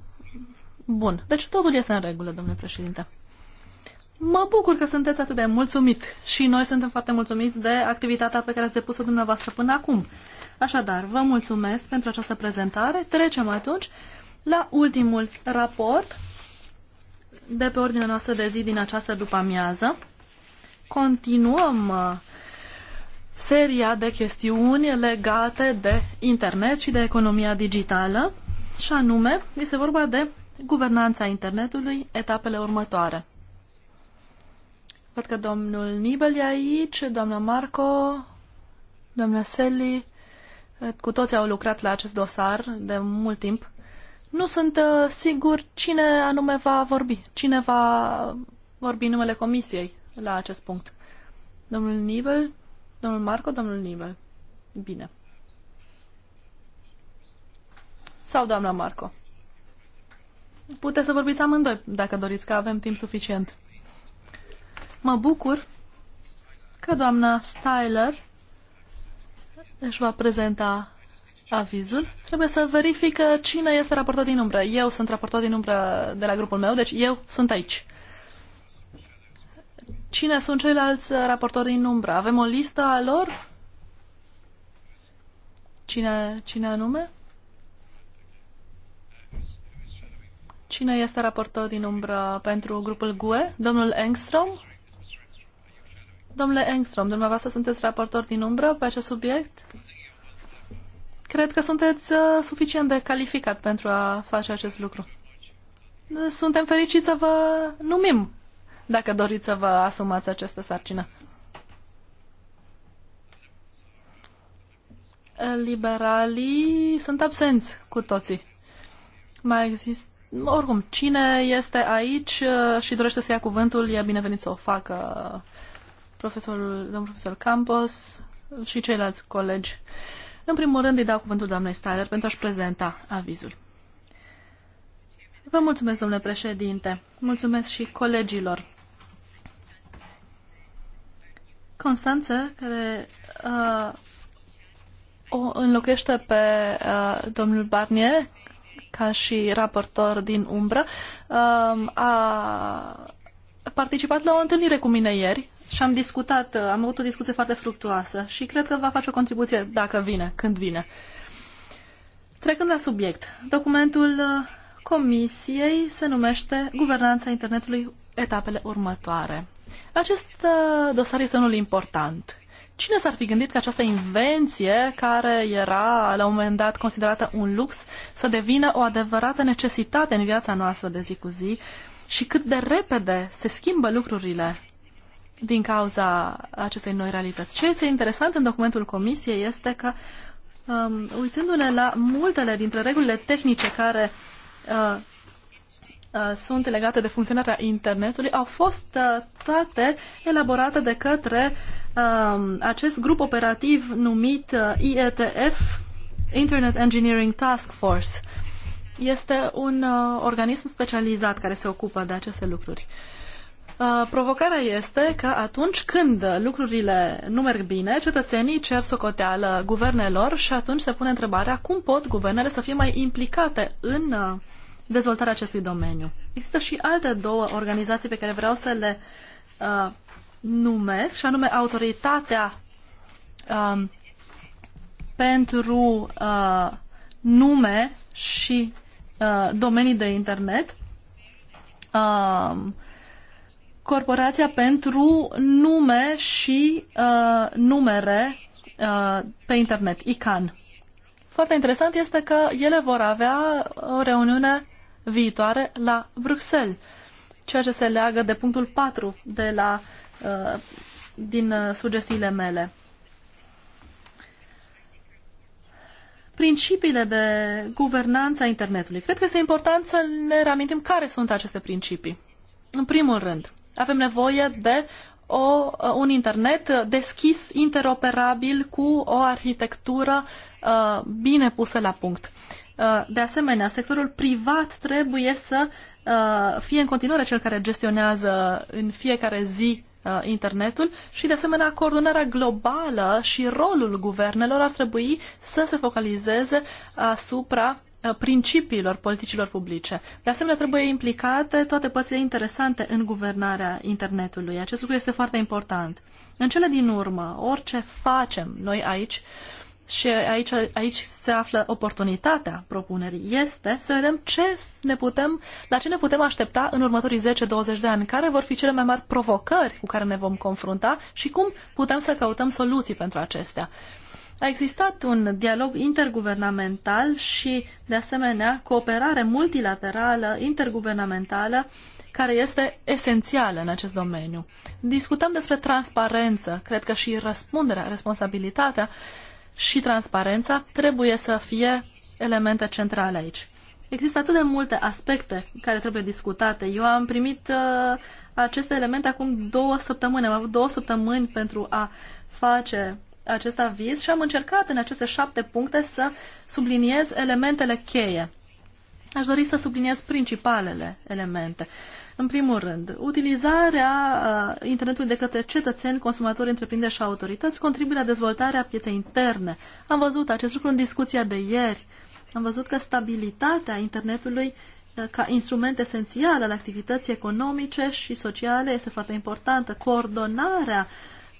[SPEAKER 1] bun. Deci totul este în regulă, domnule președinte. Mă bucur că sunteți atât de mulțumit și noi suntem foarte mulțumiți de activitatea pe care ați depus-o dumneavoastră până acum. Așadar, vă mulțumesc pentru această prezentare. Trecem atunci la ultimul raport de pe ordinea noastră de zi din această după-amiază. Continuăm uh, seria de chestiuni legate de internet și de economia digitală și anume este vorba de guvernanța internetului etapele următoare. Văd că domnul Nibel e aici, doamna Marco, doamna Selly. Cu toți au lucrat la acest dosar de mult timp. Nu sunt uh, sigur cine anume va vorbi, cine va vorbi numele comisiei la acest punct. Domnul Nibel, domnul Marco, domnul Nibel. Bine. Sau doamna Marco. Puteți să vorbiți amândoi, dacă doriți, că avem timp suficient. Mă bucur că doamna Styler își va prezenta avizul. Trebuie să verifică cine este raportat din umbră. Eu sunt raportat din umbră de la grupul meu, deci eu sunt aici. Cine sunt ceilalți raportori din umbră? Avem o listă a lor? Cine, cine anume? Cine este raportor din umbră pentru grupul GUE? Domnul Engstrom? Domnule Engstrom, dumneavoastră sunteți raportor din umbră pe acest subiect? Cred că sunteți uh, suficient de calificat pentru a face acest lucru. Suntem fericiți să vă numim, dacă doriți să vă asumați această sarcină. Liberalii sunt absenți cu toții. Mai există oricum, cine este aici uh, și dorește să ia cuvântul, e binevenit să o facă profesorul, domnul profesor Campos și ceilalți colegi. În primul rând îi dau cuvântul doamnei Styler pentru a-și prezenta avizul. Vă mulțumesc, domnule președinte. Mulțumesc și colegilor. Constanță, care uh, o înlocuiește pe uh, domnul Barnier ca și raportor din umbră, uh, a participat la o întâlnire cu mine ieri și am discutat, uh, am avut o discuție foarte fructuoasă și cred că va face o contribuție dacă vine, când vine. Trecând la subiect, documentul uh, Comisiei se numește Guvernanța Internetului etapele următoare. Acest uh, dosar este unul important. Cine s-ar fi gândit că această invenție, care era la un moment dat considerată un lux, să devină o adevărată necesitate în viața noastră de zi cu zi și cât de repede se schimbă lucrurile din cauza acestei noi realități. Ce este interesant în documentul Comisiei este că, um, uitându-ne la multele dintre regulile tehnice care uh, uh, sunt legate de funcționarea internetului, au fost uh, toate elaborate de către uh, acest grup operativ numit uh, IETF, Internet Engineering Task Force. Este un uh, organism specializat care se ocupă de aceste lucruri. Uh, Uh, provocarea este că atunci când lucrurile nu merg bine, cetățenii cer socoteală guvernelor și atunci se pune întrebarea cum pot guvernele să fie mai implicate în uh, dezvoltarea acestui domeniu. Există și alte două organizații pe care vreau să le uh, numesc, și anume Autoritatea uh, pentru uh, nume și uh, domenii de internet. Uh, corporația pentru nume și uh, numere uh, pe internet, ICAN. Foarte interesant este că ele vor avea o reuniune viitoare la Bruxelles, ceea ce se leagă de punctul 4 de la, uh, din uh, sugestiile mele. principiile de guvernanță a internetului. Cred că este important să ne reamintim care sunt aceste principii. În primul rând, avem nevoie de o, uh, un internet deschis, interoperabil, cu o arhitectură uh, bine pusă la punct. Uh, de asemenea, sectorul privat trebuie să uh, fie în continuare cel care gestionează în fiecare zi internetul și, de asemenea, coordonarea globală și rolul guvernelor ar trebui să se focalizeze asupra Uh, principiilor politicilor publice. De asemenea, trebuie implicate toate părțile interesante în guvernarea internetului. Acest lucru este foarte important. În cele din urmă, orice facem noi aici, și aici, aici se află oportunitatea propunerii, este să vedem ce ne putem, la ce ne putem aștepta în următorii 10-20 de ani, care vor fi cele mai mari provocări cu care ne vom confrunta și cum putem să căutăm soluții pentru acestea. Uh, a existat un dialog interguvernamental și, de asemenea, cooperare multilaterală, interguvernamentală, care este esențială în acest domeniu. Discutăm despre transparență. Cred că și răspunderea, responsabilitatea și transparența trebuie să fie elemente centrale aici. Există atât de multe aspecte care trebuie discutate. Eu am primit uh, aceste elemente acum două săptămâni. Am avut două săptămâni pentru a face acest aviz și am încercat în aceste șapte puncte să subliniez elementele cheie. Aș dori să subliniez principalele elemente. În primul rând, utilizarea uh, internetului de către cetățeni, consumatori, întreprinderi și autorități contribuie la dezvoltarea pieței interne. Am văzut acest lucru în discuția de ieri. Am văzut că stabilitatea internetului uh, ca instrument esențial al activității economice și sociale este foarte importantă. Coordonarea uh,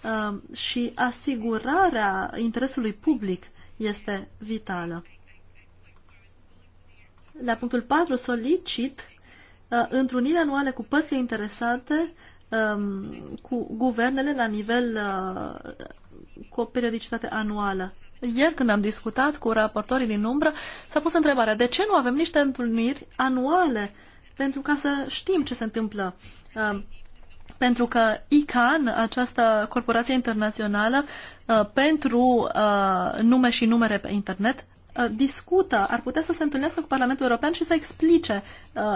[SPEAKER 1] Um, și asigurarea interesului public este vitală. La punctul 4 solicit uh, întruniri anuale cu părțile interesate um, cu guvernele la nivel uh, cu o periodicitate anuală. Ieri când am discutat cu raportorii din umbră, s-a pus întrebarea de ce nu avem niște întâlniri anuale pentru ca să știm ce se întâmplă um, pentru că ICAN, această corporație internațională uh, pentru uh, nume și numere pe internet, uh, discută, ar putea să se întâlnească cu Parlamentul European și să explice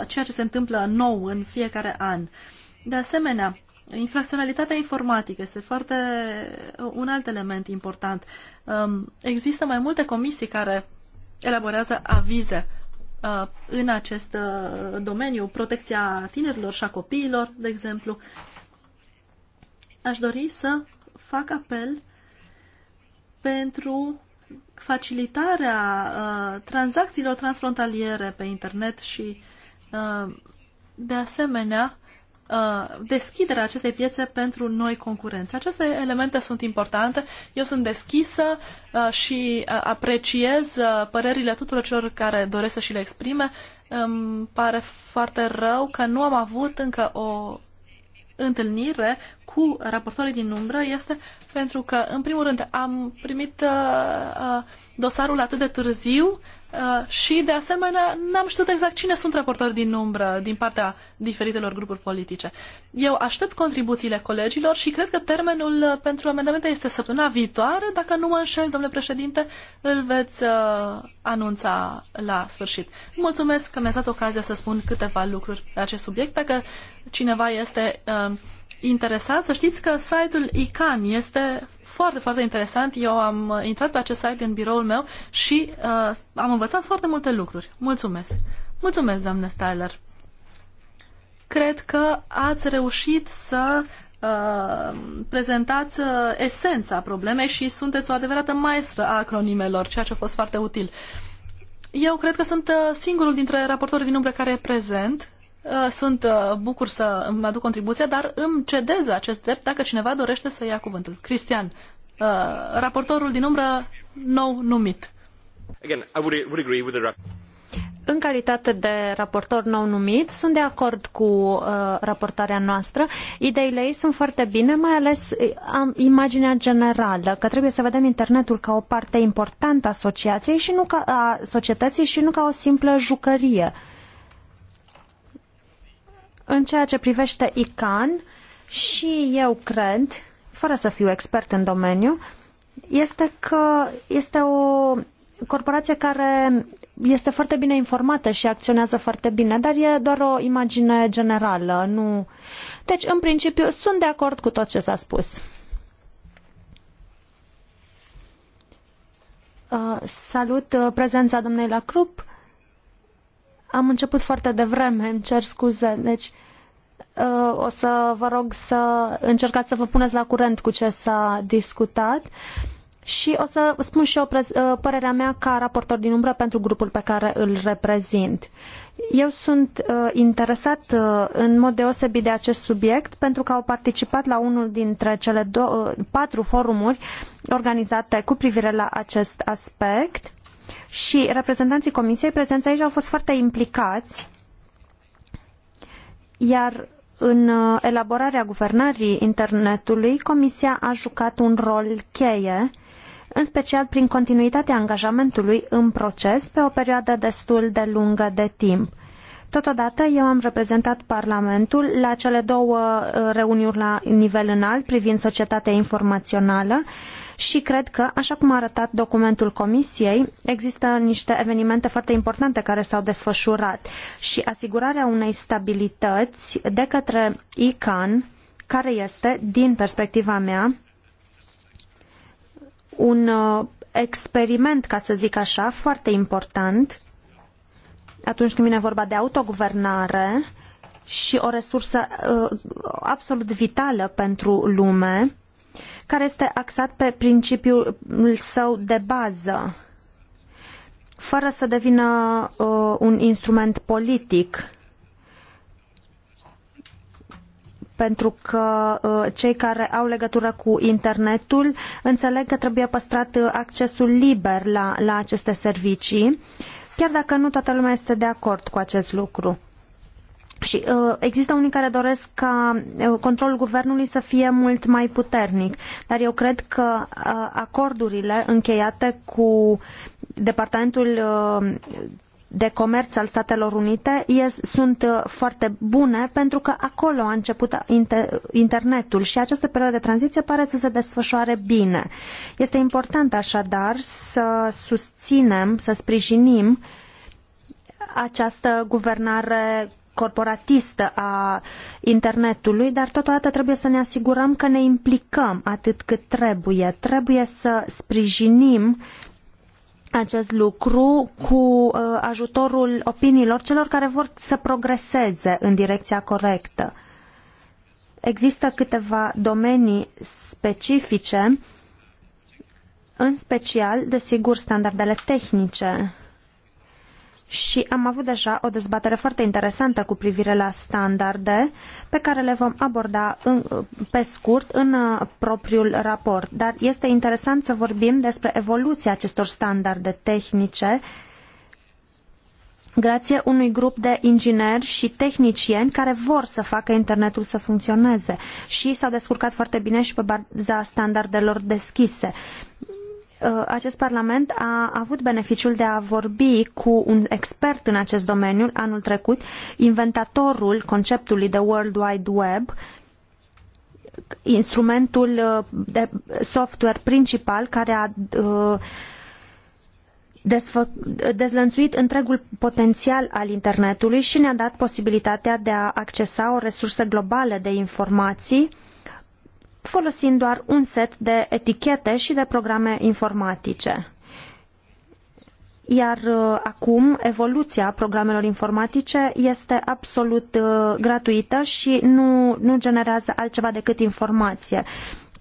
[SPEAKER 1] ceea ce se întâmplă nou în fiecare an. De asemenea, infracționalitatea informatică este foarte un alt element important. Um, există mai multe comisii care elaborează avize Uh, în acest uh, domeniu, protecția tinerilor și a copiilor, de exemplu. Aș dori să fac apel pentru facilitarea uh, tranzacțiilor transfrontaliere pe internet și, uh, de asemenea, Uh, deschiderea acestei piețe pentru noi concurenți. Aceste elemente sunt importante. Eu sunt deschisă uh, și uh, apreciez părerile tuturor celor care doresc să și le exprime. Îmi pare foarte rău că nu am avut încă o întâlnire cu raportorii din umbră este pentru că, în primul rând, am primit uh, dosarul atât de târziu Uh, și, de asemenea, n-am știut exact cine sunt raportori din umbră, din partea diferitelor grupuri politice. Eu aștept contribuțiile colegilor și cred că termenul uh, pentru amendamente este săptămâna viitoare. Dacă nu mă înșel, domnule președinte, îl veți uh, anunța la sfârșit. Mulțumesc că mi-ați dat ocazia să spun câteva lucruri pe acest subiect. Dacă cineva este uh, interesat, să știți că site-ul ICAN este foarte, foarte interesant. Eu am intrat pe acest site în biroul meu și uh, am învățat foarte multe lucruri. Mulțumesc! Mulțumesc, doamne Styler! Cred că ați reușit să uh, prezentați uh, esența problemei și sunteți o adevărată maestră a acronimelor, ceea ce a fost foarte util. Eu cred că sunt uh, singurul dintre raportorii din umbră care e prezent Uh, sunt uh, bucur să îmi aduc contribuția, dar îmi cedez acest drept dacă cineva dorește să ia cuvântul. Cristian, uh, raportorul din umbră nou
[SPEAKER 2] numit.
[SPEAKER 3] Again, I would, would agree with the
[SPEAKER 2] în calitate de raportor nou numit, sunt de acord cu uh, raportarea noastră. Ideile ei sunt foarte bine, mai ales am, imaginea generală, că trebuie să vedem internetul ca o parte importantă a, și nu ca, a societății și nu ca o simplă jucărie. Uh, în ceea ce privește ICAN, și eu cred, fără să fiu expert în domeniu, este că este o corporație care este foarte bine informată și acționează foarte bine, dar e doar o imagine generală. Nu... Deci, în principiu, sunt de acord cu tot ce s-a spus. Uh, salut uh, prezența domnului la grup. Am început foarte devreme, îmi cer scuze. Deci, Uh, o să vă rog să încercați să vă puneți la curent cu ce s-a discutat și o să spun și eu uh, părerea mea ca raportor din umbră pentru grupul pe care îl reprezint. Eu sunt uh, interesat uh, în mod deosebit de acest subiect pentru că au participat la unul dintre cele uh, patru forumuri organizate cu privire la acest aspect și reprezentanții comisiei prezenți aici au fost foarte implicați iar în uh, elaborarea guvernării internetului, Comisia a jucat un rol cheie, în special prin continuitatea angajamentului în proces pe o perioadă destul de lungă de timp. Totodată, eu am reprezentat Parlamentul la cele două uh, reuniuni la nivel înalt privind societatea informațională și cred că, așa cum a arătat documentul Comisiei, există niște evenimente foarte importante care s-au desfășurat și asigurarea unei stabilități de către ICAN, care este, din perspectiva mea, un uh, experiment, ca să zic așa, foarte important atunci când vine vorba de autoguvernare și o resursă uh, absolut vitală pentru lume, care este axat pe principiul său de bază, fără să devină uh, un instrument politic. pentru că uh, cei care au legătură cu internetul înțeleg că trebuie păstrat uh, accesul liber la, la aceste servicii chiar dacă nu toată lumea este de acord cu acest lucru. Și uh, există unii care doresc ca uh, controlul guvernului să fie mult mai puternic, dar eu cred că uh, acordurile încheiate cu Departamentul uh, de comerț al Statelor Unite sunt uh, foarte bune pentru că acolo a început internetul și această perioadă de tranziție pare să se desfășoare bine. Este important așadar să susținem, să sprijinim această guvernare corporatistă a internetului, dar totodată trebuie să ne asigurăm că ne implicăm atât cât trebuie. Trebuie să sprijinim uh, acest lucru cu uh, ajutorul opiniilor celor care vor să progreseze în direcția corectă. Există câteva domenii specifice, în special, desigur, standardele tehnice și am avut deja o dezbatere foarte interesantă cu privire la standarde pe care le vom aborda în, pe scurt în uh, propriul raport. Dar este interesant să vorbim despre evoluția acestor standarde tehnice grație unui grup de ingineri și tehnicieni care vor să facă internetul să funcționeze și s-au descurcat foarte bine și pe baza standardelor deschise. Uh, acest Parlament a avut beneficiul de a vorbi cu un expert în acest domeniu anul trecut, inventatorul conceptului de World Wide Web, instrumentul uh, de software principal care a uh, dezlănțuit întregul potențial al internetului și ne-a dat posibilitatea de a accesa o resursă globală de informații uh, folosind doar un set de etichete și de programe informatice. Iar uh, acum evoluția programelor informatice este absolut uh, gratuită și nu, nu generează altceva decât informație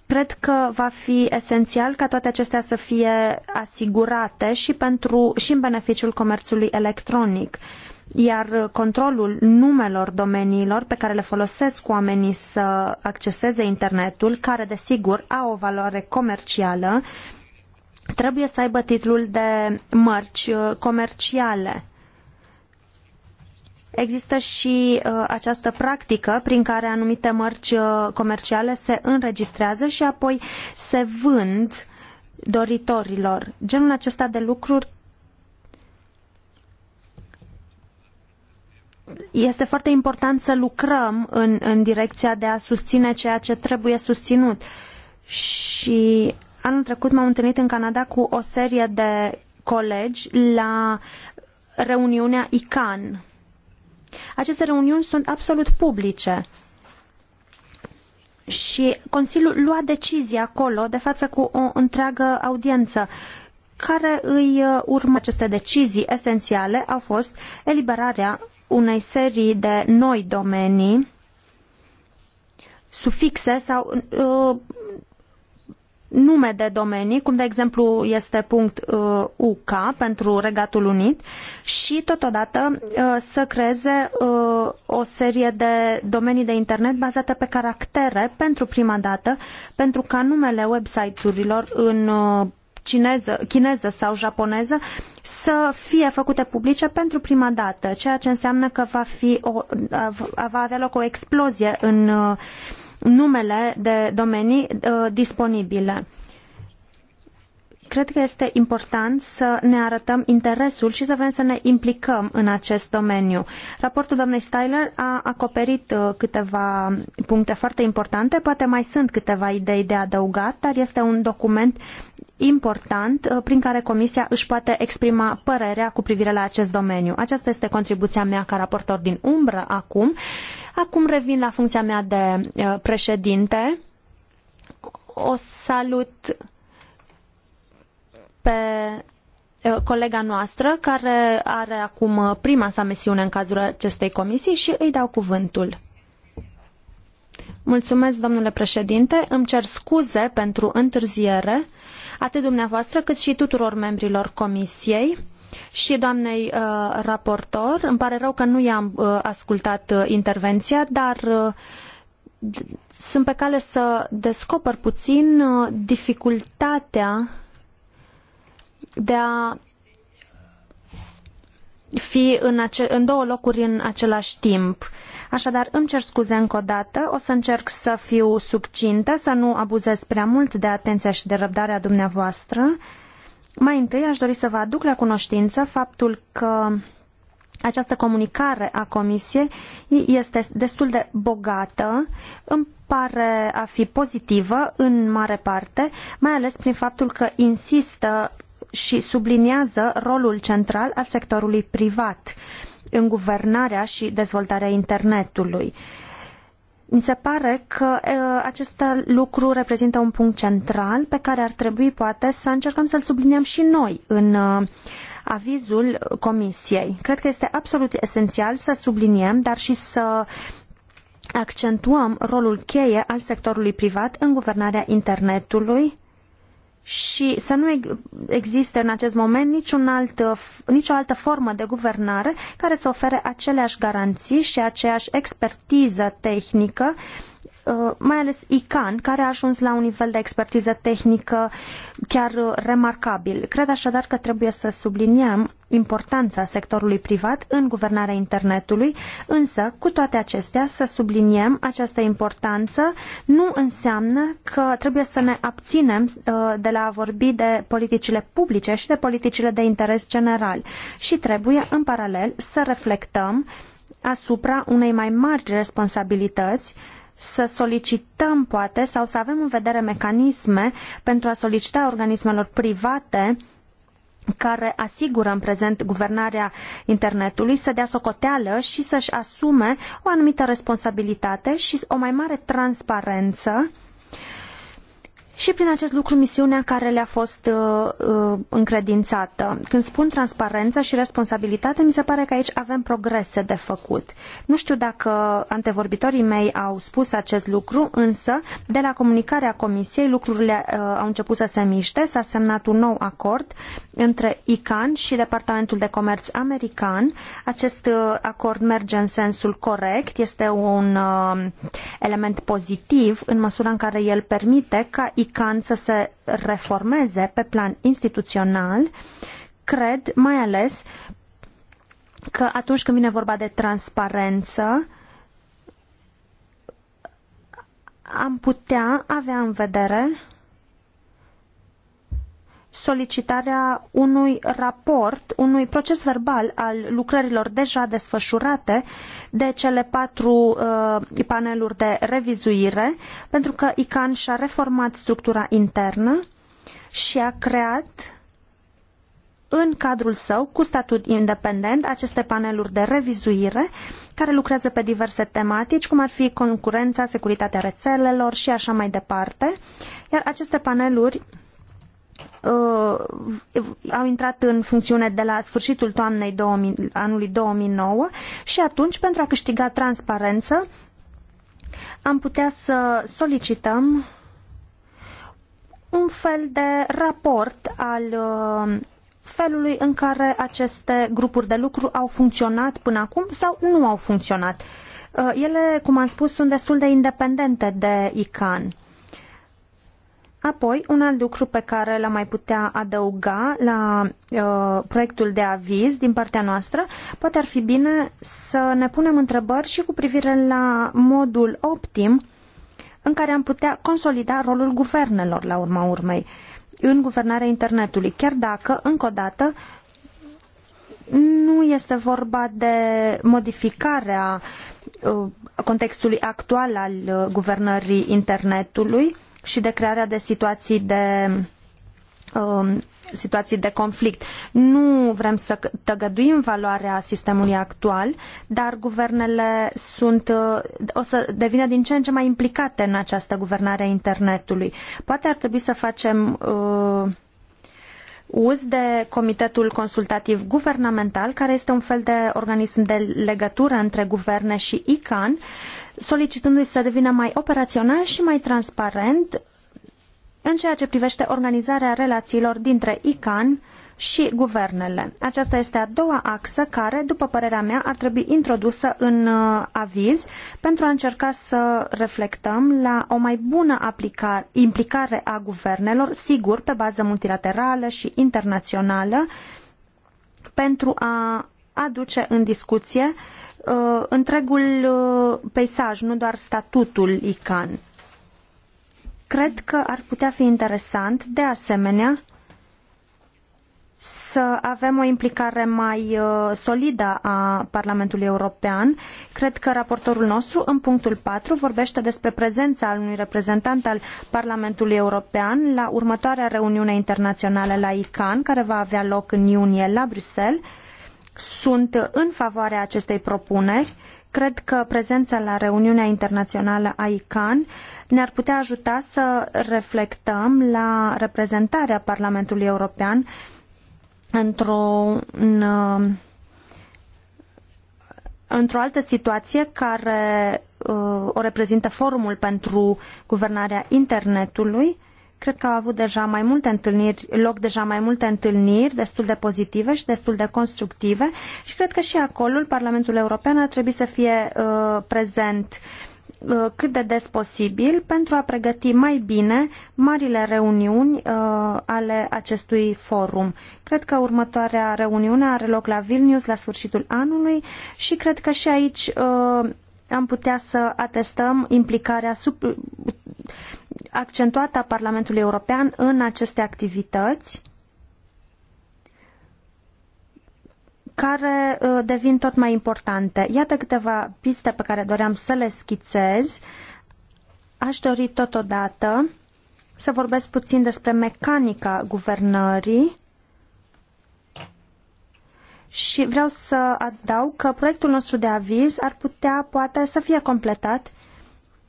[SPEAKER 2] cred că va fi esențial ca toate acestea să fie asigurate și, pentru, și în beneficiul comerțului electronic. Uh, iar uh, controlul numelor domeniilor pe care le folosesc oamenii să acceseze internetul, care desigur au o valoare comercială, trebuie să aibă titlul de mărci uh, comerciale. Există și uh, această practică prin care anumite mărci uh, comerciale se înregistrează și apoi se vând doritorilor. Genul acesta de lucruri este foarte important să lucrăm în, în direcția de a susține ceea ce trebuie susținut. Și anul trecut m-am întâlnit în Canada cu o serie de colegi la reuniunea ICAN. Aceste reuniuni sunt absolut publice. Și Consiliul lua decizii acolo de față cu o întreagă audiență care îi uh, urmă aceste decizii esențiale au fost eliberarea unei serii de noi domenii, sufixe sau uh, nume de domenii, cum de exemplu este punct uh, UK pentru Regatul Unit și totodată uh, să creeze uh, o serie de domenii de internet bazate pe caractere pentru prima dată, pentru ca numele website-urilor în uh, chineză, chineză sau japoneză să fie făcute publice pentru prima dată, ceea ce înseamnă că va, fi o, va avea loc o explozie în uh, numele de domenii uh, disponibile. Cred că este important să ne arătăm interesul și să vrem să ne implicăm în acest domeniu. Raportul doamnei Styler a acoperit uh, câteva puncte foarte importante, poate mai sunt câteva idei de adăugat, dar este un document important uh, prin care Comisia își poate exprima părerea cu privire la acest domeniu. Aceasta este contribuția mea ca raportor din umbră acum. Acum revin la funcția mea de uh, președinte. O salut pe eh, colega noastră, care are acum eh, prima sa misiune în cazul acestei comisii și îi dau cuvântul. Mulțumesc, domnule președinte. Îmi cer scuze pentru întârziere, atât dumneavoastră cât și tuturor membrilor comisiei și doamnei uh, raportor. Îmi pare rău că nu i-am uh, ascultat uh, intervenția, dar sunt pe cale să descoper puțin dificultatea de a fi în, ace- în două locuri în același timp. Așadar, îmi cer scuze încă o dată, o să încerc să fiu subcintă, să nu abuzez prea mult de atenția și de răbdarea dumneavoastră. Mai întâi aș dori să vă aduc la cunoștință faptul că această comunicare a Comisiei este destul de bogată, îmi pare a fi pozitivă în mare parte, mai ales prin faptul că insistă și subliniază rolul central al sectorului privat în guvernarea și dezvoltarea internetului. Mi se pare că acest lucru reprezintă un punct central pe care ar trebui poate să încercăm să-l subliniem și noi în avizul Comisiei. Cred că este absolut esențial să subliniem, dar și să accentuăm rolul cheie al sectorului privat în guvernarea internetului și să nu existe în acest moment niciun alt, uh, nicio altă formă de guvernare care să ofere aceleași garanții și aceeași expertiză tehnică uh, Uh, mai ales ICAN, care a ajuns la un nivel de expertiză tehnică chiar uh, remarcabil. Cred așadar că trebuie să subliniem importanța sectorului privat în guvernarea internetului, însă, cu toate acestea, să subliniem această importanță nu înseamnă că trebuie să ne abținem uh, de la a vorbi de politicile publice și de politicile de interes general și trebuie, în paralel, să reflectăm asupra unei mai mari responsabilități să solicităm, poate, sau să avem în vedere mecanisme pentru a solicita organismelor private care asigură în prezent guvernarea internetului să dea socoteală și să-și asume o anumită responsabilitate și o mai mare transparență și prin acest lucru misiunea care le-a fost uh, uh, încredințată. Când spun transparență și responsabilitate, mi se pare că aici avem progrese de făcut. Nu știu dacă antevorbitorii mei au spus acest lucru, însă de la comunicarea Comisiei lucrurile uh, au început să se miște, s-a semnat un nou acord între ICAN și Departamentul de Comerț American. Acest uh, acord merge în sensul corect, este un uh, element pozitiv în măsura în care el permite ca ICAN Vatican să se reformeze pe plan instituțional, cred mai ales că atunci când vine vorba de transparență, am putea avea în vedere solicitarea unui raport, unui proces verbal al lucrărilor deja desfășurate de cele patru uh, paneluri de revizuire, pentru că ICAN și-a reformat structura internă și a creat în cadrul său, cu statut independent, aceste paneluri de revizuire care lucrează pe diverse tematici, cum ar fi concurența, securitatea rețelelor și așa mai departe. Iar aceste paneluri uh, au intrat în funcțiune de la sfârșitul toamnei 2000, anului 2009 și atunci, pentru a câștiga transparență, am putea să solicităm un fel de raport al uh, felului în care aceste grupuri de lucru au funcționat până acum sau nu au funcționat. Uh, ele, cum am spus, sunt destul de independente de ICAN. Apoi, un alt lucru pe care l-am mai putea adăuga la uh, proiectul de aviz din partea noastră, poate ar fi bine să ne punem întrebări și cu privire la modul optim în care am putea consolida rolul guvernelor la urma urmei în guvernarea internetului, chiar dacă, încă o dată, nu este vorba de modificarea uh, contextului actual al uh, guvernării internetului, uh, și de crearea de situații de um, situații de conflict. Nu vrem să tăgăduim valoarea sistemului actual, dar guvernele sunt, uh, o să devină din ce în ce mai implicate în această guvernare a internetului. Poate ar trebui să facem uh, uz de Comitetul Consultativ Guvernamental, care este un fel de organism de legătură între guverne și ICAN, solicitându-i să devină mai operațional și mai transparent în ceea ce privește organizarea relațiilor dintre ICAN și guvernele. Aceasta este a doua axă care, după părerea mea, ar trebui introdusă în uh, aviz pentru a încerca să reflectăm la o mai bună aplicare, implicare a guvernelor, sigur, pe bază multilaterală și internațională, pentru a aduce în discuție uh, întregul uh, peisaj, nu doar statutul ICAN. Cred că ar putea fi interesant, de asemenea, să avem o implicare mai uh, solidă a Parlamentului European. Cred că raportorul nostru, în punctul patru vorbește despre prezența unui reprezentant al Parlamentului European la următoarea reuniune internațională la ICAN, care va avea loc în iunie la Bruxelles. Sunt în favoarea acestei propuneri. Cred că prezența la reuniunea internațională a ICAN ne-ar putea ajuta să reflectăm la reprezentarea Parlamentului European într-un uh, într-o altă situație care uh, o reprezintă forumul pentru guvernarea internetului. Cred că au avut deja mai multe întâlniri, loc deja mai multe întâlniri, destul de pozitive și destul de constructive și cred că și acolo Parlamentul European ar trebui să fie uh, prezent uh, Uh, cât de des posibil pentru a pregăti mai bine marile reuniuni uh, ale acestui forum. Cred că următoarea reuniune are loc la Vilnius la sfârșitul anului și cred că și aici uh, am putea să atestăm implicarea sub, accentuată a Parlamentului European în aceste activități care uh, devin tot mai importante. Iată câteva piste pe care doream să le schițez. Aș dori totodată să vorbesc puțin despre mecanica guvernării și vreau să adaug că proiectul nostru de aviz ar putea poate să fie completat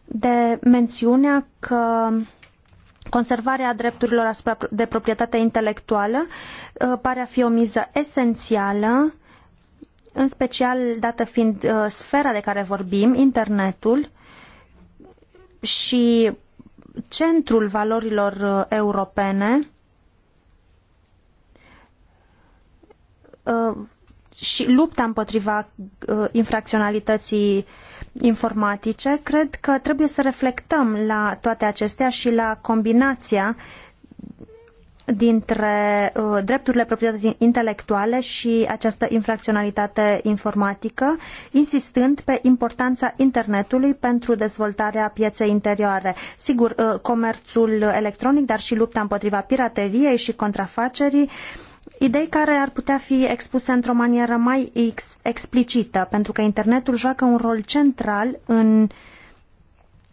[SPEAKER 2] de mențiunea că conservarea drepturilor de proprietate intelectuală uh, pare a fi o miză esențială în special dată fiind uh, sfera de care vorbim, internetul și centrul valorilor uh, europene uh, și lupta împotriva uh, infracționalității informatice, cred că trebuie să reflectăm la toate acestea și la combinația uh, dintre uh, drepturile proprietății intelectuale și această infracționalitate informatică, insistând pe importanța internetului pentru dezvoltarea pieței interioare. Sigur, uh, comerțul electronic, dar și lupta împotriva pirateriei și contrafacerii, idei care ar putea fi expuse într-o manieră mai ex explicită, pentru că internetul joacă un rol central în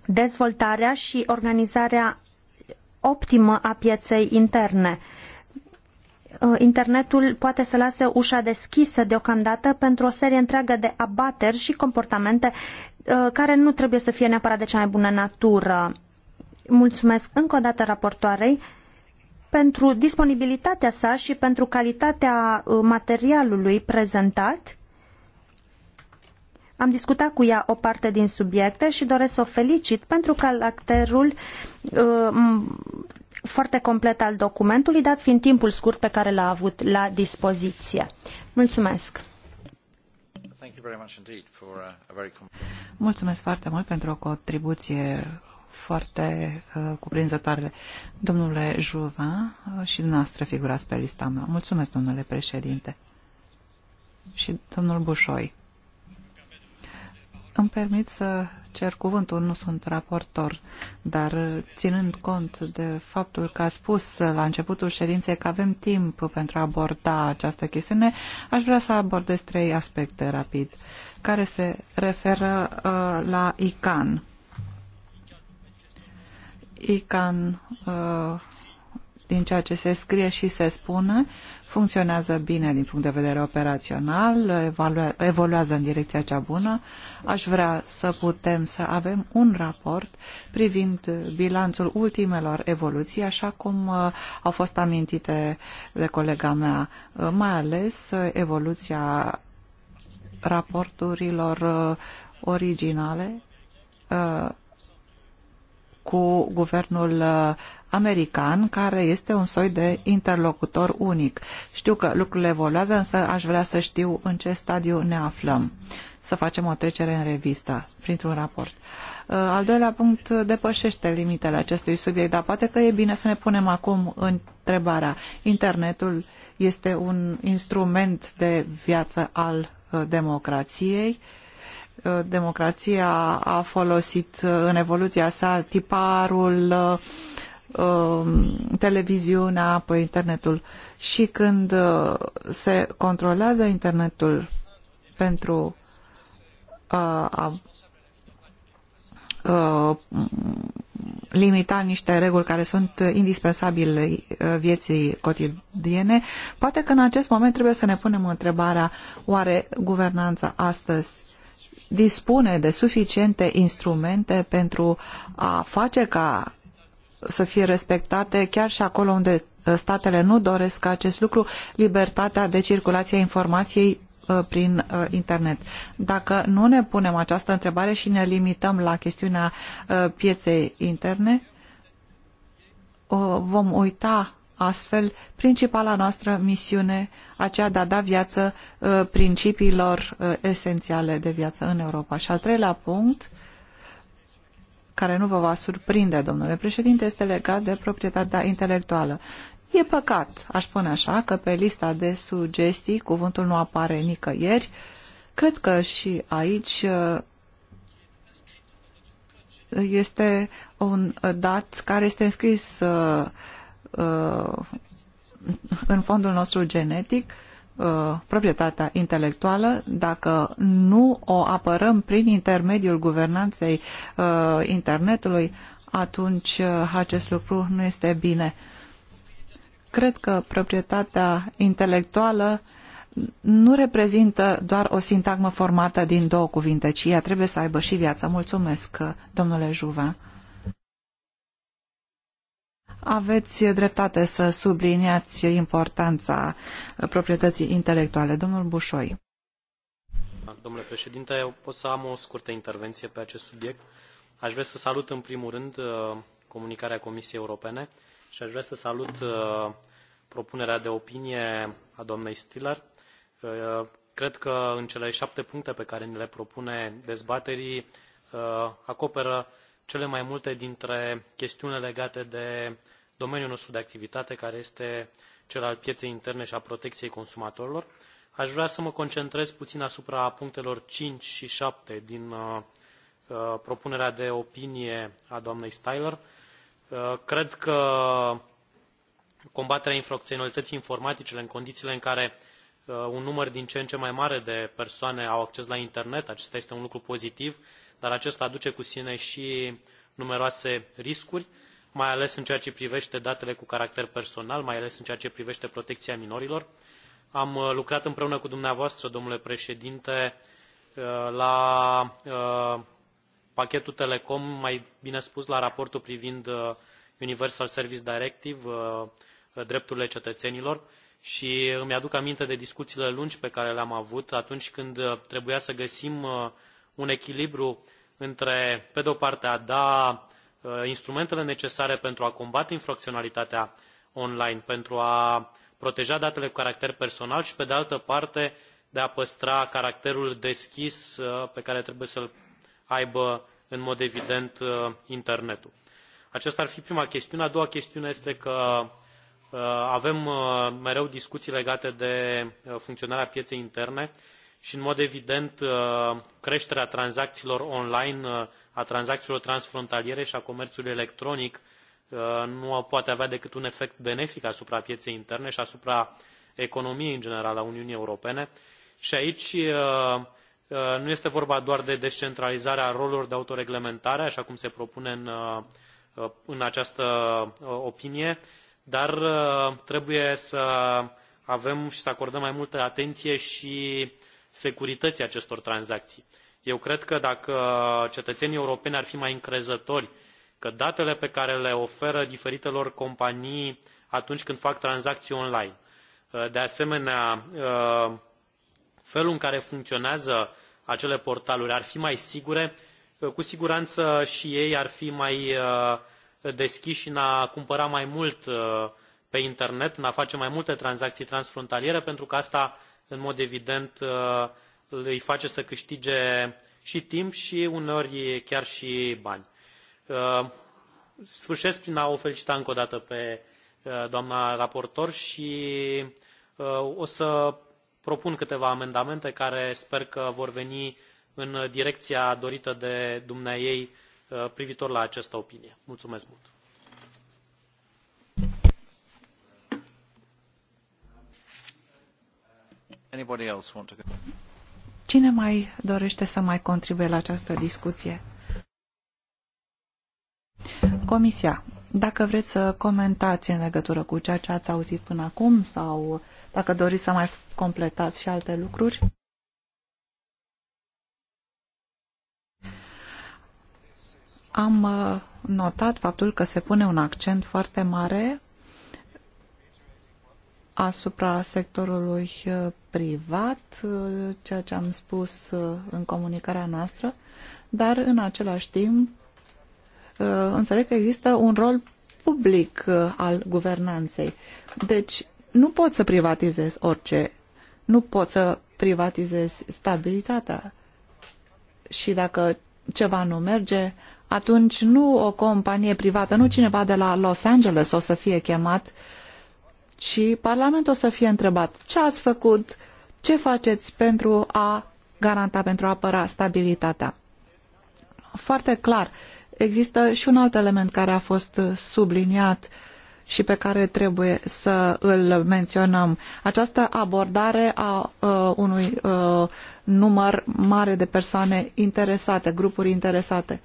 [SPEAKER 2] dezvoltarea și organizarea optimă a pieței interne. Uh, internetul poate să lase ușa deschisă deocamdată pentru o serie întreagă de abateri și comportamente uh, care nu trebuie să fie neapărat de cea mai bună natură. Mulțumesc încă o dată raportoarei pentru disponibilitatea sa și pentru calitatea uh, materialului prezentat am discutat cu ea o parte din subiecte și doresc să o felicit pentru caracterul uh, foarte complet al documentului, dat fiind timpul scurt pe care l-a avut la dispoziție. Mulțumesc!
[SPEAKER 4] Uh, Mulțumesc foarte mult pentru o contribuție foarte uh, cuprinzătoare. Domnule Juvin uh, și dumneavoastră figurați pe lista mea. Mulțumesc, domnule președinte. Și domnul Bușoi. Îmi permit să cer cuvântul, nu sunt raportor, dar ținând cont de faptul că a spus la începutul ședinței că avem timp pentru a aborda această chestiune, aș vrea să abordez trei aspecte rapid, care se referă uh, la ICAN. ICAN, uh, din ceea ce se scrie și se spune, uh, funcționează bine din punct de vedere operațional, evoluează în direcția cea bună. Aș vrea să putem să avem un raport privind bilanțul ultimelor evoluții, așa cum uh, au fost amintite de colega mea, uh, mai ales uh, evoluția raporturilor originale cu guvernul american, care este un soi de interlocutor unic. Știu că lucrurile evoluează, însă aș vrea să știu în ce stadiu ne aflăm. Să facem o trecere în revistă, printr-un raport. Uh, al doilea punct depășește limitele acestui subiect, dar poate că e bine să ne punem acum întrebarea. Internetul este un instrument de viață al uh, democrației. Uh, democrația a folosit în evoluția sa tiparul Um, televiziunea, pe internetul. Și când uh, se controlează internetul pentru uh, a uh, limita niște reguli care sunt indispensabile vieții cotidiene, poate că în acest moment trebuie să ne punem întrebarea oare guvernanța astăzi dispune de suficiente instrumente pentru a face ca să fie respectate chiar și acolo unde uh, statele nu doresc acest lucru, libertatea de circulație a informației uh, prin uh, internet. Dacă nu ne punem această întrebare și ne limităm la chestiunea pieței interne, vom uita astfel principala noastră misiune, aceea de a da viață principiilor esențiale de viață în Europa. Și al treilea punct, uh, care nu vă va surprinde, domnule președinte, este legat de proprietatea intelectuală. E păcat, aș spune așa, că pe lista de sugestii cuvântul nu apare nicăieri. Cred că și aici uh, este un dat care este înscris uh, uh, în fondul nostru genetic Uh, proprietatea intelectuală, dacă nu o apărăm prin intermediul guvernanței uh, internetului, atunci uh, acest lucru nu este bine. Cred că proprietatea intelectuală nu reprezintă doar o sintagmă formată din două cuvinte, ci ea trebuie să aibă și viața. Mulțumesc, domnule Juva. Aveți dreptate să subliniați importanța proprietății intelectuale. Domnul Bușoi.
[SPEAKER 3] Domnule președinte, eu pot să am o scurtă intervenție pe acest subiect. Aș vrea să salut în primul rând uh, comunicarea Comisiei Europene și aș vrea să salut uh, propunerea de opinie a doamnei Stiller. Uh, cred că în cele șapte puncte pe care ni le propune dezbaterii acoperă cele mai multe dintre chestiunile legate de domeniul nostru de activitate, care este cel al pieței interne și a protecției consumatorilor. Aș vrea să mă concentrez puțin asupra punctelor 5 și 7 din uh, uh, propunerea de opinie a doamnei Styler. Uh, cred că combaterea infracționalității informatice în condițiile în care uh, un număr din ce în ce mai mare de persoane au acces la internet, acesta este un lucru pozitiv, uh, dar acesta aduce cu sine și numeroase riscuri, mai ales în ceea ce privește datele cu caracter personal, mai ales în ceea ce privește protecția minorilor. Am uh, lucrat împreună cu dumneavoastră, domnule președinte, uh, la uh, pachetul Telecom, mai bine spus la raportul privind Universal Service Directive, drepturile cetățenilor și îmi aduc aminte de discuțiile lungi pe care le-am avut atunci când trebuia să găsim un echilibru între pe de o parte a da uh, instrumentele necesare pentru a combate infracționalitatea online pentru a proteja datele cu caracter personal și pe de altă parte de a păstra caracterul deschis uh, pe care trebuie să l aibă în mod evident uh, internetul. aceasta ar fi prima chestiune. a doua chestiune este că avem mereu discuții legate de funcționarea pieței interne și în mod evident uh, creșterea tranzaciilor online, uh, a tranzaciilor transfrontaliere și a comerțului electronic uh, nu poate avea decât un efect benefic asupra pieței interne și asupra economiei în general a Uniunii Europene. Și aici nu este vorba doar de descentralizarea rolurilor de autoreglementare, așa cum se propune în, în această opinie, dar trebuie să avem și să acordăm mai multă atenție și securității acestor tranzacții. Eu cred că dacă cetățenii europeni ar fi mai încrezători că datele pe care le oferă diferitelor companii atunci când fac tranzacții online, uh, de asemenea uh, felul în care funcționează acele portaluri ar fi mai sigure, uh, cu siguranță și ei ar fi mai deschiși în a cumpăra mai mult pe internet, în a face mai multe tranzacții transfrontaliere, pentru că asta în mod evident uh, îi face să câștige și timp și uneori chiar și bani. Uh, sfârșesc prin a o felicita încă o dată pe uh, doamna raportor și o să propun câteva amendamente care sper că vor veni în direcția dorită de dumneaei privitor la această opinie. Mulțumesc mult!
[SPEAKER 4] Cine mai dorește să mai contribuie la această discuție? Comisia, dacă vreți să comentați în legătură cu ceea ce ați auzit până acum sau dacă doriți să mai completați și alte lucruri. Am uh, notat faptul că se pune un accent foarte mare asupra sectorului uh, privat, uh, ceea ce am spus uh, în comunicarea noastră, dar în același timp înțeleg că există un rol public al guvernanței. Deci nu pot să privatizez orice, nu pot să privatizez stabilitatea. Și dacă ceva nu merge, atunci nu o companie privată, nu cineva de la Los Angeles o să fie chemat uh, ci Parlamentul o să fie întrebat ce ați făcut, ce faceți pentru a garanta, pentru a apăra stabilitatea. Foarte clar, există și un alt element care a fost subliniat și pe care trebuie să îl menționăm. Această abordare a uh, unui uh, număr mare de persoane interesate, grupuri interesate.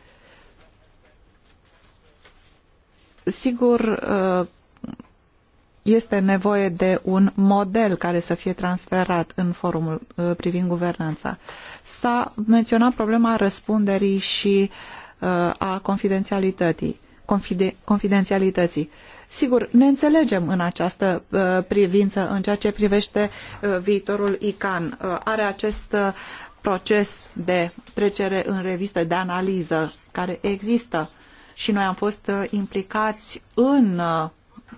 [SPEAKER 4] Sigur, uh, este nevoie de un model care să fie transferat în forumul uh, privind guvernanța. S-a menționat problema răspunderii și uh, a confidențialității. Confide confidențialității. Sigur, ne înțelegem în această uh, privință, în ceea ce privește uh, viitorul ICAN. Uh, are acest uh, proces de trecere în revistă, de analiză, care există și noi am fost implicați în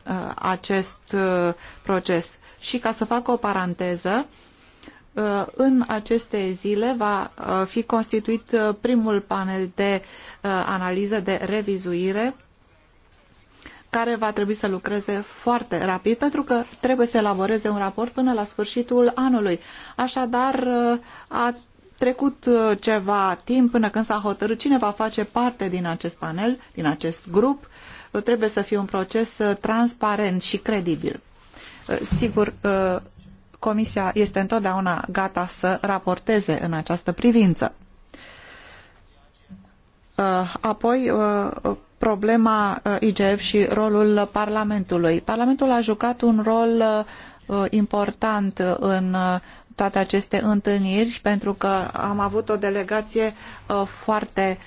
[SPEAKER 4] Uh, acest uh, proces. Și ca să fac o paranteză, uh, în aceste zile va fi constituit primul panel de analiză, de revizuire, care va trebui să lucreze foarte rapid, pentru că trebuie să elaboreze un raport până la sfârșitul anului. Așadar, a trecut ceva timp până când s-a hotărât cine va face parte din acest panel, din acest grup trebuie să fie un proces uh, transparent și credibil. Uh, sigur, uh, Comisia este întotdeauna gata să raporteze în această privință. Apoi, problema IGF și rolul Parlamentului. Parlamentul a jucat un rol important în toate aceste întâlniri pentru că am avut o delegație foarte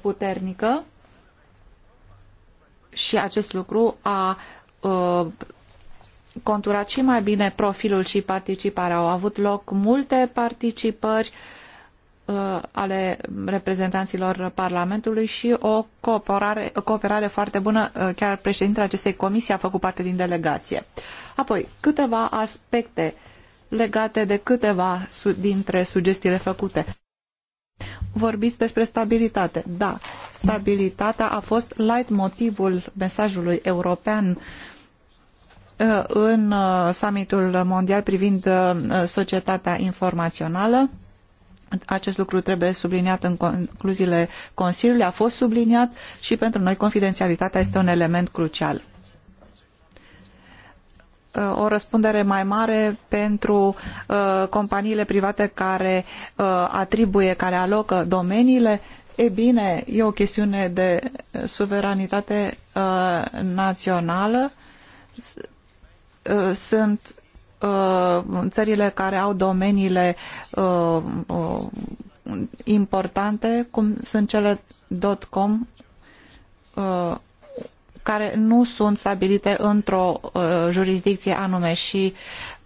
[SPEAKER 4] puternică și acest lucru a ă, conturat și mai bine profilul și participarea. Au avut loc multe participări ă, ale reprezentanților Parlamentului și o cooperare, o cooperare foarte bună, ă, chiar președintele acestei comisii a făcut parte din delegație. Apoi, câteva aspecte legate de câteva dintre sugestiile făcute vorbiți despre stabilitate. Da, stabilitatea a fost light motivul mesajului european uh, în uh, summitul mondial privind uh, societatea informațională. Acest lucru trebuie subliniat în concluziile Consiliului, a fost subliniat și pentru noi confidențialitatea este un element crucial. Uh, o răspundere mai mare pentru uh, companiile private care uh, atribuie, care alocă domeniile. E bine, e o chestiune de suveranitate națională. Sunt țările care au domeniile importante, cum sunt cele .com, care nu sunt stabilite într-o uh, jurisdicție anume și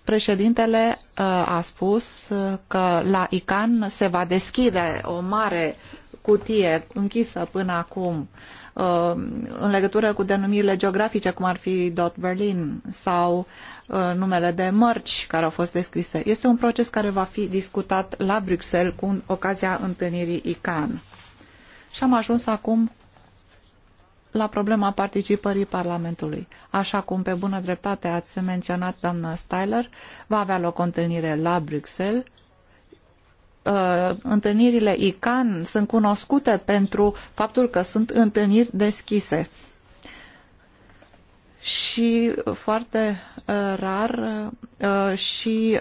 [SPEAKER 4] președintele uh, a spus uh, că la ICAN se va deschide o mare cutie închisă până acum uh, în legătură cu denumirile geografice, cum ar fi Dot Berlin sau uh, numele de mărci care au fost descrise. Este un proces care va fi discutat la Bruxelles cu ocazia întâlnirii ICAN. Și am ajuns acum la problema participării Parlamentului. Așa cum pe bună dreptate ați menționat, doamna Styler, va avea loc o întâlnire la Bruxelles. Uh, întâlnirile ICAN sunt cunoscute pentru faptul că sunt întâlniri deschise și foarte uh, rar uh, și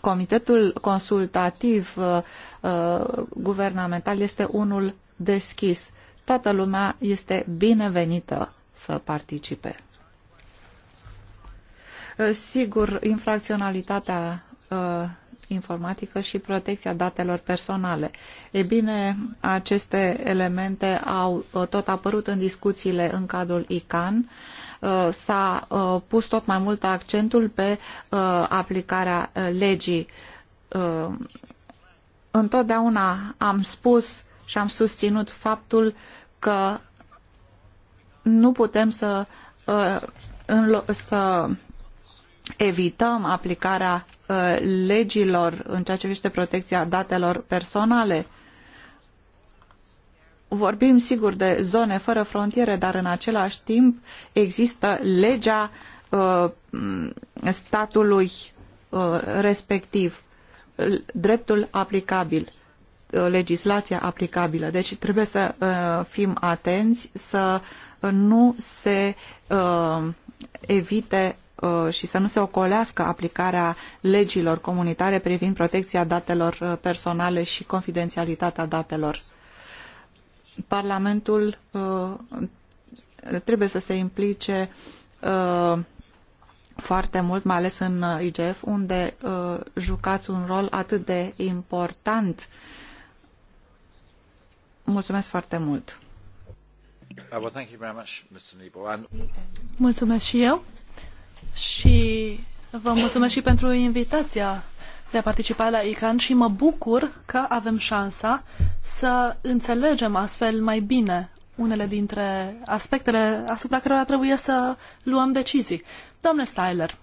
[SPEAKER 4] comitetul consultativ guvernamental este unul deschis toată lumea este binevenită să participe. Uh, sigur, infracționalitatea uh, informatică și protecția datelor personale. E bine, aceste elemente au uh, tot apărut în discuțiile în cadrul ICAN. S-a pus tot mai mult accentul pe aplicarea legii. Întotdeauna am spus și am susținut faptul că nu putem să, uh, să evităm aplicarea uh, legilor în ceea ce privește protecția datelor personale. Vorbim, sigur, de zone fără frontiere, dar în același timp există legea uh, statului respectiv, dreptul aplicabil. Uh, legislația aplicabilă. Deci trebuie să uh, fim atenți să uh, nu se evite și să nu se ocolească aplicarea legilor comunitare privind protecția datelor personale și confidențialitatea datelor. Parlamentul trebuie să se implice foarte mult, mai ales în IGF, unde jucați un rol atât de important Mulțumesc foarte mult! Uh,
[SPEAKER 1] mulțumesc și eu și vă mulțumesc și pentru invitația de a participa la ICAN și mă bucur că avem șansa să înțelegem astfel mai bine unele dintre aspectele asupra cărora trebuie să luăm decizii. Domnule Styler,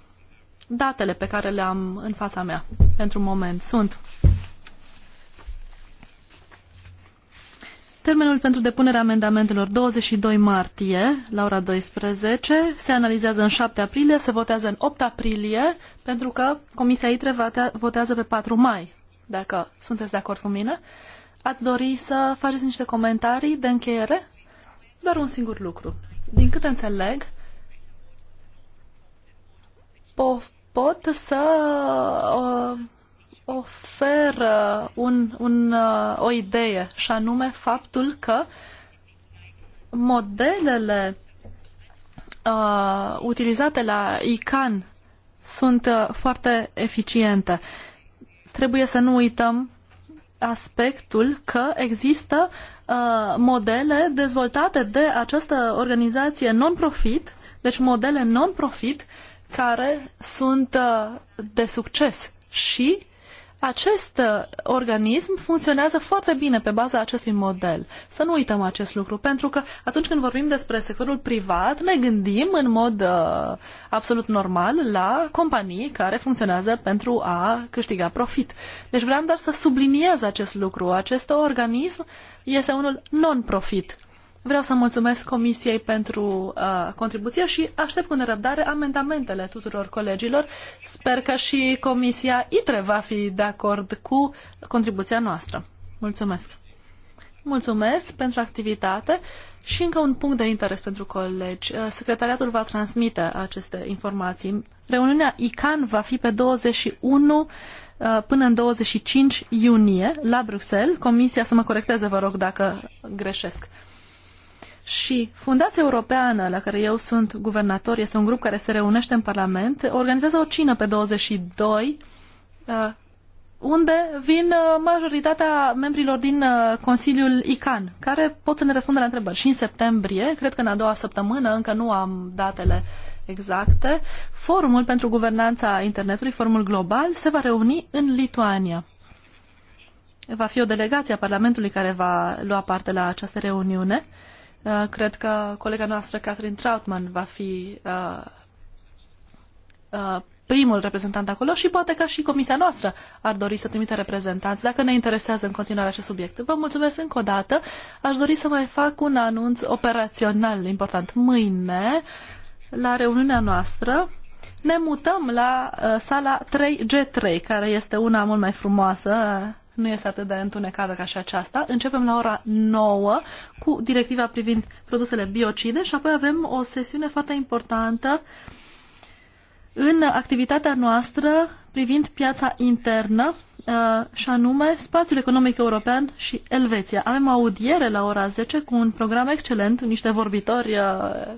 [SPEAKER 1] datele pe care le am în fața mea pentru moment sunt Termenul pentru depunerea amendamentelor 22 martie la ora 12 se analizează în 7 aprilie, se votează în 8 aprilie, pentru că Comisia ITRE votează pe 4 mai, dacă sunteți de acord cu mine. Ați dori să faceți niște comentarii de încheiere? Doar un singur lucru. Din câte înțeleg, po- pot să uh, oferă un, un, uh, o idee, și anume faptul că modelele uh, utilizate la ICAN sunt uh, foarte eficiente. Trebuie să nu uităm aspectul că există uh, modele dezvoltate de această organizație non-profit, deci modele non-profit care sunt uh, de succes și acest uh, organism funcționează foarte bine pe baza acestui model. Să nu uităm acest lucru, pentru că atunci când vorbim despre sectorul privat, ne gândim în mod uh, absolut normal la companii care funcționează pentru a câștiga profit. Deci vreau doar să subliniez acest lucru. Acest organism este unul non-profit Vreau să mulțumesc Comisiei pentru uh, contribuție și aștept cu nerăbdare amendamentele tuturor colegilor. Sper că și Comisia ITRE va fi de acord cu contribuția noastră. Mulțumesc! Mulțumesc pentru activitate și încă un punct de interes pentru colegi. Uh, secretariatul va transmite aceste informații. Reuniunea ICAN va fi pe 21 uh, până în 25 iunie la Bruxelles. Comisia să mă corecteze, vă rog, dacă greșesc. Și Fundația Europeană, la care eu sunt guvernator, este un grup care se reunește în Parlament, organizează o cină pe 22, uh, unde vin uh, majoritatea membrilor din uh, Consiliul ICAN, care pot să ne răspundă la întrebări. Și în septembrie, cred că în a doua săptămână, încă nu am datele exacte, Forumul pentru Guvernanța Internetului, Forumul Global, se va reuni în Lituania. Va fi o delegație a Parlamentului care va lua parte la această reuniune Uh, cred că colega noastră, Catherine Trautman, va fi uh, uh, primul reprezentant acolo și poate că și comisia noastră ar dori să trimite reprezentanți, dacă ne interesează în continuare acest subiect. Vă mulțumesc încă o dată. Aș dori să mai fac un anunț operațional important. Mâine, la reuniunea noastră, ne mutăm la uh, sala 3G3, care este una mult mai frumoasă, nu este atât de întunecată ca și aceasta. Începem la ora 9 cu directiva privind produsele biocide și apoi avem o sesiune foarte importantă în activitatea noastră privind piața internă uh, și anume Spațiul Economic European și Elveția. Avem audiere la ora 10 cu un program excelent, niște vorbitori uh,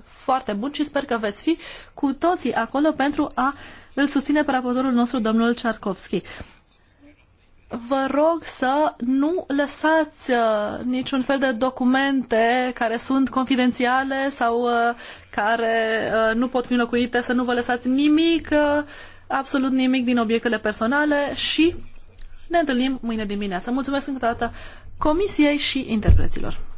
[SPEAKER 1] foarte buni și sper că veți fi cu toții acolo pentru a îl susține pe raportorul nostru, domnul Cearkovski vă rog să nu lăsați uh, niciun fel de documente care sunt confidențiale sau uh, care uh, nu pot fi înlocuite, să nu vă lăsați nimic, absolut nimic din obiectele personale și ne întâlnim mâine dimineață. Mulțumesc încă o dată Comisiei și interpreților.